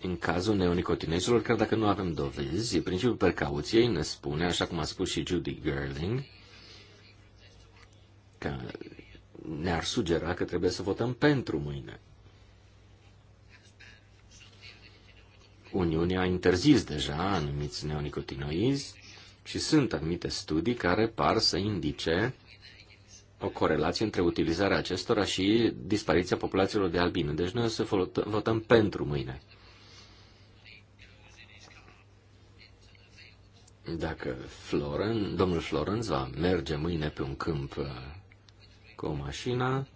În cazul neonicotinezilor, chiar dacă nu avem dovezi, principiul precauției ne spune, așa cum a spus și Judy Gerling, că ne-ar sugera că trebuie să votăm pentru mâine. Uniunea a interzis deja anumiți neonicotinoizi și sunt anumite studii care par să indice o corelație între utilizarea acestora și dispariția populațiilor de albine. Deci noi o să votăm pentru mâine. Dacă Floren, domnul Florenz va merge mâine pe un câmp uh, cu o mașină,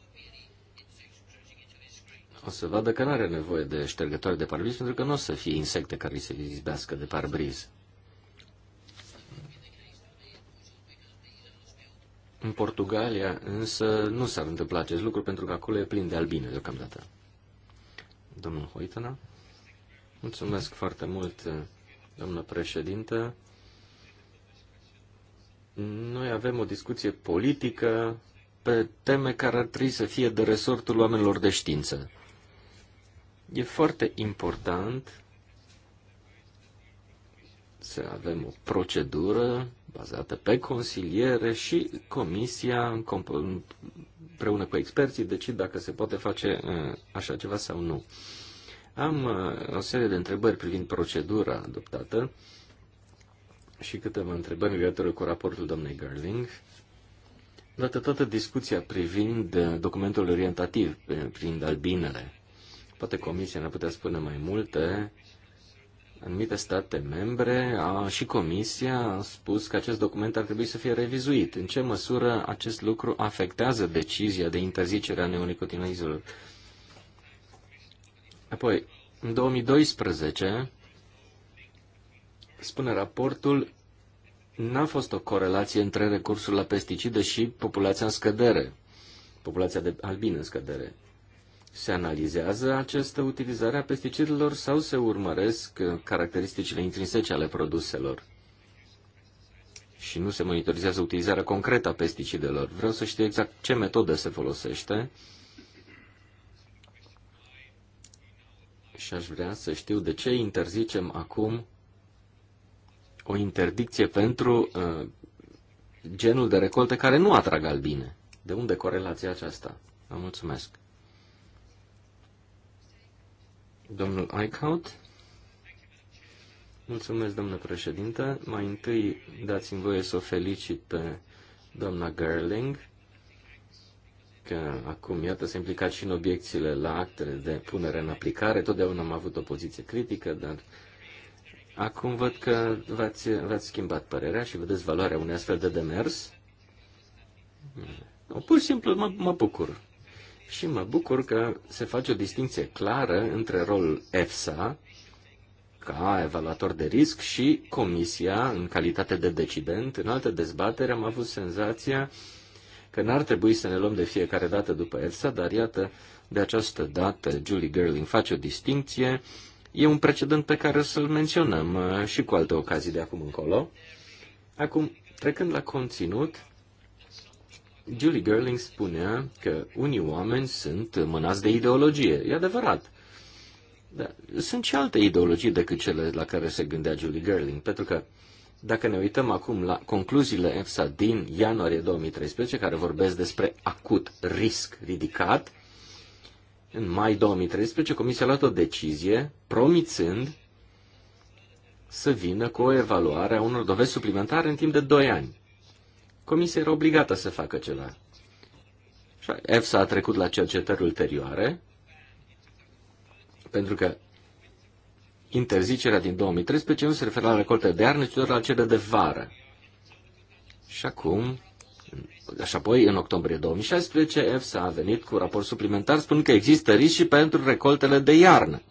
o să vadă că nu are nevoie de ștergătoare de parbriz, pentru că nu o să fie insecte care îi se izbească de parbriz. În Portugalia însă nu s-ar întâmpla acest lucru pentru că acolo e plin de albine deocamdată. Domnul Hoitana, mulțumesc foarte mult, domnul președinte. Noi avem o discuție politică pe teme care ar trebui să fie de resortul oamenilor de știință. E foarte important să avem o procedură bazată pe consiliere și comisia împreună cu experții decid dacă se poate face uh, așa ceva sau nu. Am uh, o serie de întrebări privind procedura adoptată și câteva întrebări în legătură cu raportul doamnei Gerling dată toată discuția privind eh, documentul orientativ, eh, privind albinele. Poate Comisia ne putea spune mai multe. Anumite state membre a, și Comisia a spus că acest document ar trebui să fie revizuit. În ce măsură acest lucru afectează decizia de interzicere a neonicotinoizelor? Apoi, în 2012, spune raportul, n-a fost o corelație între recursul la pesticide și populația în scădere, populația de albine în scădere. Se analizează această utilizare a pesticidelor sau se urmăresc uh, caracteristicile intrinsece ale produselor? Și nu se monitorizează utilizarea concretă a pesticidelor. Vreau să știu exact ce metodă se folosește și aș vrea să știu de ce interzicem acum o interdicție pentru uh, genul de recolte care nu atrag albine. De unde corelația aceasta? Vă mulțumesc. Domnul Eichhout. Mulțumesc, domnule președinte. Mai întâi dați-mi voie să o felicit pe doamna Gerling, că acum, iată, s-a implicat și în obiecțiile la actele de punere în aplicare. Totdeauna am avut o poziție critică, dar Acum văd că v-ați, schimbat părerea și vedeți valoarea unei astfel de demers. Pur și simplu mă, mă bucur. Și mă bucur că se face o distinție clară între rolul EFSA, ca evaluator de risc și comisia, în calitate de decident. În alte dezbatere am avut senzația că n-ar trebui să ne luăm de fiecare dată după EFSA, dar iată, de această dată Julie Gerling face o distinție E un precedent pe care să-l menționăm uh, și cu alte ocazii de acum încolo. Acum, trecând la conținut, Julie Gerling spunea că unii oameni sunt mânați de ideologie. E adevărat. Dar sunt și alte ideologii decât cele la care se gândea Julie Gerling, pentru că dacă ne uităm acum la concluziile EFSA din ianuarie 2013, care vorbesc despre acut risc ridicat, în mai 2013, Comisia a luat o decizie promițând să vină cu o evaluare a unor dovezi suplimentare în timp de 2 ani. Comisia era obligată să facă ceva. Și EFSA a trecut la cercetări ulterioare, pentru că interzicerea din 2013 nu se referă la recoltă de iarnă, ci doar la cele de vară. Și acum și apoi, în octombrie 2016, EFSA a venit cu un raport suplimentar spunând că există risc și pentru recoltele de iarnă.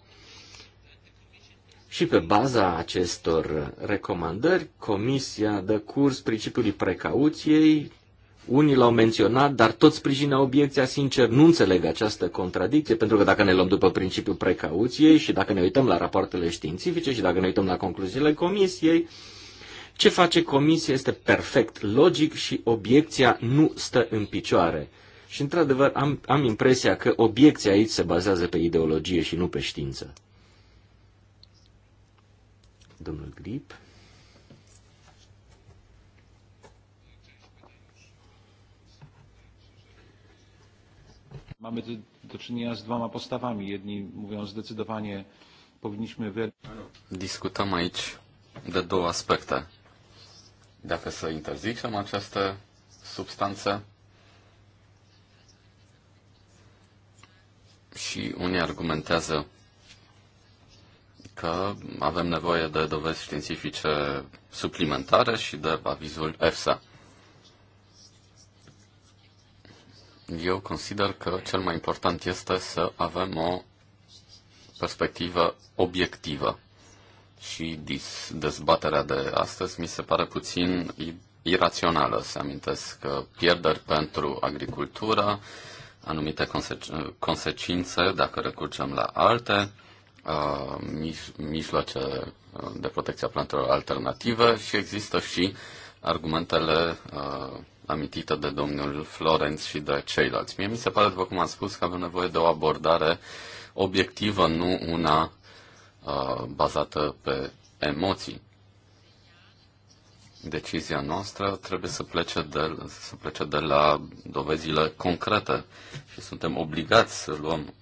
Și pe baza acestor recomandări, Comisia dă curs principiului precauției. Unii l-au menționat, dar tot sprijină obiecția. Sincer, nu înțeleg această contradicție, pentru că dacă ne luăm după principiul precauției și dacă ne uităm la rapoartele științifice și dacă ne uităm la concluziile Comisiei, ce face comisia este perfect logic și obiecția nu stă în picioare. Și într-adevăr am, am impresia că obiecția aici se bazează pe ideologie și nu pe știință. Domnul Grip. Mamy do, czynienia z dwoma postawami. Jedni mówią zdecydowanie powinniśmy... discutăm aici de două aspecte dacă să interzicem această substanță și unii argumentează că avem nevoie de dovezi științifice suplimentare și de avizul EFSA. Eu consider că cel mai important este să avem o perspectivă obiectivă și dezbaterea de astăzi mi se pare puțin irațională. Se amintesc că pierderi pentru agricultură, anumite conse- consecințe dacă recurgem la alte uh, mijloace uh, de protecție a plantelor alternative și există și argumentele uh, amintite de domnul Florenț și de ceilalți. Mie mi se pare, după cum am spus, că avem nevoie de o abordare obiectivă, nu una Uh, bazată pe emoții. Decizia noastră trebuie să plece, de, să plece de la dovezile concrete și suntem obligați să luăm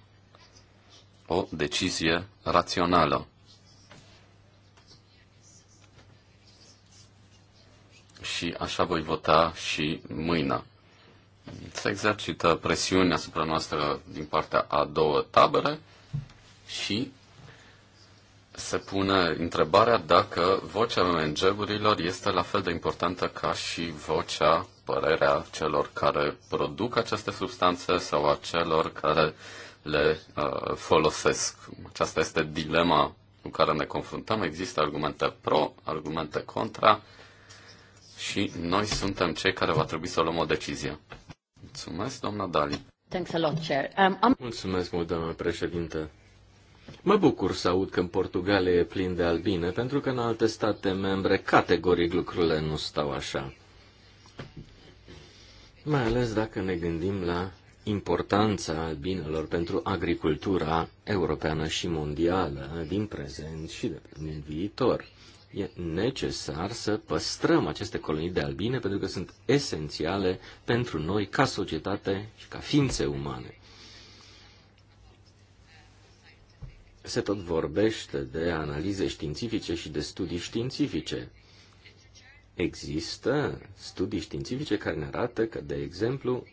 o decizie rațională. Și așa voi vota și mâine. Se exercită presiunea asupra noastră din partea a două tabere și se pune întrebarea dacă vocea managerilor este la fel de importantă ca și vocea, părerea celor care produc aceste substanțe sau a celor care le uh, folosesc. Aceasta este dilema cu care ne confruntăm. Există argumente pro, argumente contra și noi suntem cei care va trebui să luăm o decizie. Mulțumesc, doamna Dali. Thanks a lot, Chair. Um, Mulțumesc mult, doamna președinte. Mă bucur să aud că în Portugalia e plin de albine, pentru că în alte state membre categoric lucrurile nu stau așa. Mai ales dacă ne gândim la importanța albinelor pentru agricultura europeană și mondială din prezent și de din viitor. E necesar să păstrăm aceste colonii de albine pentru că sunt esențiale pentru noi ca societate și ca ființe umane. se tot vorbește de analize științifice și de studii științifice. Există studii științifice care ne arată că, de exemplu,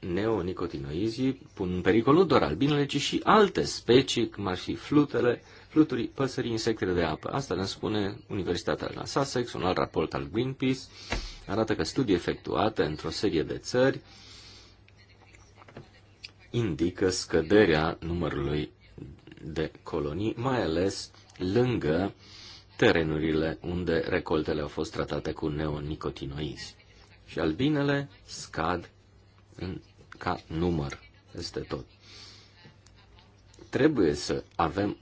neonicotinoizii pun în pericol nu doar albinele, ci și alte specii, cum ar fi flutele, fluturi, păsării, insectele de apă. Asta ne spune Universitatea la Sussex, un alt raport al Greenpeace, arată că studii efectuate într-o serie de țări indică scăderea numărului de colonii, mai ales lângă terenurile unde recoltele au fost tratate cu neonicotinoizi. Și albinele scad în, ca număr este tot. Trebuie să avem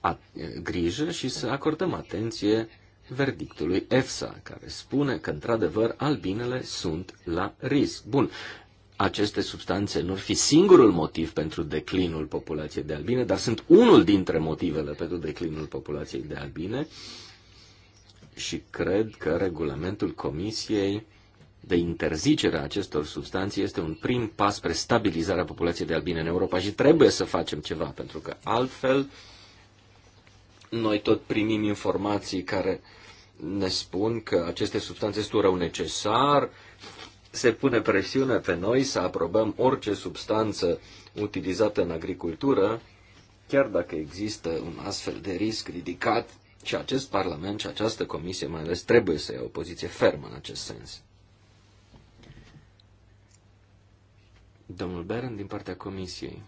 a, grijă și să acordăm atenție verdictului EFSA, care spune că, într-adevăr, albinele sunt la risc. Bun, aceste substanțe nu ar fi singurul motiv pentru declinul populației de albine, dar sunt unul dintre motivele pentru declinul populației de albine și cred că regulamentul Comisiei de interzicere a acestor substanțe este un prim pas spre stabilizarea populației de albine în Europa și trebuie să facem ceva, pentru că altfel noi tot primim informații care ne spun că aceste substanțe sunt un rău necesar, se pune presiune pe noi să aprobăm orice substanță utilizată în agricultură, chiar dacă există un astfel de risc ridicat și acest Parlament și această Comisie mai ales trebuie să ia o poziție fermă în acest sens. Domnul Beren din partea Comisiei.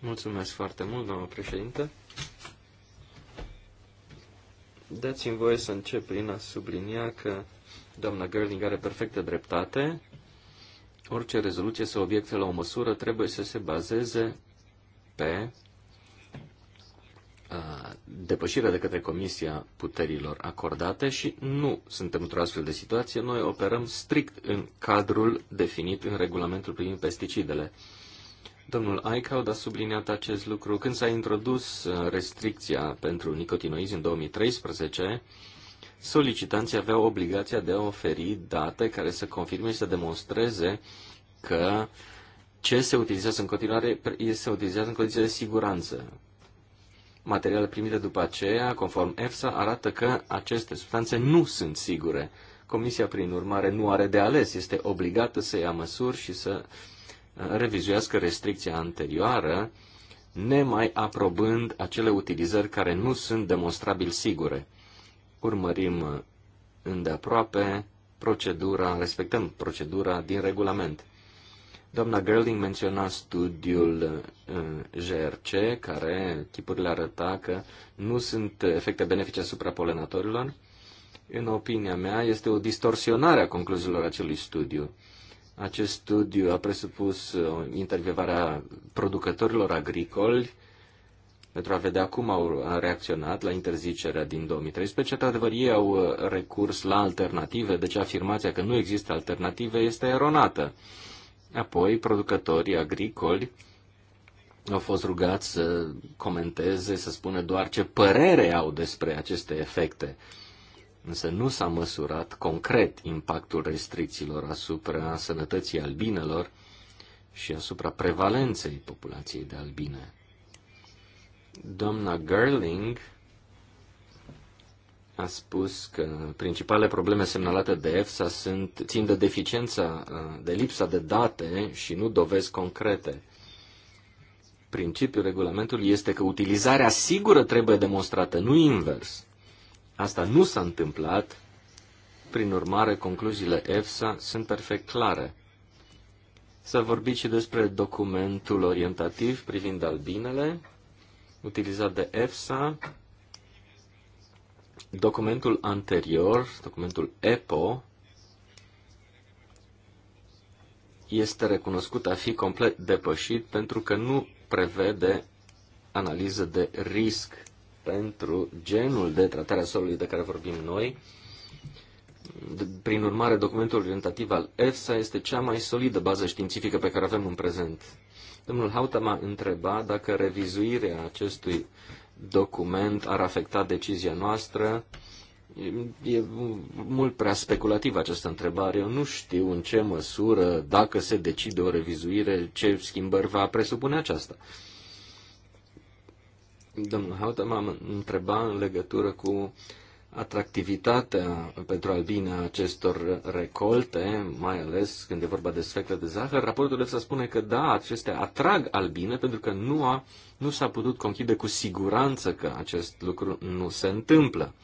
Mulțumesc foarte mult, doamnă președinte. Dați-mi voie să încep prin a sublinia că Doamna Gerling are perfectă dreptate. Orice rezoluție sau obiecte la o măsură trebuie să se bazeze pe depășirea de către Comisia puterilor acordate și nu suntem într-o astfel de situație. Noi operăm strict în cadrul definit în regulamentul privind pesticidele. Domnul Aicaud a subliniat acest lucru când s-a introdus uh, restricția pentru nicotinoizi în 2013 solicitanții aveau obligația de a oferi date care să confirme și să demonstreze că ce se utilizează în continuare se utilizează în condiții de siguranță. Materiale primite după aceea, conform EFSA, arată că aceste substanțe nu sunt sigure. Comisia, prin urmare, nu are de ales, este obligată să ia măsuri și să uh, revizuiască restricția anterioară, nemai aprobând acele utilizări care nu sunt demonstrabil sigure urmărim uh, îndeaproape procedura, respectăm procedura din regulament. Doamna Gerling menționa studiul uh, GRC, care tipurile arăta că nu sunt efecte benefice asupra polenatorilor. În opinia mea, este o distorsionare a concluziilor acelui studiu. Acest studiu a presupus uh, intervievarea producătorilor agricoli, pentru a vedea cum au reacționat la interzicerea din 2013. Într-adevăr, ei au uh, recurs la alternative, deci afirmația că nu există alternative este eronată. Apoi, producătorii agricoli au fost rugați să comenteze, să spună doar ce părere au despre aceste efecte. Însă nu s-a măsurat concret impactul restricțiilor asupra sănătății albinelor și asupra prevalenței populației de albine. Doamna Gerling a spus că principalele probleme semnalate de EFSA sunt, țin de deficiența, de lipsa de date și nu dovezi concrete. Principiul regulamentului este că utilizarea sigură trebuie demonstrată, nu invers. Asta nu s-a întâmplat, prin urmare concluziile EFSA sunt perfect clare. S-a vorbit și despre documentul orientativ privind albinele, utilizat de EFSA. Documentul anterior, documentul EPO, este recunoscut a fi complet depășit pentru că nu prevede analiză de risc pentru genul de tratare a solului de care vorbim noi. Prin urmare, documentul orientativ al EFSA este cea mai solidă bază științifică pe care avem în prezent Domnul Hautama întreba dacă revizuirea acestui document ar afecta decizia noastră. E mult prea speculativ această întrebare. Eu nu știu în ce măsură, dacă se decide o revizuire, ce schimbări va presupune aceasta. Domnul Hautama mă întreba în legătură cu atractivitatea pentru albine a acestor recolte, mai ales când e vorba de sfeclă de zahăr, raportul să spune că da, acestea atrag albine pentru că nu, a, nu s-a putut conchide cu siguranță că acest lucru nu se întâmplă.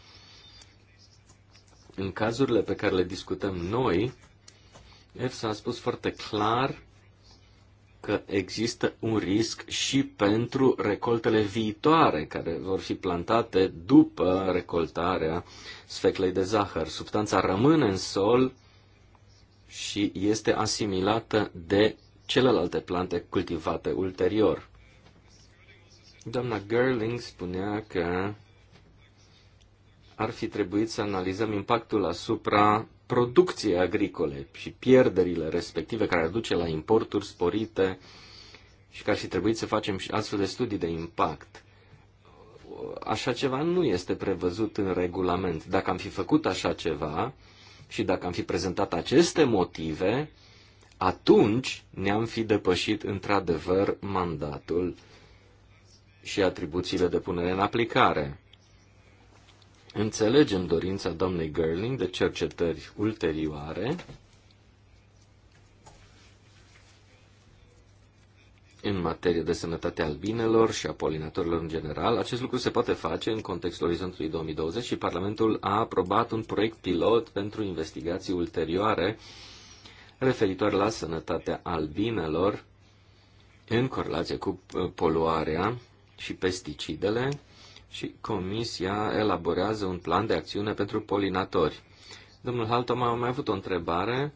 În cazurile pe care le discutăm noi, EFSA a spus foarte clar că există un risc și pentru recoltele viitoare care vor fi plantate după recoltarea sfeclei de zahăr. Substanța rămâne în sol și este asimilată de celelalte plante cultivate ulterior. Doamna Gerling spunea că ar fi trebuit să analizăm impactul asupra producției agricole și pierderile respective care ar duce la importuri sporite și că ar fi trebuit să facem și astfel de studii de impact. Așa ceva nu este prevăzut în regulament. Dacă am fi făcut așa ceva și dacă am fi prezentat aceste motive, atunci ne-am fi depășit într-adevăr mandatul și atribuțiile de punere în aplicare. Înțelegem dorința doamnei Gerling de cercetări ulterioare în materie de sănătate albinelor și a polinatorilor în general. Acest lucru se poate face în contextul orizontului 2020 și Parlamentul a aprobat un proiect pilot pentru investigații ulterioare referitor la sănătatea albinelor în corelație cu uh, poluarea și pesticidele și Comisia elaborează un plan de acțiune pentru polinatori. Domnul Haltoma a mai avut o întrebare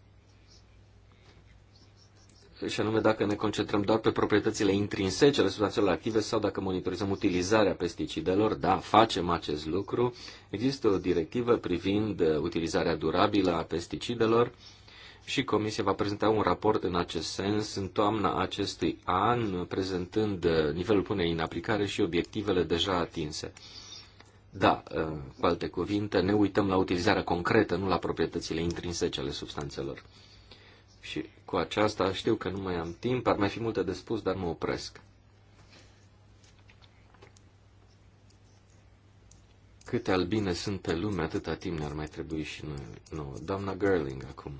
și anume dacă ne concentrăm doar pe proprietățile intrinsece ale substanțelor active sau dacă monitorizăm utilizarea pesticidelor. Da, facem acest lucru. Există o directivă privind utilizarea durabilă a pesticidelor și Comisia va prezenta un raport în acest sens în toamna acestui an, prezentând uh, nivelul punei în aplicare și obiectivele deja atinse. Da, uh, cu alte cuvinte, ne uităm la utilizarea concretă, nu la proprietățile intrinsece ale substanțelor. Și cu aceasta știu că nu mai am timp, ar mai fi multe de spus, dar mă opresc. Câte albine sunt pe lume, atâta timp ne-ar mai trebui și noi. Nu. Doamna Gerling acum.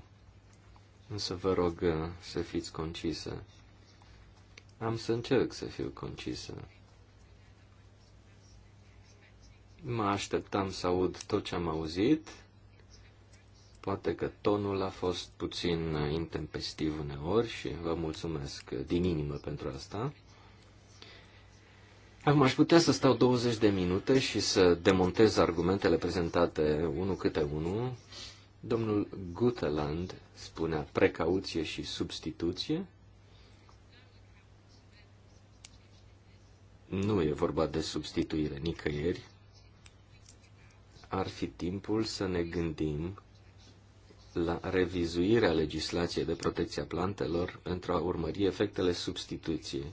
Însă vă rog uh, să fiți concisă. Am să încerc să fiu concisă. Mă așteptam să aud tot ce am auzit. Poate că tonul a fost puțin uh, intempestiv uneori și vă mulțumesc uh, din inimă pentru asta. Acum aș putea să stau 20 de minute și să demontez argumentele prezentate unul câte unul, Domnul Guteland spunea precauție și substituție. Nu e vorba de substituire nicăieri. Ar fi timpul să ne gândim la revizuirea legislației de protecție a plantelor pentru a urmări efectele substituției.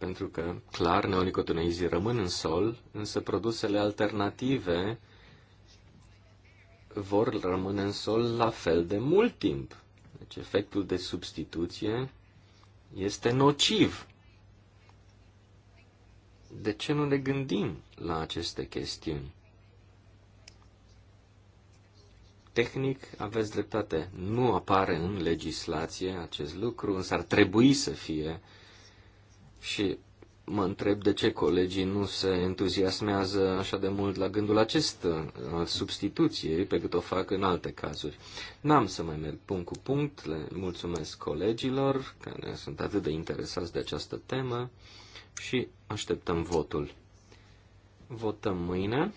pentru că, clar, neonicotinoizii rămân în sol, însă produsele alternative vor rămâne în sol la fel de mult timp. Deci efectul de substituție este nociv. De ce nu ne gândim la aceste chestiuni? Tehnic, aveți dreptate, nu apare în legislație acest lucru, însă ar trebui să fie uh, și mă întreb de ce colegii nu se entuziasmează așa de mult la gândul acesta al substituției pe cât o fac în alte cazuri. N-am să mai merg punct cu punct, le mulțumesc colegilor care sunt atât de interesați de această temă și așteptăm votul. Votăm mâine.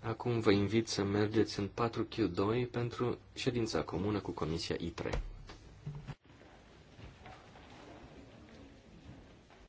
Acum vă invit să mergeți în 4Q2 pentru ședința comună cu Comisia I I3.